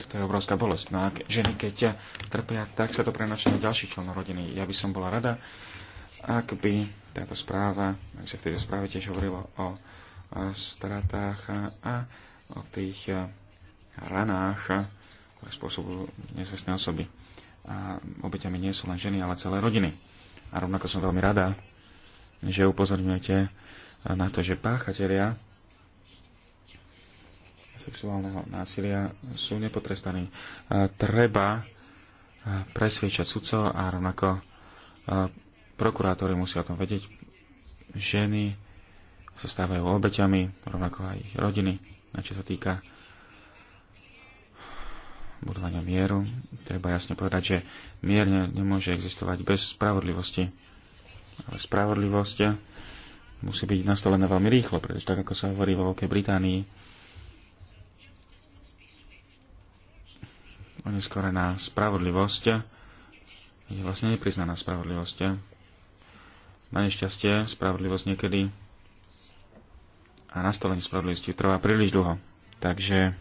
toto je obrovská bolesť. No a ženy, keď ťa trpia, tak sa to prenáša na ďalších členov rodiny. Ja by som bola rada, ak by táto správa, ak sa v tejto správe tiež hovorilo o stratách a o tých e, ranách, e, ktoré spôsobujú nezvestné osoby. A obeťami nie sú len ženy, ale celé rodiny. A rovnako som veľmi rada, že upozorňujete na to, že páchatelia sexuálneho násilia sú nepotrestaní. E, treba presviečať sudcov a rovnako prokurátori musia o tom vedieť. Ženy sa stávajú obeťami, rovnako aj ich rodiny, na čo sa týka budovania mieru. Treba jasne povedať, že mier nemôže existovať bez spravodlivosti. Ale spravodlivosť musí byť nastolená veľmi rýchlo, pretože tak, ako sa hovorí vo Veľkej Británii, oneskorená spravodlivosť je vlastne nepriznaná spravodlivosť. Na nešťastie spravodlivosť niekedy a nastolenie spravodlivosti trvá príliš dlho. Takže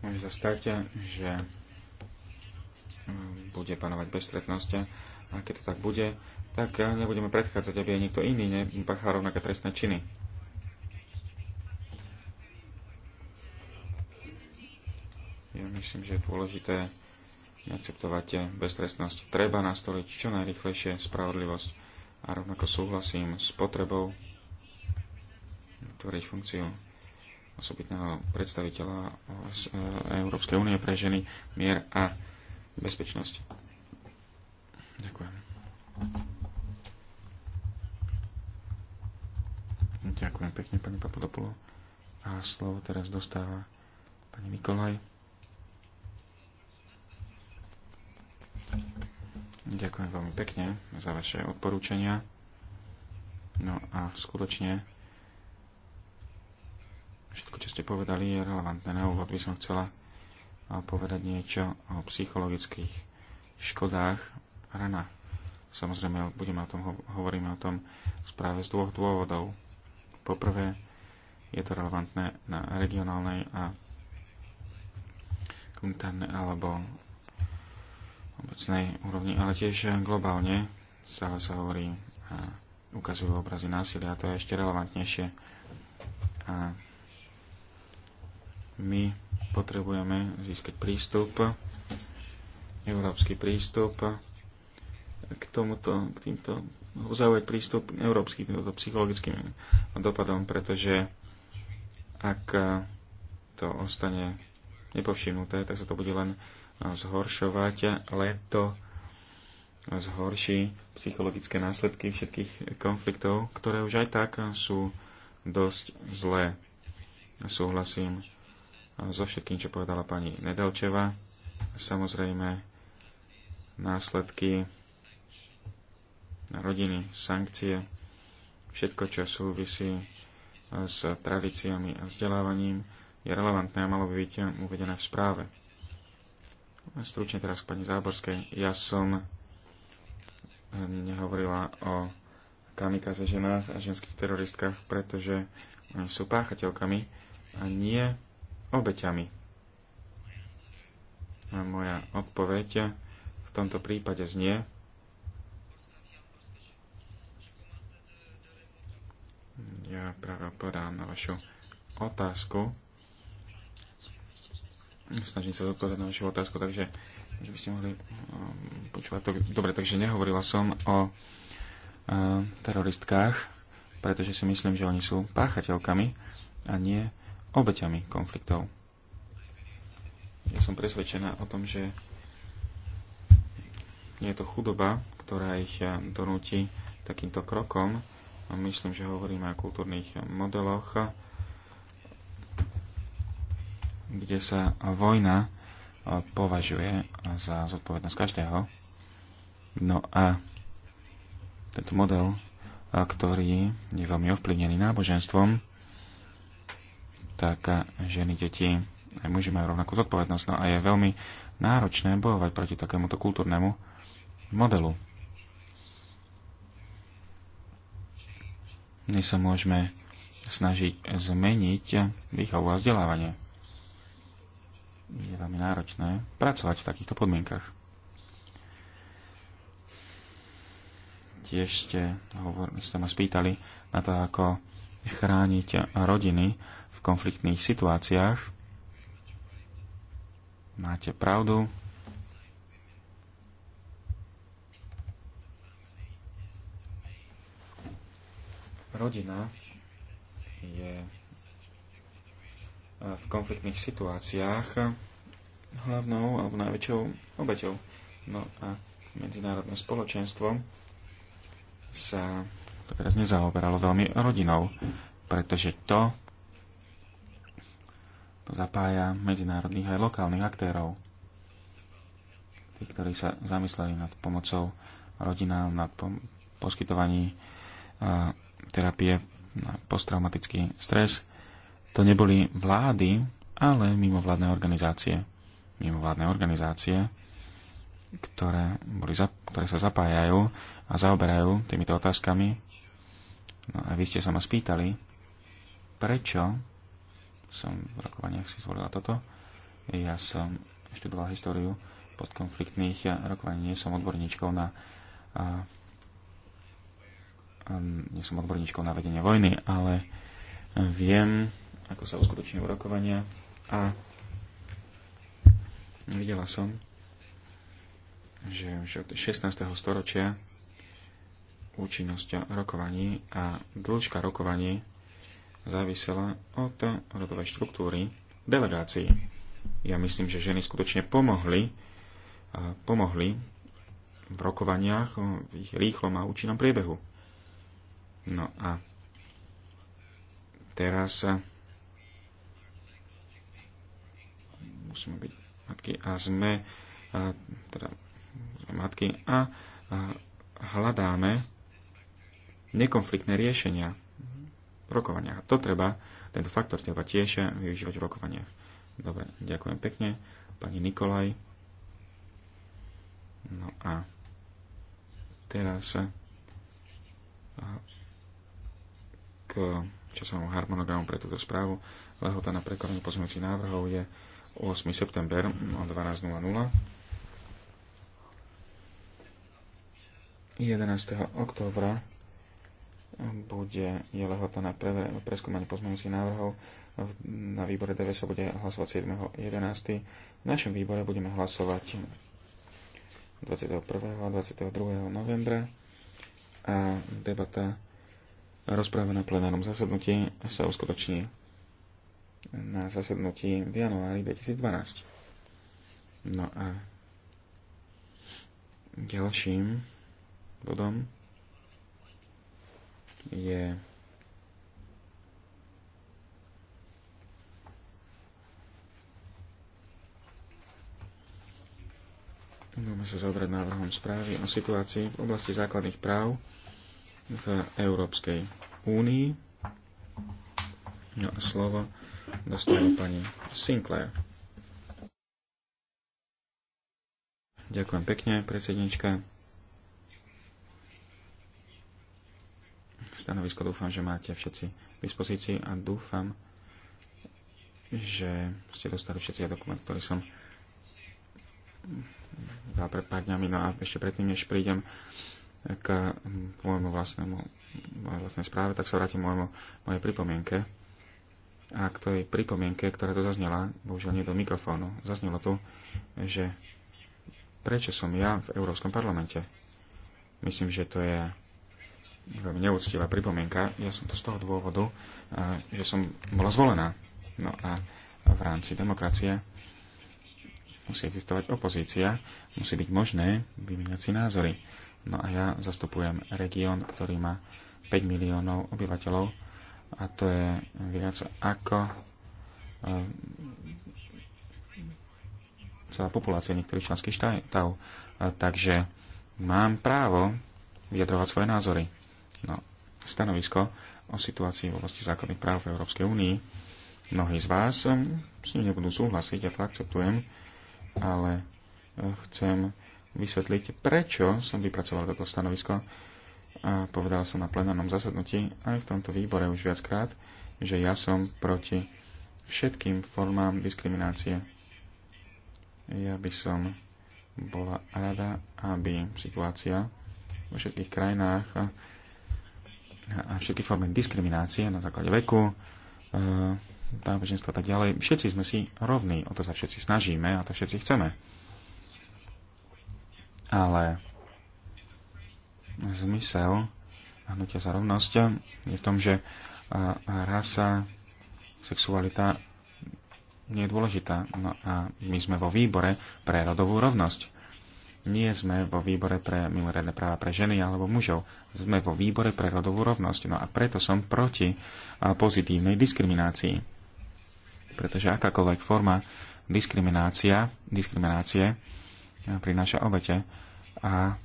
môže sa stať, že mm, bude panovať bezstretnosť a keď to tak bude, tak eh, nebudeme predchádzať, aby aj niekto iný nepáchal rovnaké trestné činy. Ja myslím, že je dôležité neakceptovať bezstresnosť. Treba nastoliť čo najrychlejšie spravodlivosť a rovnako súhlasím s potrebou vytvoriť funkciu osobitného predstaviteľa e, Európskej únie pre ženy, mier a bezpečnosť. Ďakujem. Ďakujem pekne, pani Papadopulo. A slovo teraz dostáva pani Nikolaj. Ďakujem veľmi pekne za vaše odporúčania. No a skutočne všetko, čo ste povedali, je relevantné. Na úvod by som chcela povedať niečo o psychologických škodách rana. Samozrejme, budeme o tom, hovoríme o tom správe z dvoch dôvodov. Poprvé, je to relevantné na regionálnej a komunitárnej alebo obecnej úrovni, ale tiež globálne stále sa hovorí a ukazujú obrazy násilia a to je ešte relevantnejšie. A my potrebujeme získať prístup, európsky prístup k tomuto, k týmto, uzaujať prístup európsky týmto psychologickým dopadom, pretože ak to ostane nepovšimnuté, tak sa to bude len zhoršovať, ale to zhorší psychologické následky všetkých konfliktov, ktoré už aj tak sú dosť zlé. Súhlasím so všetkým, čo povedala pani Nedelčeva. Samozrejme, následky na rodiny, sankcie, všetko, čo súvisí s tradíciami a vzdelávaním, je relevantné a malo by byť uvedené v správe. Stručne teraz k pani Záborskej. Ja som eh, nehovorila o kamikaze ženách a ženských teroristkách, pretože oni eh, sú páchateľkami a nie obeťami. A moja odpoveď v tomto prípade znie, ja práve odpovedám na vašu otázku. Snažím sa zodpovedať na vašu otázku, takže že by ste mohli um, počúvať to. Dobre, takže nehovorila som o uh, teroristkách, pretože si myslím, že oni sú páchateľkami a nie obeťami konfliktov. Ja som presvedčená o tom, že nie je to chudoba, ktorá ich uh, donúti takýmto krokom. Myslím, že hovoríme o kultúrnych modeloch, kde sa vojna e, považuje za zodpovednosť každého. No a tento model, e, ktorý je veľmi ovplyvnený náboženstvom, tak e, ženy, deti, aj muži majú rovnakú zodpovednosť. No a je veľmi náročné bojovať proti takémuto kultúrnemu modelu. My sa môžeme snažiť zmeniť výchovu a vzdelávanie je veľmi náročné pracovať v takýchto podmienkach. Tiež ste, hovor, ste ma spýtali na to, ako chrániť rodiny v konfliktných situáciách. Máte pravdu. Rodina je v konfliktných situáciách hlavnou alebo najväčšou obeťou. No a medzinárodné spoločenstvo sa to teraz nezaoberalo veľmi rodinou, pretože to zapája medzinárodných aj lokálnych aktérov. Tí, ktorí sa zamysleli nad pomocou rodinám, nad pom- poskytovaní terapie na posttraumatický stres, to neboli vlády, ale mimovládne organizácie. Mimovládne organizácie, ktoré, boli za, ktoré sa zapájajú a zaoberajú týmito otázkami. No a vy ste sa ma spýtali, prečo som v rokovaniach si zvolila toto. Ja som študoval históriu podkonfliktných rokovaní. Nie som odborníčkou na a, a, nie som odborníčkou na vedenie vojny, ale viem ako sa uskutočňujú rokovania a videla som, že už od 16. storočia účinnosť rokovaní a dĺžka rokovaní závisela od rodovej štruktúry delegácií. Ja myslím, že ženy skutočne pomohli, pomohli v rokovaniach v ich rýchlom a účinnom priebehu. No a teraz musíme byť matky a sme a, teda sme matky a, hľadáme nekonfliktné riešenia v rokovaniach. To treba, tento faktor treba tiež využívať v rokovaniach. Dobre, ďakujem pekne. Pani Nikolaj. No a teraz k časovému harmonogramu pre túto správu. Lehota na prekonanie pozmeňujúcich návrhov je 8. september o 12.00. 11. októbra bude je lehota na pre, preskúmanie pozmeňujúcich návrhov. Na výbore DV sa bude hlasovať 7.11. V našom výbore budeme hlasovať 21. a 22. novembra a debata rozpráva na plenárnom zasadnutí sa uskutoční na zasadnutí v januári 2012. No a ďalším bodom je Budeme sa zaobrať návrhom správy o situácii v oblasti základných práv v Európskej únii. No a slovo dostane pani Sinclair. Ďakujem pekne, predsednička. Stanovisko dúfam, že máte všetci k dispozícii a dúfam, že ste dostali všetci dokument, ktorý som dal pred pár dňami. No a ešte predtým, než prídem k môjmu vlastnému, mojej vlastnej správe, tak sa vrátim môjmu, mojej pripomienke a k tej pripomienke, ktorá tu zaznela, bohužiaľ nie do mikrofónu, zaznelo tu, že prečo som ja v Európskom parlamente. Myslím, že to je veľmi neúctivá pripomienka. Ja som to z toho dôvodu, že som bola zvolená. No a v rámci demokracie musí existovať opozícia, musí byť možné vymeniať si názory. No a ja zastupujem región, ktorý má 5 miliónov obyvateľov, a to je viac ako eh, celá populácia niektorých členských štátov. Takže mám právo vyjadrovať svoje názory. No, stanovisko o situácii v oblasti základných práv v Európskej únii. Mnohí z vás eh, s ním nebudú súhlasiť, ja to akceptujem, ale eh, chcem vysvetliť, prečo som vypracoval toto stanovisko a povedal som na plenárnom zasadnutí aj v tomto výbore už viackrát, že ja som proti všetkým formám diskriminácie. Ja by som bola rada, aby situácia vo všetkých krajinách a všetky formy diskriminácie na základe veku, e, náboženstva a tak ďalej, všetci sme si rovní, o to sa všetci snažíme a to všetci chceme. Ale zmysel hnutia za rovnosť je v tom, že rasa, sexualita nie je dôležitá. No a my sme vo výbore pre rodovú rovnosť. Nie sme vo výbore pre mimoriadne práva pre ženy alebo mužov. Sme vo výbore pre rodovú rovnosť. No a preto som proti pozitívnej diskriminácii. Pretože akákoľvek forma diskriminácia, diskriminácie prináša obete a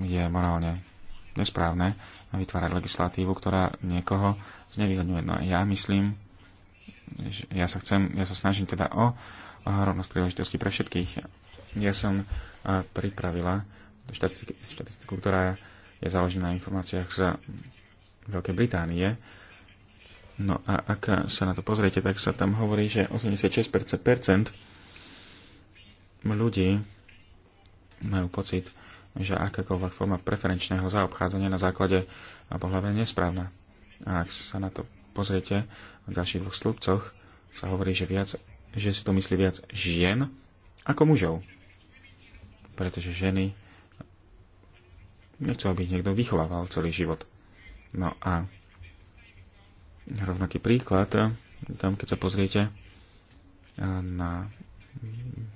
je morálne nesprávne vytvárať legislatívu, ktorá niekoho znevýhodňuje. No ja myslím, že ja sa, chcem, ja sa snažím teda o rovnosť príležitosti pre všetkých. Ja som e, pripravila štatistiku, štatistiku ktorá je založená na informáciách z Veľkej Británie. No a ak sa na to pozriete, tak sa tam hovorí, že 86% ľudí majú pocit, že akákoľvek forma preferenčného zaobchádzania na základe pohľavia je nesprávna. A ak sa na to pozriete, v ďalších dvoch slúbcoch, sa hovorí, že, viac, že si to myslí viac žien ako mužov. Pretože ženy nechcú, aby ich niekto vychovával celý život. No a rovnaký príklad, tam keď sa pozriete na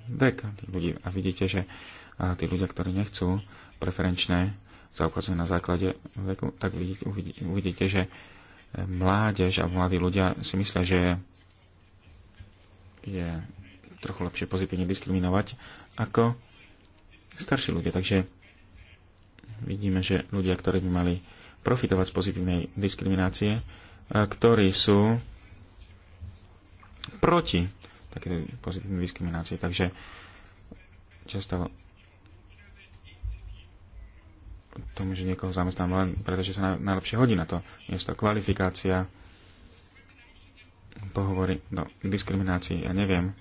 vek ľudí a vidíte, že a tí ľudia, ktorí nechcú preferenčné zaobchádzanie na základe veku, tak uvidíte, uvidíte že mládež a mladí ľudia si myslia, že je trochu lepšie pozitívne diskriminovať ako starší ľudia. Takže vidíme, že ľudia, ktorí by mali profitovať z pozitívnej diskriminácie, ktorí sú proti takéto pozitívnej diskriminácii. Takže často tomu, že niekoho zamestnám len preto, že sa najlepšie hodí na to. Je to kvalifikácia, pohovory do diskriminácii. Ja neviem,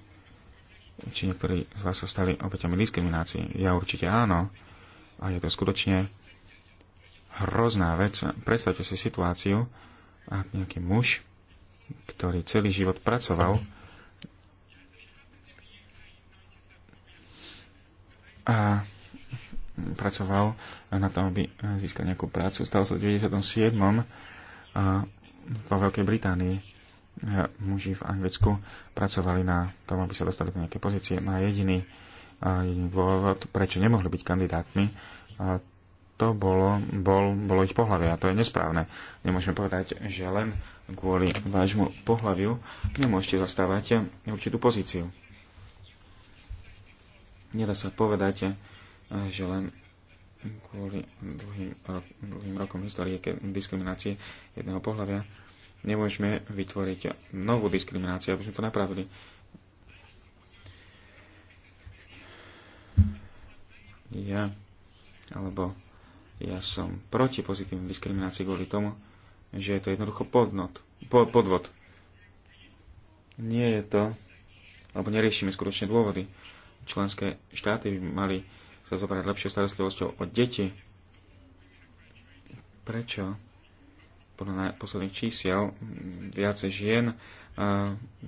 či niektorí z vás sa stali obeťami diskriminácii. Ja určite áno. A je to skutočne hrozná vec. Predstavte si situáciu, ak nejaký muž, ktorý celý život pracoval, a pracoval na tom, aby získal nejakú prácu. Stalo sa v 97. vo Veľkej Británii. Muži v Anglicku pracovali na tom, aby sa dostali do nejaké pozície. má no jediný, jediný dôvod, prečo nemohli byť kandidátmi, a to bolo, bol, bolo ich pohľavie a to je nesprávne. Nemôžeme povedať, že len kvôli vášmu pohľaviu nemôžete zastávať určitú pozíciu. Nedá sa povedať, že len kvôli dlhým, dlhým rokom histórie diskriminácie jedného pohľavia nemôžeme vytvoriť novú diskrimináciu, aby sme to napravili. Ja, alebo ja som proti pozitívnej diskriminácii kvôli tomu, že je to jednoducho podnot, po, podvod. Nie je to, alebo neriešime skutočne dôvody. Členské štáty by mali sa zobrať lepšou starostlivosťou o deti. Prečo? Podľa posledných čísiel viacej žien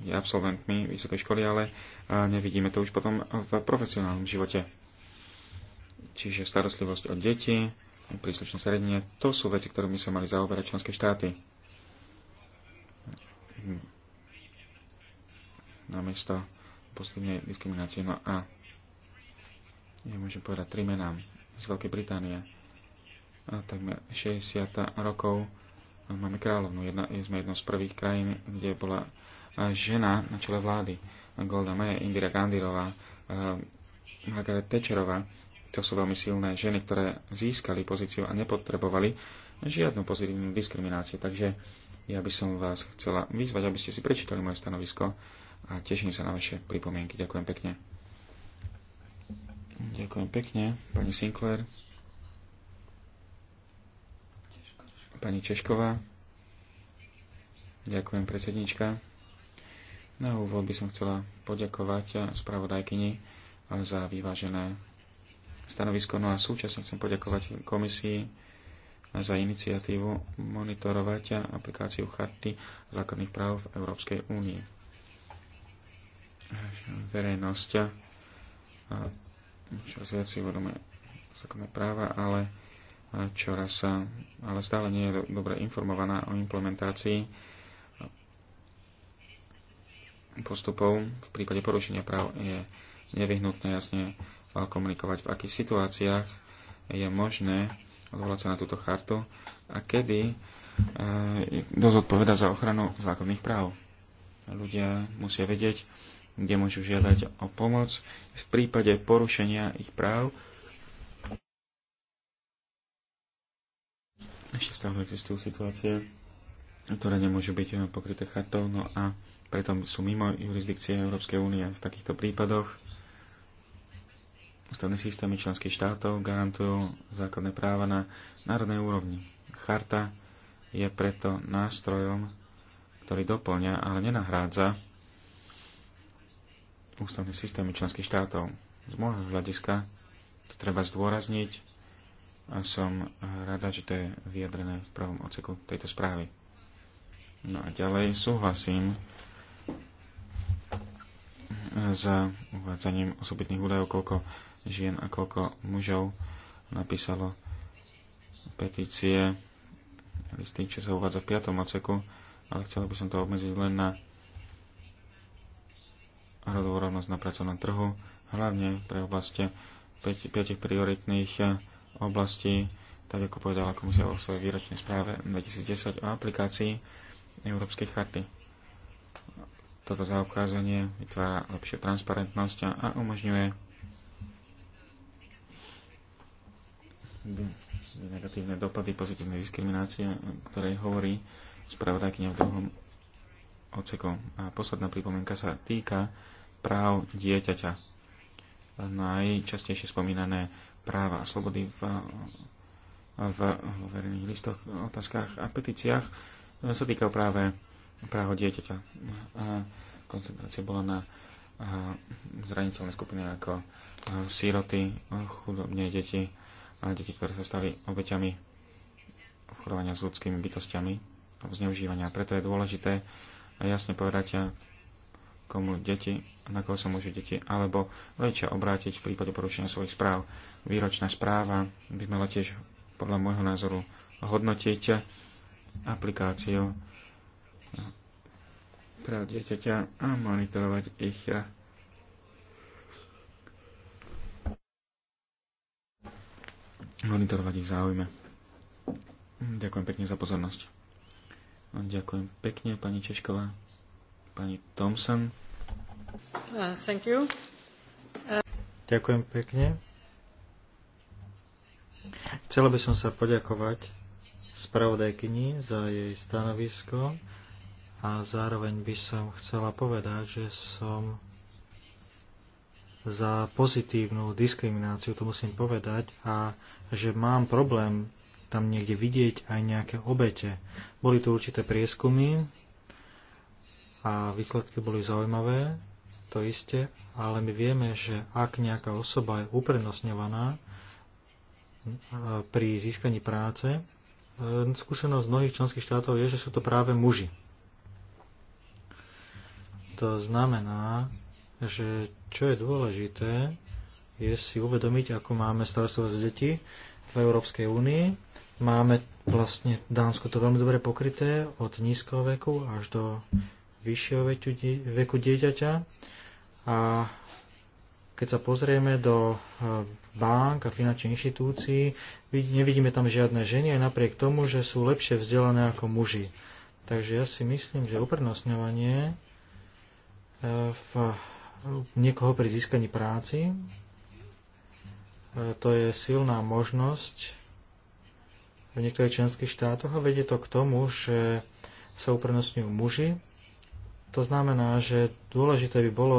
je absolventmi vysokej školy, ale nevidíme to už potom v profesionálnom živote. Čiže starostlivosť o deti, príslušné zariadenie, to sú veci, ktorými sa mali zaoberať členské štáty. Hm. Namiesto poslednej diskriminácie. No a nemôžem povedať tri mená, z Veľkej Británie, a takmer 60 rokov máme kráľovnú. Jedna, sme jednou z prvých krajín, kde bola žena na čele vlády. Golda Meir, Indira Gandirová, Margaret Thatcherová, to sú veľmi silné ženy, ktoré získali pozíciu a nepotrebovali žiadnu pozitívnu diskrimináciu. Takže ja by som vás chcela vyzvať, aby ste si prečítali moje stanovisko a teším sa na vaše pripomienky. Ďakujem pekne. Ďakujem pekne, pani Sinclair. Pani Češková. Ďakujem, predsednička. Na úvod by som chcela poďakovať spravodajkyni za vyvážené stanovisko. No a súčasne chcem poďakovať komisii za iniciatívu monitorovať aplikáciu charty základných práv v Európskej únii. Verejnosť čoraz viac si uvedome zákonné práva, ale čoraz sa, ale stále nie je dobre informovaná o implementácii postupov v prípade porušenia práv je nevyhnutné jasne komunikovať, v akých situáciách je možné odvolať sa na túto chartu a kedy e, kto zodpoveda za ochranu základných práv. Ľudia musia vedieť, kde môžu žiadať o pomoc v prípade porušenia ich práv. Ešte stále existujú situácie, ktoré nemôžu byť pokryté chartou, no a preto sú mimo jurisdikcie Európskej únie. V takýchto prípadoch ústavné systémy členských štátov garantujú základné práva na národnej úrovni. Charta je preto nástrojom, ktorý doplňa, ale nenahrádza ústavné systémy členských štátov. Z môjho hľadiska to treba zdôrazniť a som rada, že to je vyjadrené v prvom oceku tejto správy. No a ďalej súhlasím s uvádzaním osobitných údajov, koľko žien a koľko mužov napísalo petície listy, čo sa uvádza v piatom oceku, ale chcel by som to obmedziť len na a rodovú rovnosť na pracovnom trhu, hlavne pre oblasti 5, 5 prioritných eh, oblastí, tak ako povedala komisia vo svojej výročnej správe 2010 o aplikácii Európskej charty. Toto zaobchádzanie vytvára lepšiu transparentnosť a umožňuje negatívne dopady pozitívnej diskriminácie, o ktorej hovorí spravodajkynia v druhom odseku. A posledná pripomienka sa týka práv dieťaťa. Najčastejšie spomínané práva a slobody v, v verejných listoch, otázkach a petíciách sa týkajú práve právo dieťaťa. A koncentrácia bola na zraniteľné skupiny ako síroty, chudobné deti a deti, ktoré sa stali obeťami obchodovania s ľudskými bytostiami alebo zneužívania. Preto je dôležité jasne povedať, komu deti, na koho sa môžu deti alebo rodičia obrátiť v prípade porušenia svojich správ. Výročná správa by mala tiež podľa môjho názoru hodnotiť aplikáciu práv dieťaťa a monitorovať ich eh, monitorovať ich záujme. Hm, ďakujem pekne za pozornosť. Ďakujem pekne, pani Češková. Pani Thompson. Uh, thank you. Uh... Ďakujem pekne. Chcela by som sa poďakovať spravodajkyni za jej stanovisko a zároveň by som chcela povedať, že som za pozitívnu diskrimináciu, to musím povedať, a že mám problém tam niekde vidieť aj nejaké obete. Boli tu určité prieskumy, a výsledky boli zaujímavé, to isté, ale my vieme, že ak nejaká osoba je uprednostňovaná e, pri získaní práce, e, skúsenosť mnohých členských štátov je, že sú to práve muži. To znamená, že čo je dôležité, je si uvedomiť, ako máme starostlivosť o deti v Európskej únii. Máme vlastne Dánsko to veľmi dobre pokryté od nízkoveku až do vyššieho veku dieťaťa. A keď sa pozrieme do e, bank a finančných inštitúcií, nevidíme tam žiadne ženy aj napriek tomu, že sú lepšie vzdelané ako muži. Takže ja si myslím, že uprednostňovanie e, v niekoho pri získaní práci, e, to je silná možnosť v niektorých členských štátoch a vedie to k tomu, že sa uprednostňujú muži to znamená, že dôležité by bolo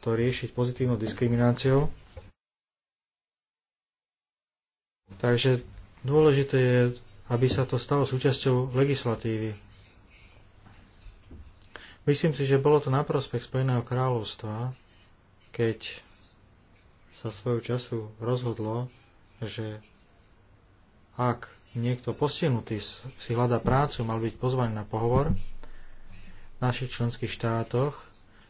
to riešiť pozitívnou diskrimináciou. Takže dôležité je, aby sa to stalo súčasťou legislatívy. Myslím si, že bolo to na prospech Spojeného kráľovstva, keď sa svojho času rozhodlo, že ak niekto postihnutý si hľadá prácu, mal byť pozvaný na pohovor, v našich členských štátoch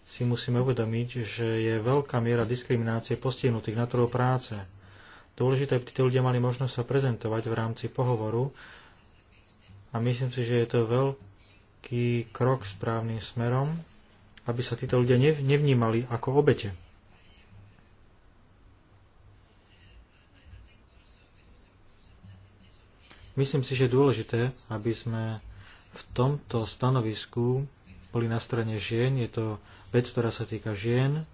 si musíme uvedomiť, že je veľká miera diskriminácie postihnutých na trhu práce. Dôležité, aby títo ľudia mali možnosť sa prezentovať v rámci pohovoru a myslím si, že je to veľký krok správnym smerom, aby sa títo ľudia nevnímali ako obete. Myslím si, že je dôležité, aby sme v tomto stanovisku boli na strane žien. Je to vec, ktorá sa týka žien.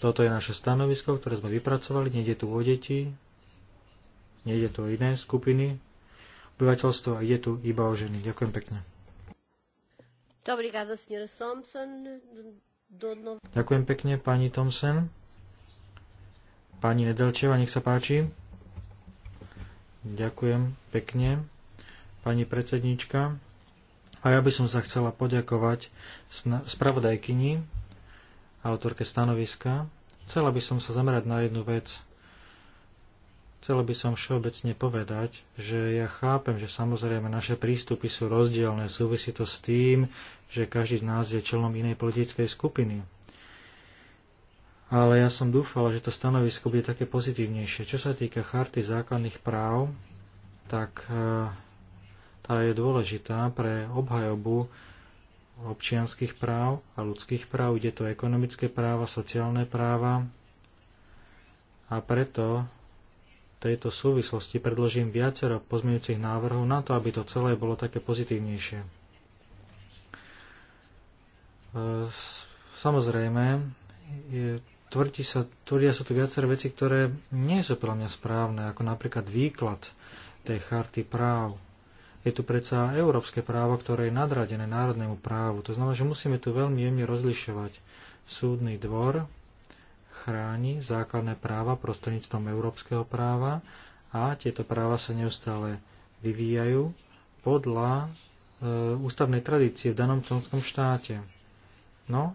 Toto je naše stanovisko, ktoré sme vypracovali. Nejde tu o deti, nejde tu o iné skupiny obyvateľstva, ide tu iba o ženy. Ďakujem pekne. Ďakujem pekne, pani Thompson. Pani Nedelčeva, nech sa páči. Ďakujem pekne, pani predsedníčka. A ja by som sa chcela poďakovať spravodajkyni, autorke stanoviska. Chcela by som sa zamerať na jednu vec. Chcela by som všeobecne povedať, že ja chápem, že samozrejme naše prístupy sú rozdielne, súvisí to s tým, že každý z nás je členom inej politickej skupiny. Ale ja som dúfala, že to stanovisko bude také pozitívnejšie. Čo sa týka charty základných práv, tak eh, tá je dôležitá pre obhajobu občianských práv a ľudských práv. Ide to ekonomické práva, sociálne práva. A preto v tejto súvislosti predložím viacero pozmeňujúcich návrhov na to, aby to celé bolo také pozitívnejšie. Samozrejme, je, tvrdí sa, tvrdia sa tu viaceré veci, ktoré nie sú pre mňa správne, ako napríklad výklad tej charty práv je tu predsa európske právo, ktoré je nadradené národnému právu. To znamená, že musíme tu veľmi jemne rozlišovať. Súdny dvor chráni základné práva prostredníctvom európskeho práva a tieto práva sa neustále vyvíjajú podľa e, ústavnej tradície v danom členskom štáte. No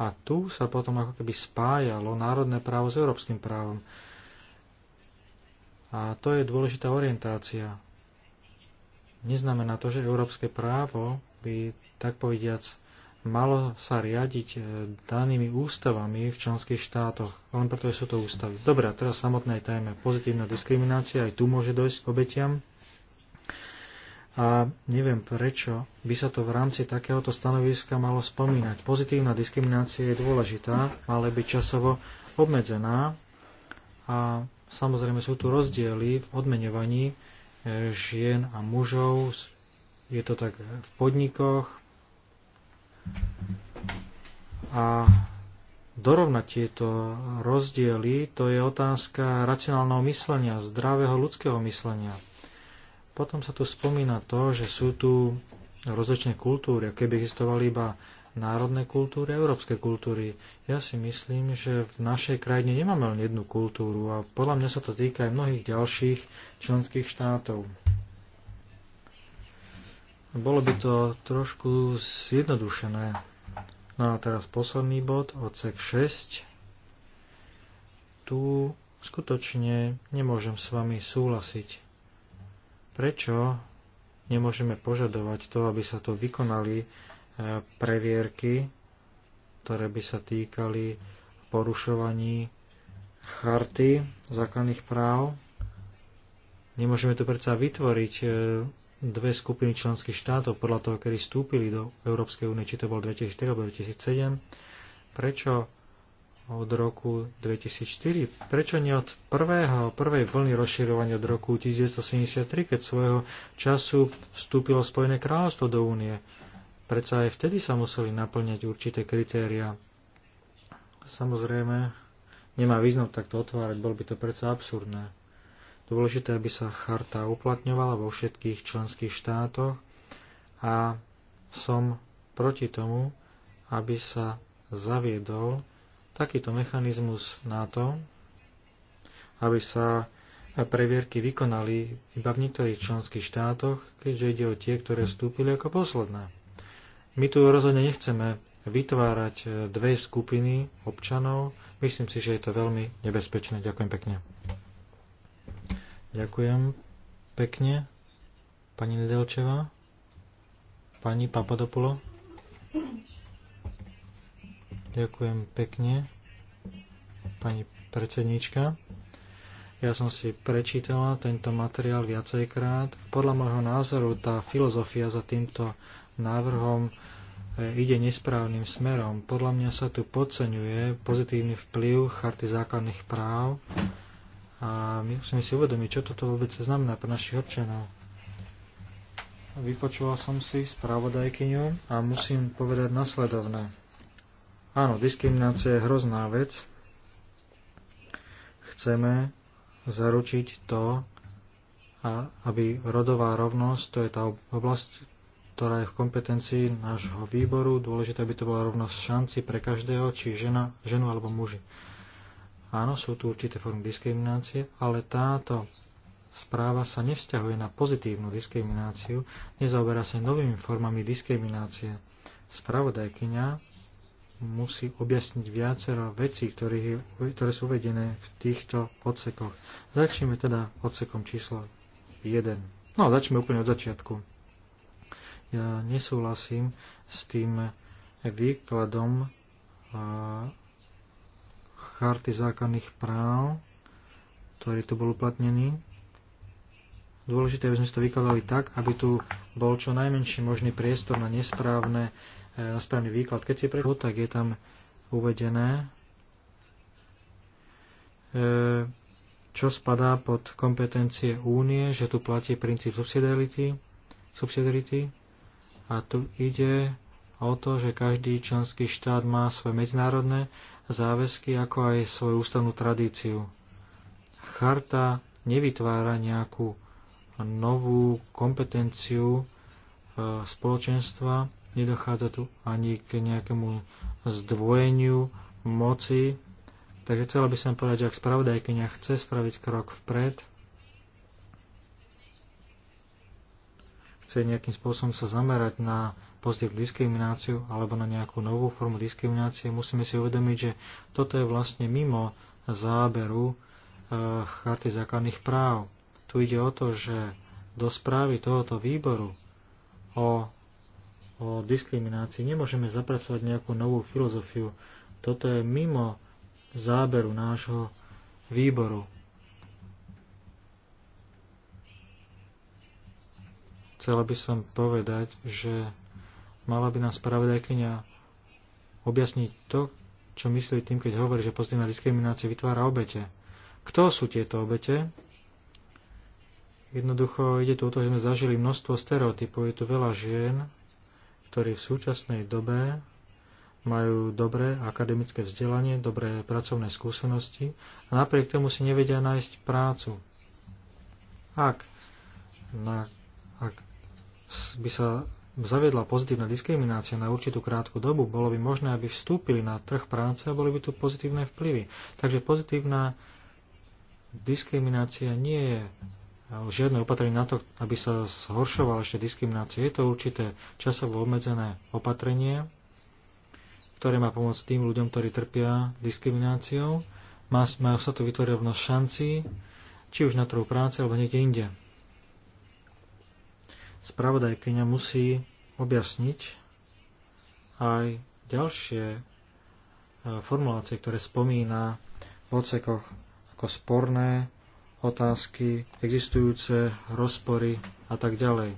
a tu sa potom ako keby spájalo národné právo s európskym právom. A to je dôležitá orientácia neznamená to, že európske právo by, tak povediac, malo sa riadiť e, danými ústavami v členských štátoch, len preto, sú to ústavy. Dobre, a teraz samotné téme. Pozitívna diskriminácia, aj tu môže dojsť k obetiam. A neviem prečo by sa to v rámci takéhoto stanoviska malo spomínať. Pozitívna diskriminácia je dôležitá, ale by časovo obmedzená. A samozrejme sú tu rozdiely v odmenovaní žien a mužov. Je to tak v podnikoch. A dorovnať tieto rozdiely, to je otázka racionálneho myslenia, zdravého ľudského myslenia. Potom sa tu spomína to, že sú tu rozličné kultúry. Keby existovali iba národné kultúry a európske kultúry. Ja si myslím, že v našej krajine nemáme len jednu kultúru a podľa mňa sa to týka aj mnohých ďalších členských štátov. Bolo by to trošku zjednodušené. No a teraz posledný bod, odsek 6. Tu skutočne nemôžem s vami súhlasiť. Prečo nemôžeme požadovať to, aby sa to vykonali previerky, ktoré by sa týkali porušovaní charty základných práv. Nemôžeme tu predsa vytvoriť e, dve skupiny členských štátov podľa toho, kedy vstúpili do Európskej únie, či to bol 2004 alebo 2007. Prečo od roku 2004? Prečo nie od prvého, prvej vlny rozširovania od roku 1973, keď svojho času vstúpilo Spojené kráľovstvo do únie? Predsa aj vtedy sa museli naplňať určité kritéria. Samozrejme, nemá význam takto otvárať, bol by to predsa absurdné. Dôležité, aby sa charta uplatňovala vo všetkých členských štátoch a som proti tomu, aby sa zaviedol takýto mechanizmus na to, aby sa previerky vykonali iba v niektorých členských štátoch, keďže ide o tie, ktoré vstúpili ako posledné. My tu rozhodne nechceme vytvárať e, dve skupiny občanov. Myslím si, že je to veľmi nebezpečné. Ďakujem pekne. Ďakujem pekne. Pani Nedelčeva? Pani Papadopulo? Ďakujem pekne. Pani predsednička. Ja som si prečítala tento materiál viacejkrát. Podľa môjho názoru tá filozofia za týmto návrhom e, ide nesprávnym smerom. Podľa mňa sa tu podceňuje pozitívny vplyv Charty základných práv a my musíme si uvedomiť, čo toto vôbec znamená pre našich občanov. Vypočula som si spravodajkyňu a musím povedať nasledovné. Áno, diskriminácia je hrozná vec. Chceme zaručiť to, aby rodová rovnosť, to je tá oblasť, ktorá je v kompetencii nášho výboru. Dôležité, aby to bola rovnosť šanci pre každého, či žena, ženu alebo muži. Áno, sú tu určité formy diskriminácie, ale táto správa sa nevzťahuje na pozitívnu diskrimináciu, nezaoberá sa novými formami diskriminácie. Spravodajkyňa musí objasniť viacero vecí, ktoré, ktoré sú uvedené v týchto odsekoch. Začneme teda odsekom číslo 1. No, začneme úplne od začiatku. Ja nesúhlasím s tým výkladom charty základných práv, ktorý tu bol uplatnený. Dôležité, aby sme to vykladali tak, aby tu bol čo najmenší možný priestor na nesprávne, e, na správny výklad. Keď si prečo, tak je tam uvedené, e, čo spadá pod kompetencie únie, že tu platí princíp subsidiarity, subsidiarity a tu ide o to, že každý členský štát má svoje medzinárodné záväzky, ako aj svoju ústavnú tradíciu. Charta nevytvára nejakú novú kompetenciu e, spoločenstva, nedochádza tu ani k nejakému zdvojeniu moci. Takže chcela by som povedať, že ak spravodajkynia chce spraviť krok vpred, chce nejakým spôsobom sa zamerať na pozdiev diskrimináciu alebo na nejakú novú formu diskriminácie, musíme si uvedomiť, že toto je vlastne mimo záberu eh, charty základných práv. Tu ide o to, že do správy tohoto výboru o, o diskriminácii nemôžeme zapracovať nejakú novú filozofiu. Toto je mimo záberu nášho výboru. Chcela by som povedať, že mala by nám spravodajkynia objasniť to, čo myslí tým, keď hovorí, že pozitívna diskriminácia vytvára obete. Kto sú tieto obete? Jednoducho ide tu o to, že sme zažili množstvo stereotypov. Je tu veľa žien, ktorí v súčasnej dobe majú dobré akademické vzdelanie, dobré pracovné skúsenosti a napriek tomu si nevedia nájsť prácu. Ak, na, ak by sa zaviedla pozitívna diskriminácia na určitú krátku dobu, bolo by možné, aby vstúpili na trh práce a boli by tu pozitívne vplyvy. Takže pozitívna diskriminácia nie je žiadne opatrenie na to, aby sa zhoršovala ešte diskriminácia. Je to určité časovo obmedzené opatrenie, ktoré má pomôcť tým ľuďom, ktorí trpia diskrimináciou. Majú sa tu vytvoriť rovnosť šanci, či už na trhu práce alebo niekde inde spravodajkyňa musí objasniť aj ďalšie e, formulácie, ktoré spomína v ocekoch ako sporné otázky, existujúce rozpory a tak ďalej.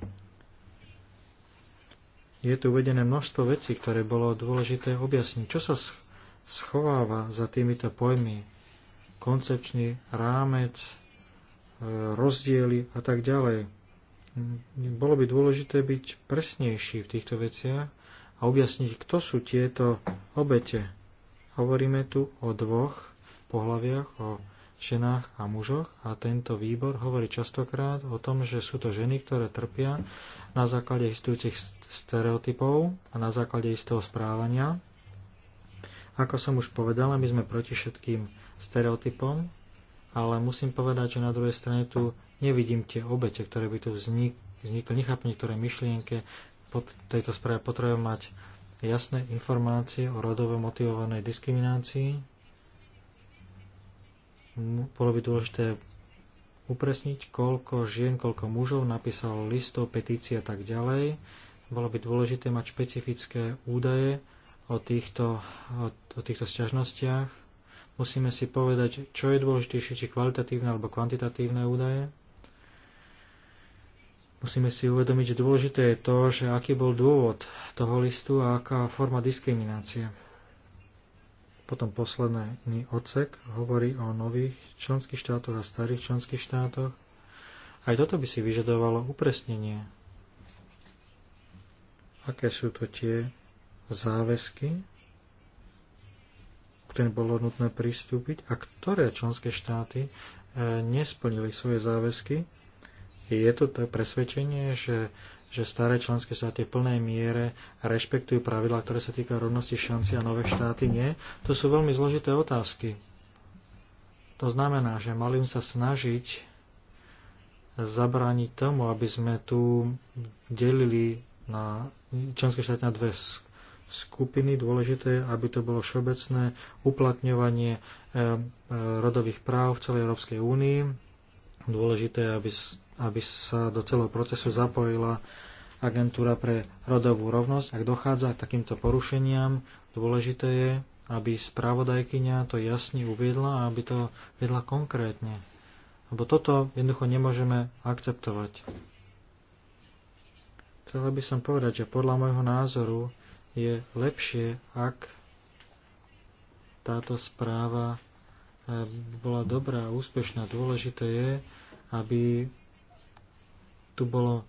Je tu uvedené množstvo vecí, ktoré bolo dôležité objasniť. Čo sa schováva za týmito pojmy? Koncepčný rámec, e, rozdiely a tak ďalej. Bolo by dôležité byť presnejší v týchto veciach a objasniť, kto sú tieto obete. Hovoríme tu o dvoch pohľaviach, o ženách a mužoch a tento výbor hovorí častokrát o tom, že sú to ženy, ktoré trpia na základe existujúcich stereotypov a na základe istého správania. Ako som už povedala, my sme proti všetkým stereotypom, ale musím povedať, že na druhej strane tu Nevidím tie obete, ktoré by tu vznikli. Nechápem niektoré myšlienke. Po tejto správe potrebujem mať jasné informácie o rodovo motivovanej diskriminácii. Bolo by dôležité upresniť, koľko žien, koľko mužov napísalo listov, petície a tak ďalej. Bolo by dôležité mať špecifické údaje o týchto, o, o týchto sťažnostiach. Musíme si povedať, čo je dôležitejšie, či kvalitatívne alebo kvantitatívne údaje. Musíme si uvedomiť, že dôležité je to, že aký bol dôvod toho listu a aká forma diskriminácie. Potom posledný odsek hovorí o nových členských štátoch a starých členských štátoch. Aj toto by si vyžadovalo upresnenie. Aké sú to tie záväzky, ktorým bolo nutné pristúpiť a ktoré členské štáty eh, nesplnili svoje záväzky je to presvedčenie, že, že staré členské štáty v plnej miere rešpektujú pravidlá, ktoré sa týkajú rovnosti šanci a nové štáty nie? To sú veľmi zložité otázky. To znamená, že mali sa snažiť zabrániť tomu, aby sme tu delili na členské štáty na dve skupiny. Dôležité aby to bolo všeobecné uplatňovanie eh, eh, rodových práv v celej Európskej únii. Dôležité aby aby sa do celého procesu zapojila agentúra pre rodovú rovnosť. Ak dochádza k takýmto porušeniam, dôležité je, aby spravodajkyňa to jasne uviedla a aby to vedla konkrétne. Lebo toto jednoducho nemôžeme akceptovať. Chcela by som povedať, že podľa môjho názoru je lepšie, ak táto správa eh, bola dobrá, úspešná. Dôležité je, aby tu bolo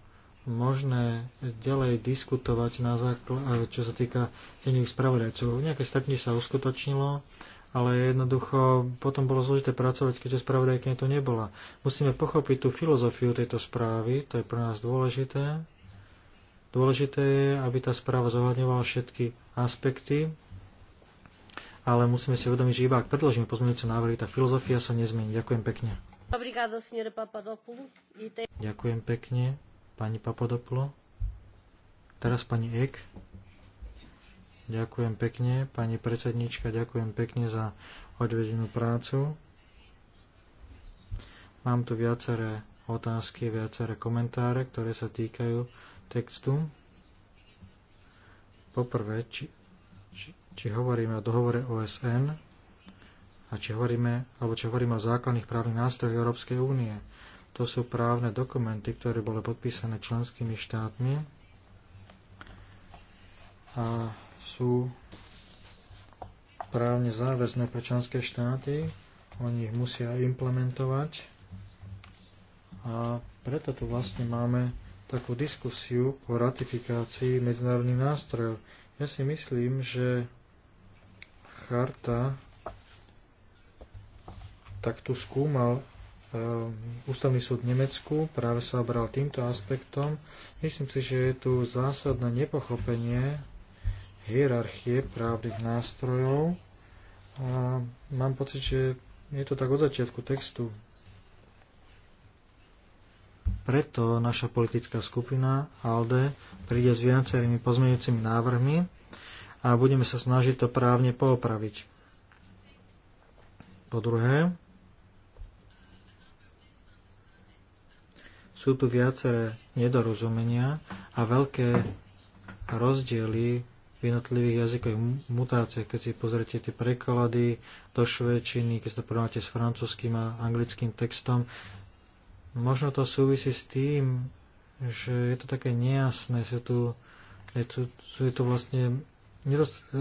možné ďalej diskutovať, na základ, čo sa týka denných spravodajcov. Nejaké stretnutie sa uskutočnilo, ale jednoducho potom bolo zložité pracovať, keďže spravodajkňa to nebola. Musíme pochopiť tú filozofiu tejto správy, to je pre nás dôležité. Dôležité je, aby tá správa zohľadňovala všetky aspekty, ale musíme si uvedomiť, že iba ak predložíme pozmeňujúce návrhy, tá filozofia sa nezmení. Ďakujem pekne. E ďakujem pekne, pani Papadopulo. Teraz pani Ek. Ďakujem pekne, pani predsednička, ďakujem pekne za odvedenú prácu. Mám tu viaceré otázky, viaceré komentáre, ktoré sa týkajú textu. Poprvé, či, či, či hovoríme o dohovore OSN a či hovoríme, alebo či hovoríme o základných právnych nástrojoch Európskej únie. To sú právne dokumenty, ktoré boli podpísané členskými štátmi a sú právne záväzné pre členské štáty. Oni ich musia implementovať. A preto tu vlastne máme takú diskusiu o ratifikácii medzinárodných nástrojov. Ja si myslím, že charta tak tu skúmal eh, Ústavný súd v Nemecku, práve sa obral týmto aspektom. Myslím si, že je tu zásadné nepochopenie hierarchie právnych nástrojov a mám pocit, že je to tak od začiatku textu. Preto naša politická skupina ALDE príde s viacerými pozmeňujúcimi návrhmi a budeme sa snažiť to právne poopraviť. Po druhé, sú tu viaceré nedorozumenia a veľké rozdiely v jednotlivých jazykových mutáciách, keď si pozrete tie preklady do švedčiny, keď sa porovnáte s francúzským a anglickým textom. Možno to súvisí s tým, že je to také nejasné, sú tu, je tu, sú tu vlastne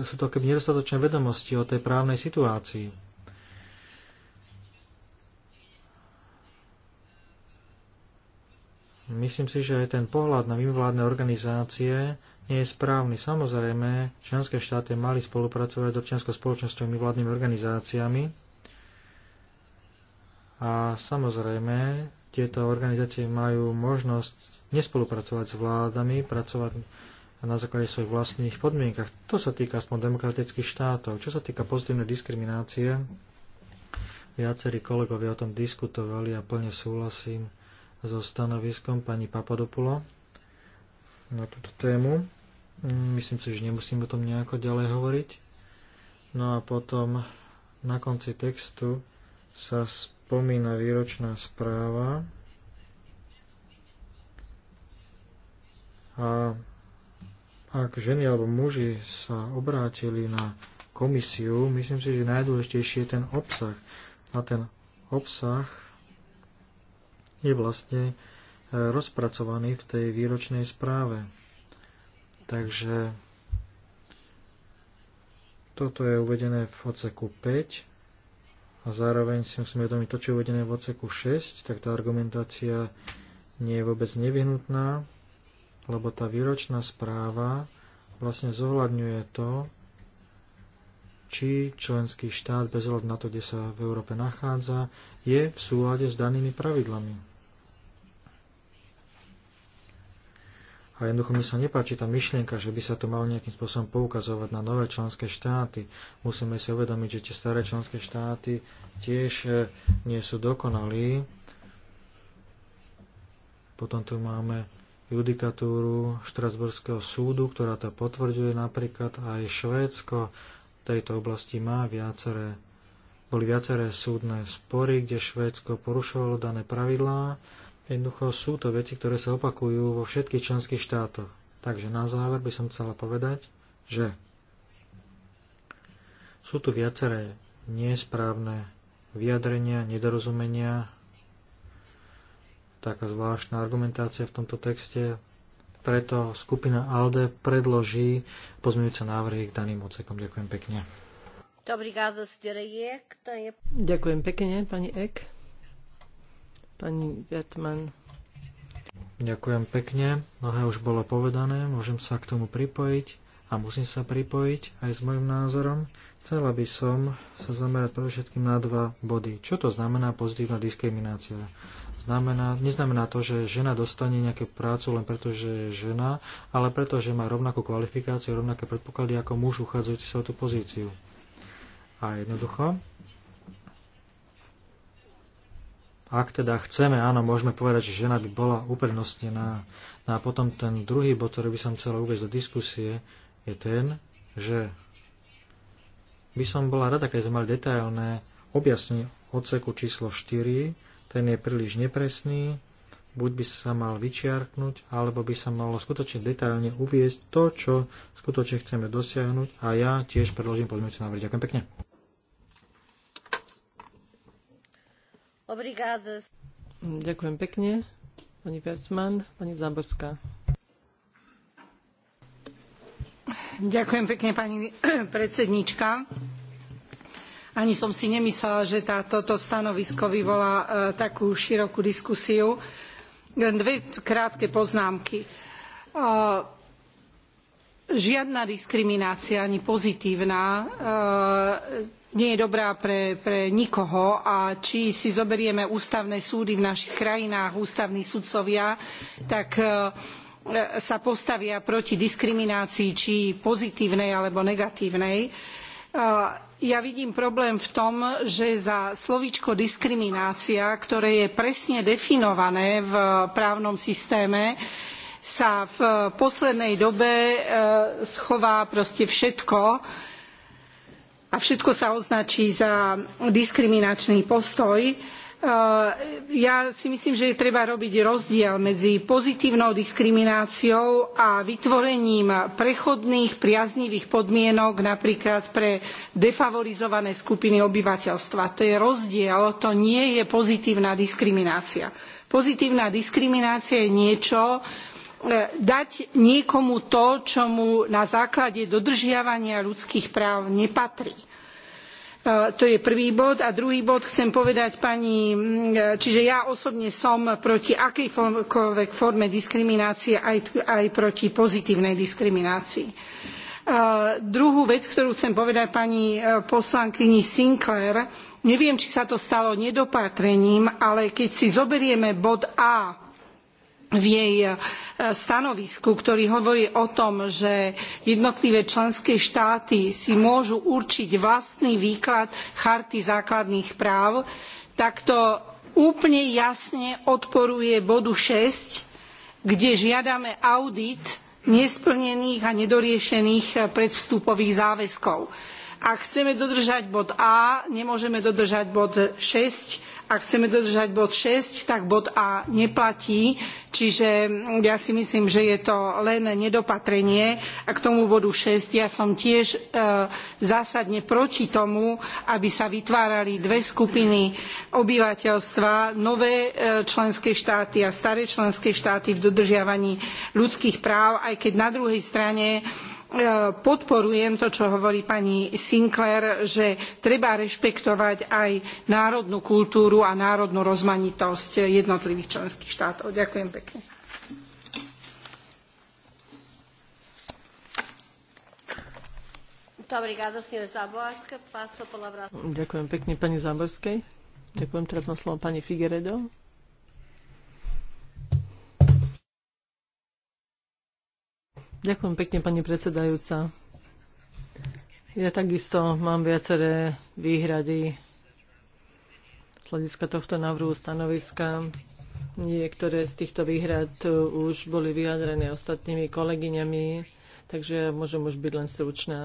sú to nedostatočné vedomosti o tej právnej situácii. Myslím si, že aj ten pohľad na mimovládne organizácie nie je správny. Samozrejme, členské štáty mali spolupracovať s občianskou spoločnosťou a mimovládnymi organizáciami. A samozrejme, tieto organizácie majú možnosť nespolupracovať s vládami, pracovať na základe svojich vlastných podmienkach. To sa týka aspoň demokratických štátov. Čo sa týka pozitívnej diskriminácie, viacerí kolegovia o tom diskutovali a plne súhlasím so stanoviskom pani Papadopula na túto tému. Mm, myslím si, že nemusím o tom nejako ďalej hovoriť. No a potom na konci textu sa spomína výročná správa a ak ženy alebo muži sa obrátili na komisiu, myslím si, že najdôležitejší je ten obsah. A ten obsah je vlastne e, rozpracovaný v tej výročnej správe. Takže toto je uvedené v odseku 5 a zároveň si musíme uvedomiť to, čo je uvedené v odseku 6, tak tá argumentácia nie je vôbec nevyhnutná, lebo tá výročná správa vlastne zohľadňuje to, či členský štát bez hľadu na to, kde sa v Európe nachádza, je v súlade s danými pravidlami. A jednoducho mi sa nepáči tá myšlienka, že by sa to malo nejakým spôsobom poukazovať na nové členské štáty. Musíme si uvedomiť, že tie staré členské štáty tiež e, nie sú dokonalí. Potom tu máme judikatúru Štrasburského súdu, ktorá to potvrďuje napríklad aj Švédsko tejto oblasti má viaceré, boli viaceré súdne spory, kde Švédsko porušovalo dané pravidlá. Jednoducho sú to veci, ktoré sa opakujú vo všetkých členských štátoch. Takže na záver by som chcela povedať, že sú tu viaceré nesprávne vyjadrenia, nedorozumenia, taká zvláštna argumentácia v tomto texte preto skupina ALDE predloží pozmeňujúce návrhy k daným odsekom. Ďakujem pekne. Ďakujem pekne, pani Ek. Pani Vietman. Ďakujem pekne. Mnohé už bolo povedané, môžem sa k tomu pripojiť a musím sa pripojiť aj s môjim názorom. Chcela by som sa zamerať predovšetkým na dva body. Čo to znamená pozitívna diskriminácia? Znamená, neznamená to, že žena dostane nejakú prácu len preto, že je žena, ale preto, že má rovnakú kvalifikáciu, rovnaké predpoklady ako muž uchádzajúci sa o tú pozíciu. A jednoducho, ak teda chceme, áno, môžeme povedať, že žena by bola uprednostnená. No a potom ten druhý bod, ktorý by som chcel uvieť do diskusie, je ten, že by som bola rada, keď sme mali detailné objasnenie odseku číslo 4, ten je príliš nepresný, buď by sa mal vyčiarknúť, alebo by sa malo skutočne detailne uviezť to, čo skutočne chceme dosiahnuť a ja tiež predložím pozmeňujúce návrhy. Ďakujem pekne. Obrigado. Ďakujem pekne. Pani Vercman, pani Záborská. Ďakujem pekne, pani [clears throat] predsednička ani som si nemyslela, že tá, toto stanovisko vyvolá e, takú širokú diskusiu. Len dve krátke poznámky. E, žiadna diskriminácia, ani pozitívna, e, nie je dobrá pre, pre, nikoho a či si zoberieme ústavné súdy v našich krajinách, ústavní sudcovia, tak e, sa postavia proti diskriminácii či pozitívnej alebo negatívnej. E, ja vidím problém v tom, že za slovíčko diskriminácia, ktoré je presne definované v právnom systéme, sa v poslednej dobe e, schová proste všetko a všetko sa označí za diskriminačný postoj ja si myslím, že treba robiť rozdiel medzi pozitívnou diskrimináciou a vytvorením prechodných priaznivých podmienok napríklad pre defavorizované skupiny obyvateľstva. To je rozdiel, to nie je pozitívna diskriminácia. Pozitívna diskriminácia je niečo, e, dať niekomu to, čo mu na základe dodržiavania ľudských práv nepatrí E, to je prvý bod. A druhý bod chcem povedať pani, e, čiže ja osobne som proti akejkoľvek forme diskriminácie, aj, aj proti pozitívnej diskriminácii. E, druhú vec, ktorú chcem povedať pani poslankyni Sinclair, neviem, či sa to stalo nedopatrením, ale keď si zoberieme bod A v jej e, stanovisku, ktorý hovorí o tom, že jednotlivé členské štáty si môžu určiť vlastný výklad charty základných práv, tak to úplne jasne odporuje bodu 6, kde žiadame audit nesplnených a nedoriešených predvstupových záväzkov ak chceme dodržať bod A, nemôžeme dodržať bod 6. Ak chceme dodržať bod 6, tak bod A neplatí. Čiže ja si myslím, že je to len nedopatrenie. A k tomu bodu 6 ja som tiež e, zásadne proti tomu, aby sa vytvárali dve skupiny obyvateľstva, nové e, členské štáty a staré členské štáty v dodržiavaní ľudských práv, aj keď na druhej strane E, podporujem to, čo hovorí pani sinclaire že treba rešpektovať aj národnú kultúru a národnú rozmanitosť jednotlivých členských štátov. Ďakujem pekne. Ďakujem pekne pani Záborskej. Ďakujem, teraz má slovo pani Figueredo. Ďakujem pekne, pani predsedajúca. Ja takisto mám viaceré výhrady z hľadiska tohto návrhu stanoviska. Niektoré z týchto výhrad už boli vyjadrené ostatnými kolegyňami, takže ja môžem už byť len stručná.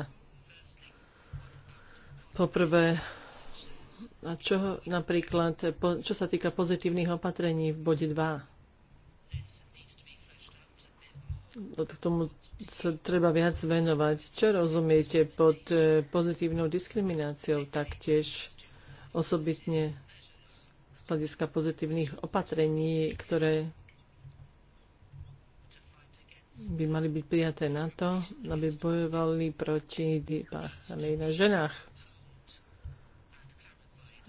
Poprvé, a čo napríklad, čo sa týka pozitívnych opatrení v bode 2? K tomu sa treba viac venovať. Čo rozumiete pod e, pozitívnou diskrimináciou taktiež osobitne z hľadiska pozitívnych opatrení, ktoré by mali byť prijaté na to, aby bojovali proti páchanej na ženách.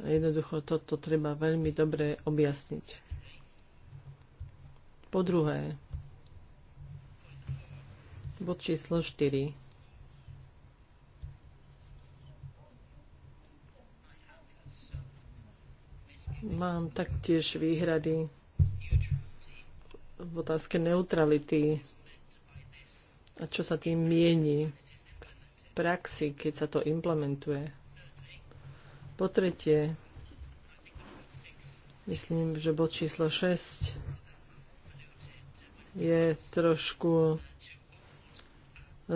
Jednoducho toto treba veľmi dobre objasniť. Po druhé, Bod číslo 4. Mám taktiež výhrady v otázke neutrality a čo sa tým mieni v praxi, keď sa to implementuje. Po tretie, myslím, že bod číslo 6 je trošku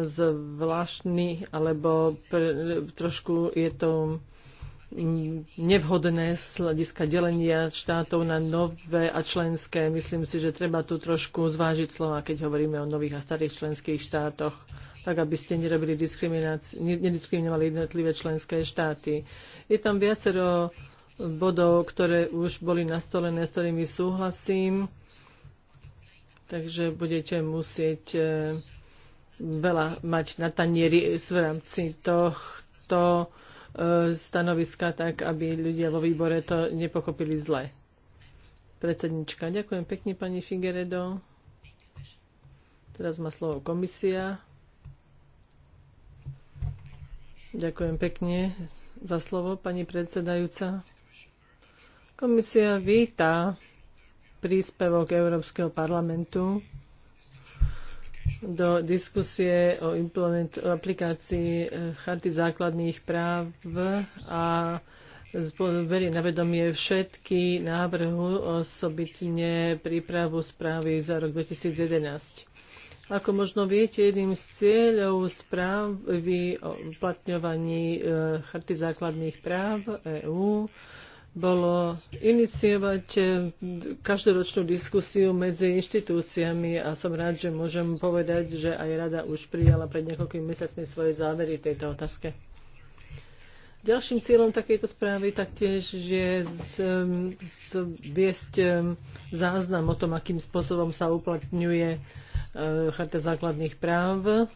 zvláštny, alebo pr- trošku je to nevhodné z hľadiska delenia štátov na nové a členské. Myslím si, že treba tu trošku zvážiť slova, keď hovoríme o nových a starých členských štátoch, tak aby ste nerobili nediskriminovali jednotlivé členské štáty. Je tam viacero bodov, ktoré už boli nastolené, s ktorými súhlasím, takže budete musieť eh, veľa mať na tanieri v rámci tohto e, stanoviska, tak aby ľudia vo výbore to nepochopili zle. Predsednička, ďakujem pekne pani Figueredo. Teraz má slovo komisia. Ďakujem pekne za slovo, pani predsedajúca. Komisia víta príspevok Európskeho parlamentu do diskusie o aplikácii eh, Charty základných práv a berie na vedomie všetky návrhu, osobitne prípravu správy za rok 2011. Ako možno viete, jedným z cieľov správy o uplatňovaní eh, Charty základných práv EÚ bolo iniciovať eh, každoročnú diskusiu medzi inštitúciami a som rád, že môžem povedať, že aj rada už prijala pred niekoľkými mesiacmi svoje závery v tejto otázke. Ďalším cieľom takejto správy taktiež je viesť eh, záznam o tom, akým spôsobom sa uplatňuje eh, Charta základných práv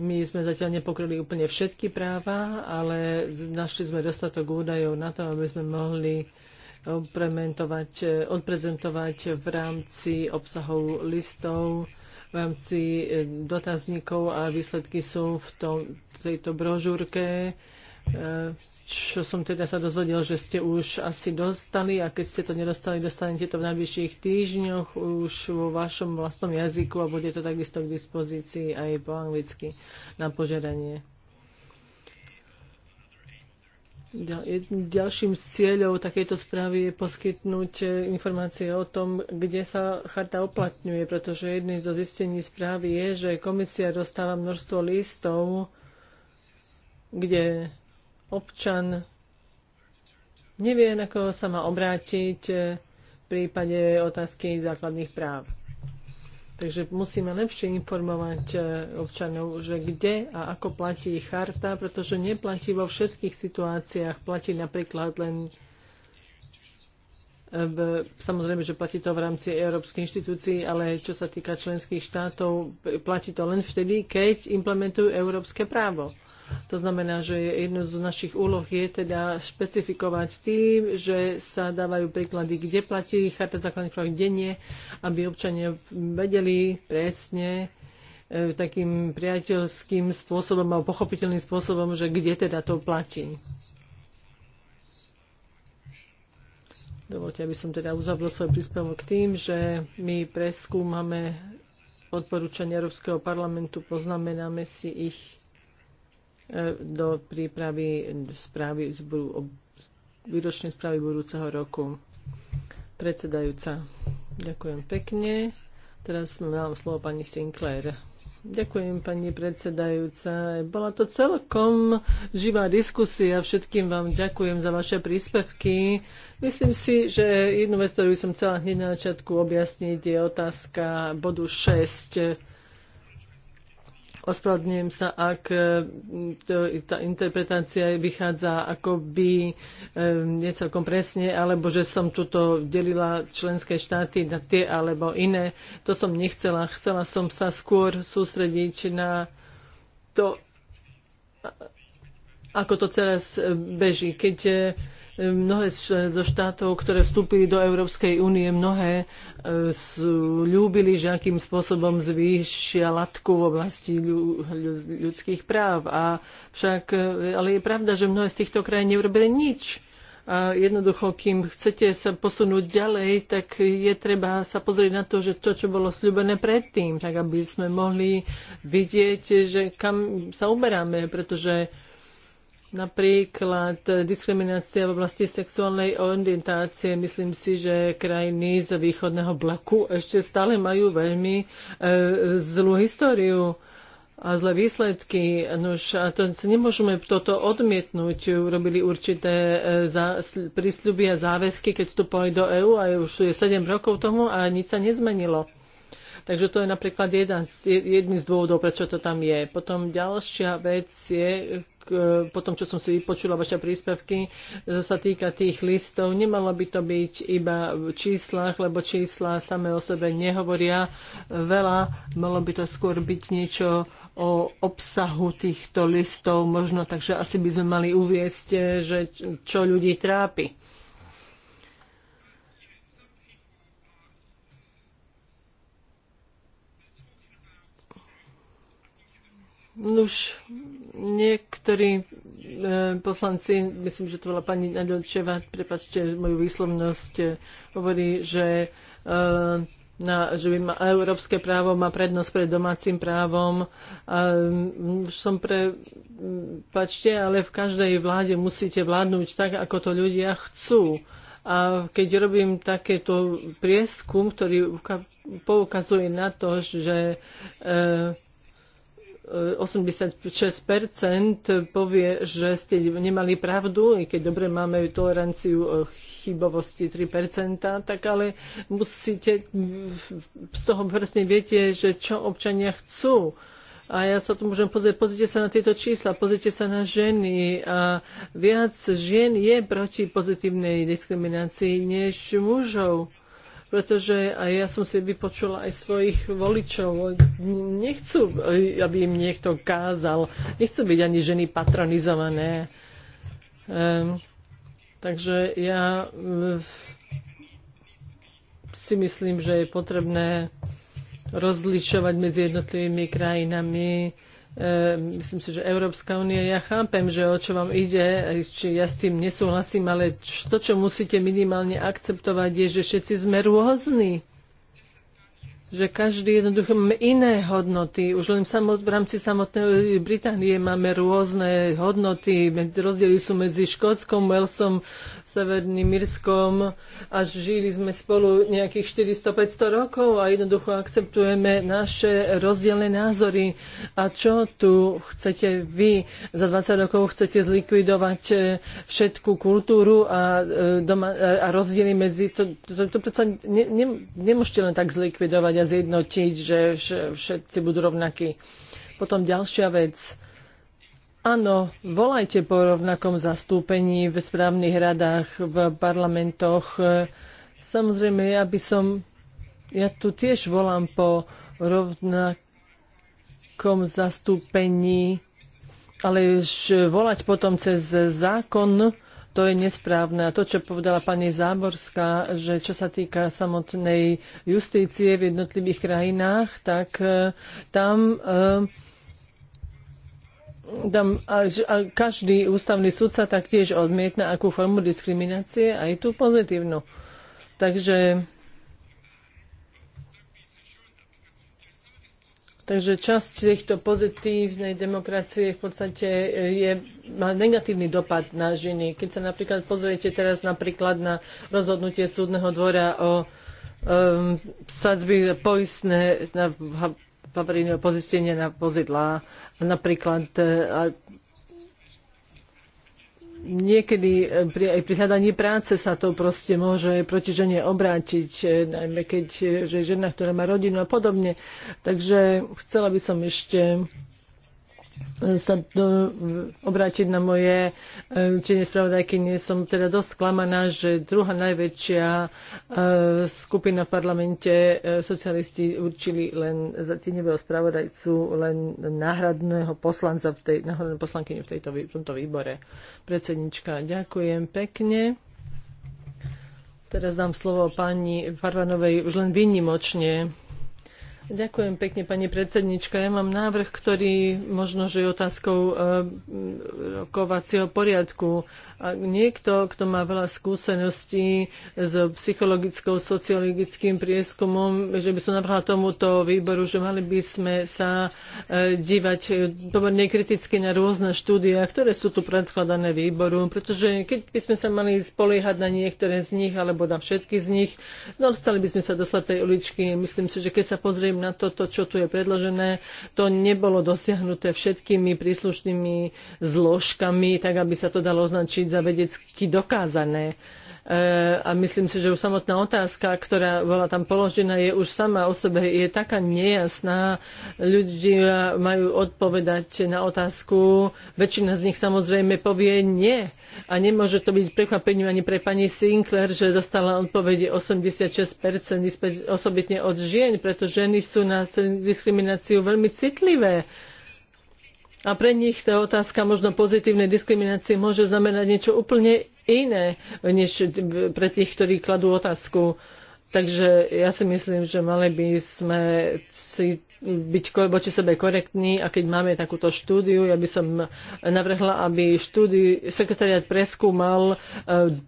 my sme zatiaľ nepokryli úplne všetky práva, ale našli sme dostatok údajov na to, aby sme mohli odprezentovať v rámci obsahov listov, v rámci dotazníkov a výsledky sú v tom, tejto brožúrke čo som teda sa dozvedel, že ste už asi dostali a keď ste to nedostali, dostanete to v najbližších týždňoch už vo vašom vlastnom jazyku a bude to takisto k dispozícii aj po anglicky na požiadanie. Ďalším z cieľov takejto správy je poskytnúť eh, informácie o tom, kde sa charta uplatňuje, pretože jedným zo zistení správy je, že komisia dostáva množstvo listov, kde občan nevie, na koho sa má obrátiť e, v prípade otázky základných práv. Takže musíme lepšie informovať e, občanov, že kde a ako platí charta, pretože neplatí vo všetkých situáciách. Platí napríklad len Ehm, samozrejme, že platí to v rámci európskej inštitúcií, ale čo sa týka členských štátov, platí to len vtedy, keď implementujú európske právo. To znamená, že jednou z našich úloh je teda špecifikovať tým, že sa dávajú príklady, kde platí charta základných práv, kde nie, aby občania vedeli presne e, takým priateľským spôsobom alebo pochopiteľným spôsobom, že kde teda to platí. Dovolte, aby som teda uzavrel svoj príspevok tým, že my preskúmame odporúčania Európskeho parlamentu, poznamenáme si ich e, do prípravy správy výročnej správy budúceho roku. Predsedajúca, ďakujem pekne. Teraz mám slovo pani Sinclair. Ďakujem, pani predsedajúca. Bola to celkom živá diskusia. Všetkým vám ďakujem za vaše príspevky. Myslím si, že jednu vec, ktorú som chcela hneď na začiatku objasniť, je otázka bodu 6 Ospravedlňujem sa, ak e, tá interpretácia vychádza akoby e, necelkom presne, alebo že som tuto delila členské štáty na tie alebo iné. To som nechcela. Chcela som sa skôr sústrediť na to, ako to teraz beží. Keď e, Mnohé zo štátov, ktoré vstúpili do Európskej únie, mnohé e, ľúbili, že akým spôsobom zvýšia latku v oblasti ľudských práv. A však, e, ale je pravda, že mnohé z týchto krajín neurobili nič. A jednoducho, kým chcete sa posunúť ďalej, tak je treba sa pozrieť na to, že to, čo bolo sľubené predtým, tak aby sme mohli vidieť, že kam sa uberáme, pretože Napríklad eh, diskriminácia v oblasti sexuálnej orientácie. Myslím si, že krajiny z východného bloku ešte stále majú veľmi e, zlú históriu a zlé výsledky. Nož, a to nemôžeme toto odmietnúť. Urobili určité e, prísľuby a záväzky, keď vstupovali do EÚ a už je 7 rokov tomu a nič sa nezmenilo. Takže to je napríklad jeden, jedný z dôvodov, prečo to tam je. Potom ďalšia vec je, po tom, čo som si vypočula vaše príspevky, čo e, sa týka tých listov, nemalo by to byť iba v číslach, lebo čísla same o sebe nehovoria veľa. Malo by to skôr byť niečo o obsahu týchto listov možno, takže asi by sme mali uviesť, e, že čo ľudí trápi. Nuž, niektorí e, poslanci, myslím, že to bola pani Nadelčeva, prepačte moju výslovnosť, e, hovorí, že, e, na, že by ma, európske právo má prednosť pred domácim právom. E, som pre, pačte, ale v každej vláde musíte vládnuť tak, ako to ľudia chcú. A keď robím takéto prieskum, ktorý poukazuje na to, že e, 86% povie, že ste nemali pravdu, i keď dobre máme toleranciu e, chybovosti 3%, tak ale musíte, z toho presne viete, že čo občania chcú. A ja sa tu môžem pozrieť, pozrite sa na tieto čísla, pozrite sa na ženy. A viac žien je proti pozitívnej diskriminácii než mužov pretože aj ja som si vypočula aj svojich voličov. Nechcú, aby im niekto kázal. Nechcú byť ani ženy patronizované. Um, takže ja um, si myslím, že je potrebné rozlišovať medzi jednotlivými krajinami Ehm, myslím si, že Európska únia, ja chápem, že o čo vám ide, či ja s tým nesúhlasím, ale to, čo musíte minimálne akceptovať, je, že všetci sme rôzni že každý jednoducho máme iné hodnoty. Už len v rámci samotnej Británie máme rôzne hodnoty. Rozdiely sú medzi Škótskom, Walesom, Severným Mirskom, Až žili sme spolu nejakých 400-500 rokov a jednoducho akceptujeme naše rozdielne názory. A čo tu chcete vy? Za 20 rokov chcete zlikvidovať e, všetku kultúru a, e, doma, a rozdiely medzi... To, to, to, to predsa ne, ne, nemôžete len tak zlikvidovať mňa zjednotiť, že všetci budú rovnakí. Potom ďalšia vec. Áno, volajte po rovnakom zastúpení v správnych radách, v parlamentoch. Samozrejme, ja by som... Ja tu tiež volám po rovnakom zastúpení, ale volať potom cez zákon, to je nesprávne. A to, čo povedala pani Záborská, že čo sa týka samotnej justície v jednotlivých krajinách, tak e, tam e, tam každý ústavný sudca taktiež odmietna akú formu diskriminácie, aj tú pozitívnu. Takže Takže časť týchto pozitívnej demokracie v podstate eh, je, má negatívny dopad na ženy. Keď sa napríklad pozriete teraz napríklad na rozhodnutie súdneho dvora o um, sadzby poistné na na pozistenie na vozidlá, napríklad eh, a, niekedy eh, pri, aj pri hľadaní práce sa to proste môže proti žene obrátiť, eh, najmä keď eh, že je žena, ktorá má rodinu a podobne. Takže chcela by som ešte sa do, obrátiť na moje učenie eh, spravodajky. Nie som teda dosť sklamaná, že druhá najväčšia eh, skupina v parlamente eh, socialisti určili len za tieňového spravodajcu len náhradného poslanca v tej, náhradného poslankyňu v, tejto, v tomto výbore. Predsednička, ďakujem pekne. Teraz dám slovo pani Farvanovej už len výnimočne Ďakujem pekne, pani predsednička. Ja mám návrh, ktorý možno, že je otázkou eh, rokovacieho poriadku. A niekto, kto má veľa skúseností s psychologickou, sociologickým prieskumom, že by som napríklad tomuto výboru, že mali by sme sa e, dívať e, pomerne kriticky na rôzne štúdia, ktoré sú tu predkladané výboru, pretože keď by sme sa mali spoliehať na niektoré z nich alebo na všetky z nich, no, dostali by sme sa do slepej uličky. Myslím si, že keď sa pozriem na toto, čo tu je predložené, to nebolo dosiahnuté všetkými príslušnými zložkami, tak aby sa to dalo označiť za vedecky dokázané. E, a myslím si, že už samotná otázka, ktorá bola tam položená, je už sama o sebe je taká nejasná. Ľudia majú odpovedať na otázku. Väčšina z nich samozrejme povie nie. A nemôže to byť prekvapením ani pre pani Sinclair, že dostala odpovede 86% osobitne od žien, pretože ženy sú na diskrimináciu veľmi citlivé a pre nich tá otázka možno pozitívnej diskriminácie môže znamenať niečo úplne iné, než pre tých, ktorí kladú otázku. Takže ja si myslím, že mali by sme si byť voči sebe korektní a keď máme takúto štúdiu, ja by som navrhla, aby štúdiu, sekretariat preskúmal e,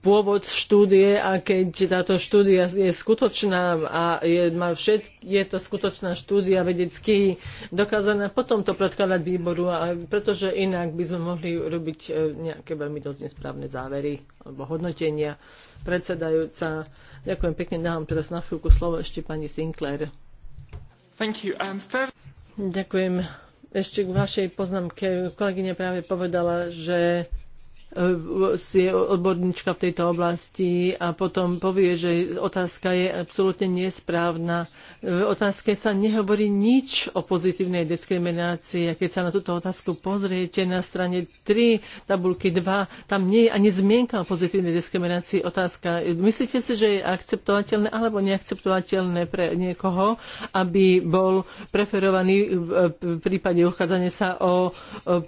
pôvod štúdie a keď táto štúdia je skutočná a je, má všetky, je to skutočná štúdia vedecky dokázaná, potom to predkladať výboru, a, pretože inak by sme mohli robiť e, nejaké veľmi dosť nesprávne závery alebo hodnotenia predsedajúca. Ďakujem pekne, dávam teraz na chvíľku slovo ešte pani Sinclair. Um, Ďakujem. Ešte k vašej poznámke. Kolegyňa práve povedala, že E, si odborníčka v tejto oblasti a potom povie, že otázka je absolútne nesprávna. E, v otázke sa nehovorí nič o pozitívnej diskriminácii. A keď sa na túto otázku pozriete na strane 3, tabulky 2, tam nie je ani zmienka o pozitívnej diskriminácii. Otázka, myslíte si, že je akceptovateľné alebo neakceptovateľné pre niekoho, aby bol preferovaný v prípade uchádzania sa o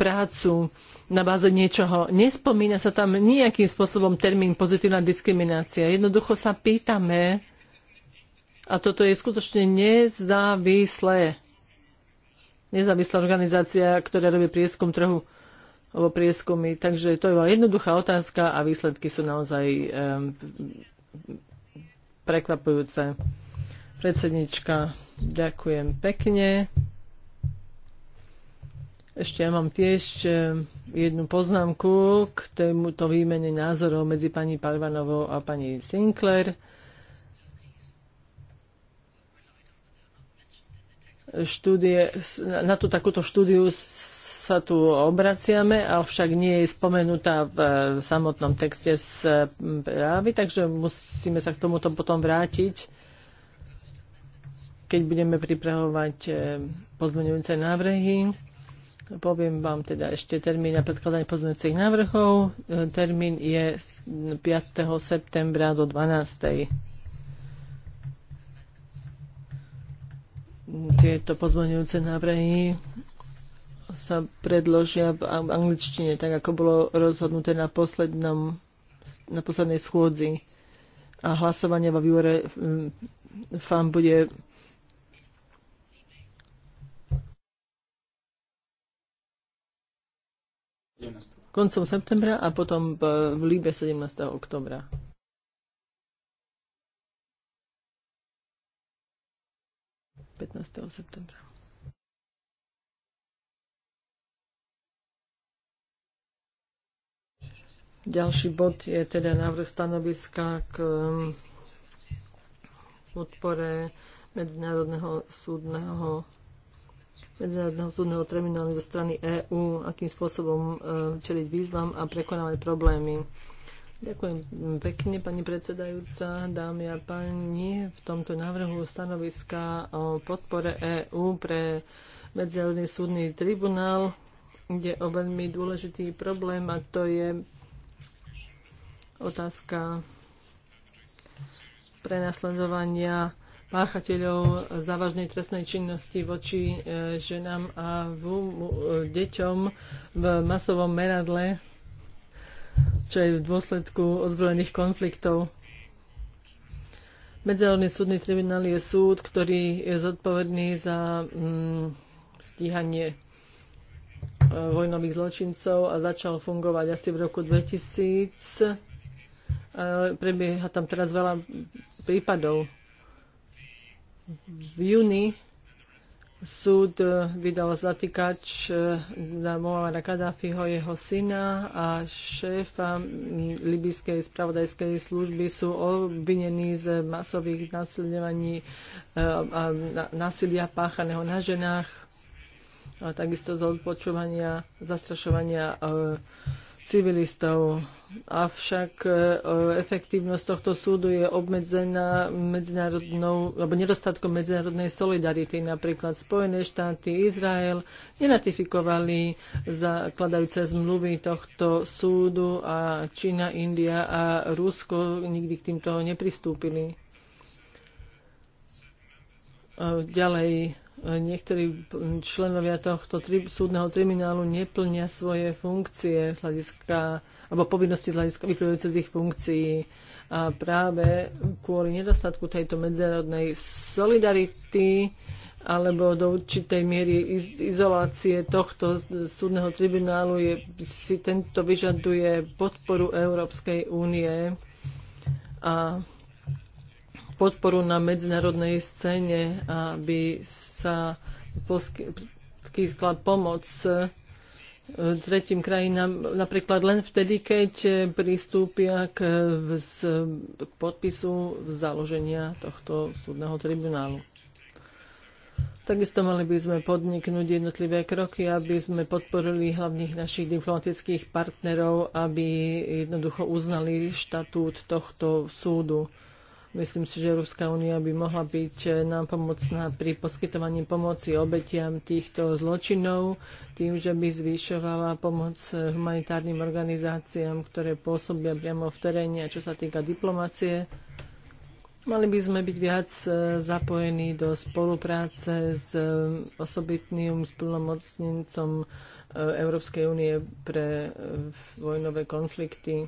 prácu? na báze niečoho. Nespomína sa tam nejakým spôsobom termín pozitívna diskriminácia. Jednoducho sa pýtame, a toto je skutočne nezávislé. Nezávislá organizácia, ktorá robí prieskum trhu alebo prieskumy. Takže to je jednoduchá otázka a výsledky sú naozaj um, prekvapujúce. Predsednička, ďakujem pekne. Ešte ja mám tiež e, jednu poznámku k tomuto výmene názorov medzi pani Parvanovou a pani Sinclair. Štúdie, na tú takúto štúdiu sa tu obraciame, avšak nie je spomenutá v e, samotnom texte z e, právy, takže musíme sa k tomuto potom vrátiť, keď budeme pripravovať pozmeňujúce návrhy. Poviem vám teda ešte termín na predkladanie pozmeňujúcich návrhov. E, termín je 5. septembra do 12. Tieto pozmeňujúce návrhy sa predložia v angličtine, tak ako bolo rozhodnuté na, poslednom, na poslednej schôdzi. A hlasovanie vo výbore FAM bude koncom septembra a potom v Líbe 17. oktobra. septembra. Ďalší bod je teda návrh stanoviska k um, podpore Medzinárodného súdneho medzinárodného súdneho terminálu zo strany EÚ, akým spôsobom e, čeliť výzvam a prekonávať problémy. Ďakujem pekne, pani predsedajúca, dámy a páni. V tomto návrhu stanoviska o podpore EÚ pre Medzinárodný súdny tribunál ide o veľmi dôležitý problém a to je otázka prenasledovania páchateľov závažnej trestnej činnosti voči e, ženám a v, e, deťom v masovom meradle, čo je v dôsledku ozbrojených konfliktov. Medzinárodný súdny tribunál je súd, ktorý je zodpovedný za mm, stíhanie e, vojnových zločincov a začal fungovať asi v roku 2000. Prebieha tam teraz veľa prípadov v júni súd eh, vydal zatýkač eh, na Moamara Kadáfiho, jeho syna a šéfa mm, libyskej spravodajskej služby sú obvinení z masových nasilňovaní eh, a násilia páchaného na ženách a takisto z odpočúvania, zastrašovania civilistov. Avšak e, efektívnosť tohto súdu je obmedzená medzinárodnou, alebo nedostatkom medzinárodnej solidarity. Napríklad Spojené štáty, Izrael neratifikovali zakladajúce zmluvy tohto súdu a Čína, India a Rusko nikdy k týmto nepristúpili. E, ďalej niektorí členovia tohto tri, súdneho tribunálu neplnia svoje funkcie z hľadiska, alebo povinnosti z hľadiska vyplývajúce z ich funkcií. A práve kvôli nedostatku tejto medzinárodnej solidarity alebo do určitej miery izolácie tohto súdneho tribunálu je, si tento vyžaduje podporu Európskej únie. A podporu na medzinárodnej scéne, aby sa poskytla pomoc eh, tretím krajinám, napríklad len vtedy, keď eh, pristúpia k podpisu založenia tohto súdneho tribunálu. Takisto mali by sme podniknúť jednotlivé kroky, aby sme podporili hlavných našich diplomatických partnerov, aby jednoducho uznali štatút tohto súdu. Myslím si, že Európska únia by mohla byť nám pomocná pri poskytovaní pomoci obetiam týchto zločinov, tým, že by zvýšovala pomoc humanitárnym organizáciám, ktoré pôsobia priamo v teréne, čo sa týka diplomácie. Mali by sme byť viac e, zapojení do spolupráce s e, osobitným splnomocnencom e, Európskej únie pre vojnové konflikty.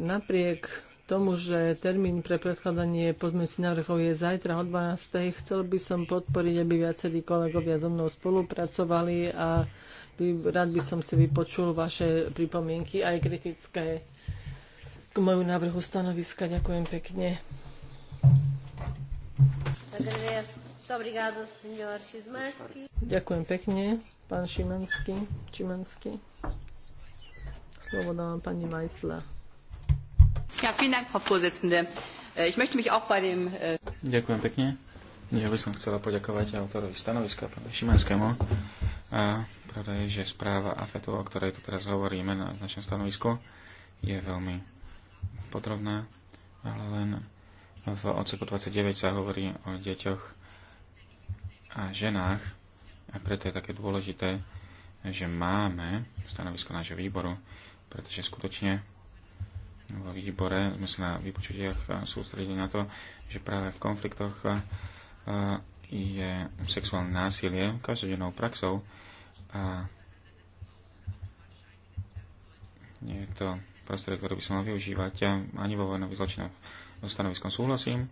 Napriek tomu, že termín pre predkladanie pozmeňujúcich návrhov je zajtra o 12. Chcel by som podporiť, aby viacerí kolegovia so mnou spolupracovali a by, rád by som si vypočul vaše pripomienky, aj kritické k moju návrhu stanoviska. Ďakujem pekne. Ďakujem pekne, pán Šimanský. Šimanský. Slovo dávam pani Majsla. Ja, vielen Dank, Frau Vorsitzende. Äh, ich möchte mich auch bei dem... Äh, Ďakujem pekne. Ja by som chcela poďakovať autorovi stanoviska, pánovi Šimanskému. A pravda je, že správa AFETu, o ktorej tu teraz hovoríme na našom stanovisku, je veľmi podrobná, ale len v odseku 29 sa hovorí o deťoch a ženách a preto je také dôležité, že máme stanovisko nášho výboru, pretože skutočne vo výbore sme sa na vypočutiach sústredili na to, že práve v konfliktoch je sexuálne násilie každodennou praxou a nie je to prostred, ktorý by sa mal využívať ani vo vojnových zločinách. So stanoviskom súhlasím.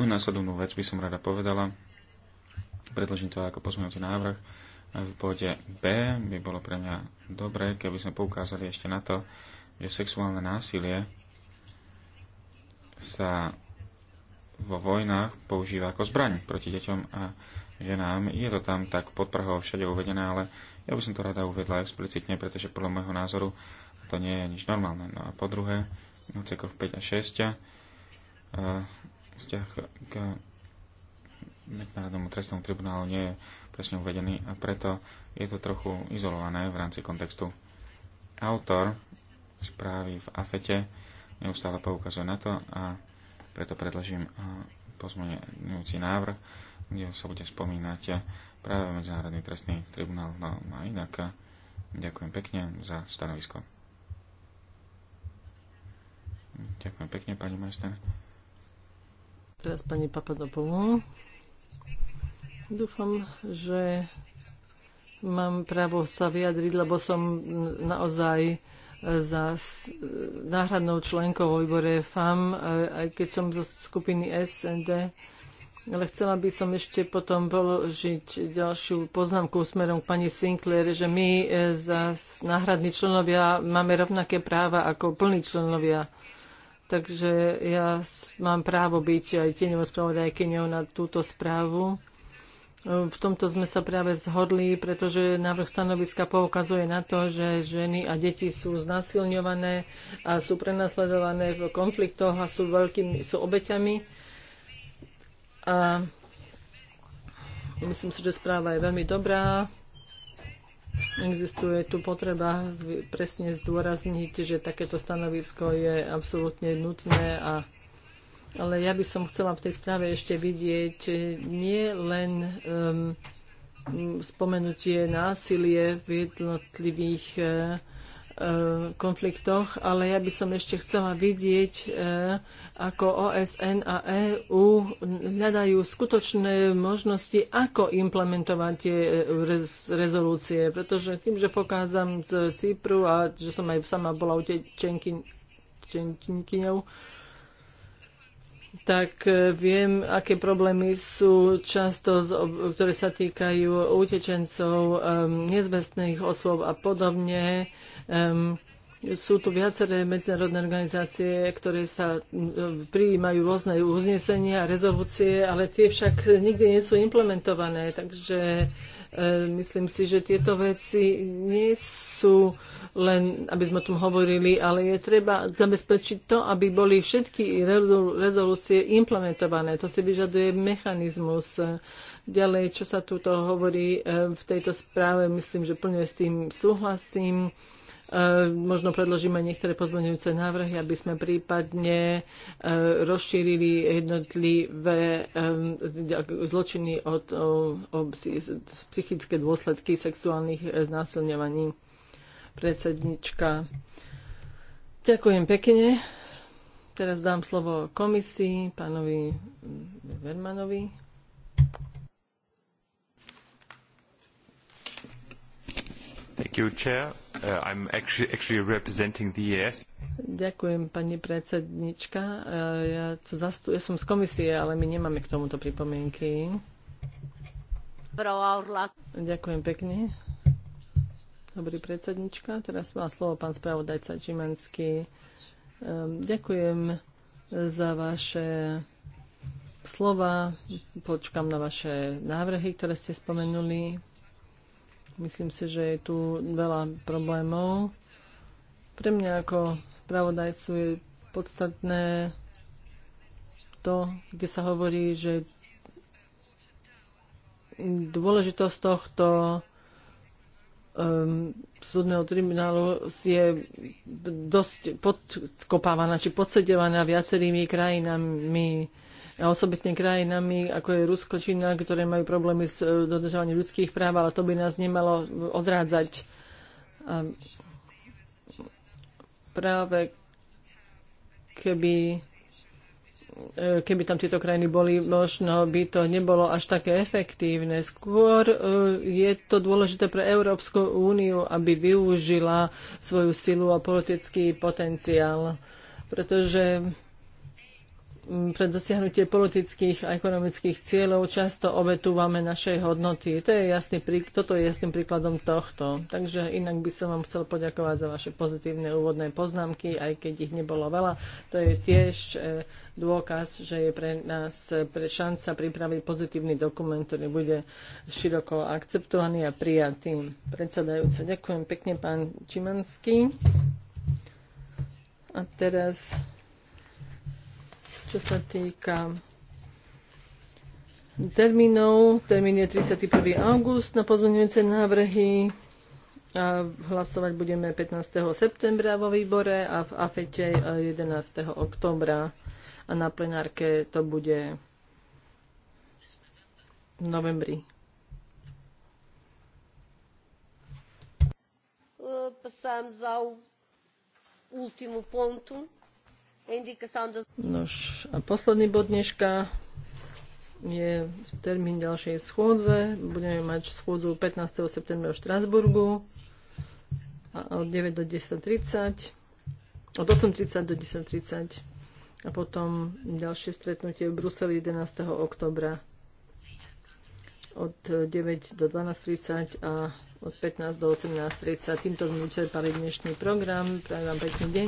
No, následovnú vec by som rada povedala. Predložím to ako pozmeňujúci návrh. V bode B by bolo pre mňa dobré, keby sme poukázali ešte na to, že sexuálne násilie sa vo vojnách používa ako zbraň proti deťom a ženám. Je to tam tak podprhov všade uvedené, ale ja by som to rada uvedla explicitne, pretože podľa môjho názoru to nie je nič normálne. No a po druhé, v cekoch 5 a 6 vzťah k Medzinárodnému trestnému tribunálu nie je presne uvedený a preto je to trochu izolované v rámci kontextu. Autor správy v AFETE neustále poukazuje na to a preto predložím pozmeňujúci návrh, kde sa bude spomínať práve Medzinárodný trestný tribunál. No, no a inak ďakujem pekne za stanovisko. Ďakujem pekne, pani majster. Teraz pani Papadopoulou. Dúfam, že mám právo sa vyjadriť, lebo som naozaj za náhradnou členkou vo výbore FAM, e, aj keď som zo skupiny SND. Ale chcela by som ešte potom položiť ďalšiu poznámku smerom k pani Sinclair, že my e, za náhradní členovia máme rovnaké práva ako plní členovia. Takže ja mám právo byť aj tieňovou spravodajkyňou na túto správu. V tomto sme sa práve zhodli, pretože návrh stanoviska poukazuje na to, že ženy a deti sú znasilňované a sú prenasledované v konfliktoch a sú, veľkými, sú obeťami. A myslím si, že správa je veľmi dobrá. Existuje tu potreba presne zdôrazniť, že takéto stanovisko je absolútne nutné a ale ja by som chcela v tej správe ešte vidieť e, nie len um, spomenutie násilie v jednotlivých uh, konfliktoch, ale ja by som ešte chcela vidieť, ako OSN a EU hľadajú skutočné možnosti, ako implementovať tie rezolúcie. Pretože tým, že pochádzam z Cypru a že som aj sama bola utečenkyňou, tak e, viem, aké problémy sú často, ktoré sa týkajú utečencov, nezvestných osôb a podobne. Um, sú tu viaceré medzinárodné organizácie, ktoré sa e, prijímajú rôzne uznesenia a rezolúcie, ale tie však nikdy nie sú implementované. Takže e, myslím si, že tieto veci nie sú len, aby sme o tom hovorili, ale je treba zabezpečiť to, aby boli všetky rezolúcie implementované. To si vyžaduje mechanizmus. Ďalej, čo sa tu hovorí e, v tejto správe, myslím, že plne s tým súhlasím E, možno predložíme niektoré pozmeňujúce návrhy, aby sme prípadne e, rozšírili jednotlivé e, zločiny od, o, o psychické dôsledky sexuálnych znásilňovaní. Predsednička. Ďakujem pekne. Teraz dám slovo komisii, pánovi Vermanovi. Uh, e ďakujem, pani predsednička. Uh, ja, tu zastu- ja som z komisie, ale my nemáme k tomuto pripomienky. Ďakujem pekne. Dobrý predsednička. Teraz má slovo pán spravodajca Čimanský. Um, ďakujem za vaše slova. Počkam na vaše návrhy, ktoré ste spomenuli. Myslím si, že je tu veľa problémov. Pre mňa ako spravodajcu je podstatné to, kde sa hovorí, že dôležitosť tohto um, súdneho tribunálu je dosť podkopávaná či podsedevaná viacerými krajinami osobitne krajinami, ako je Rusko, Čína, ktoré majú problémy s e, dodržovaním ľudských práv, ale to by nás nemalo e, odrádzať. A práve keby e, keby tam tieto krajiny boli, možno by to nebolo až také efektívne. Skôr je to dôležité pre Európsku úniu, aby využila svoju silu a politický potenciál, pretože pre dosiahnutie politických a ekonomických cieľov často obetúvame naše hodnoty. To je jasný, toto je jasným príkladom tohto. Takže inak by som vám chcel poďakovať za vaše pozitívne úvodné poznámky, aj keď ich nebolo veľa. To je tiež e, dôkaz, že je pre nás e, pre šanca pripraviť pozitívny dokument, ktorý bude široko akceptovaný a prijatý. Predsedajúca, ďakujem pekne, pán Čimanský. A teraz čo sa týka termínov, termín je 31. august na pozmeňujúce návrhy. A hlasovať budeme 15. septembra vo výbore a v AFETE 11. oktobra. A na plenárke to bude v novembri. Uh, passamos ao último ponto. Nož, a posledný bod dneška je termín ďalšej schôdze. Budeme mať schôdzu 15. septembra v Štrasburgu od 9 do 10.30, od 8.30 do 10.30 a potom ďalšie stretnutie v Bruseli 11. oktobra od 9 do 12.30 a od 15 do 18.30. Týmto sme vyčerpali dnešný program. Prajem vám pekný deň.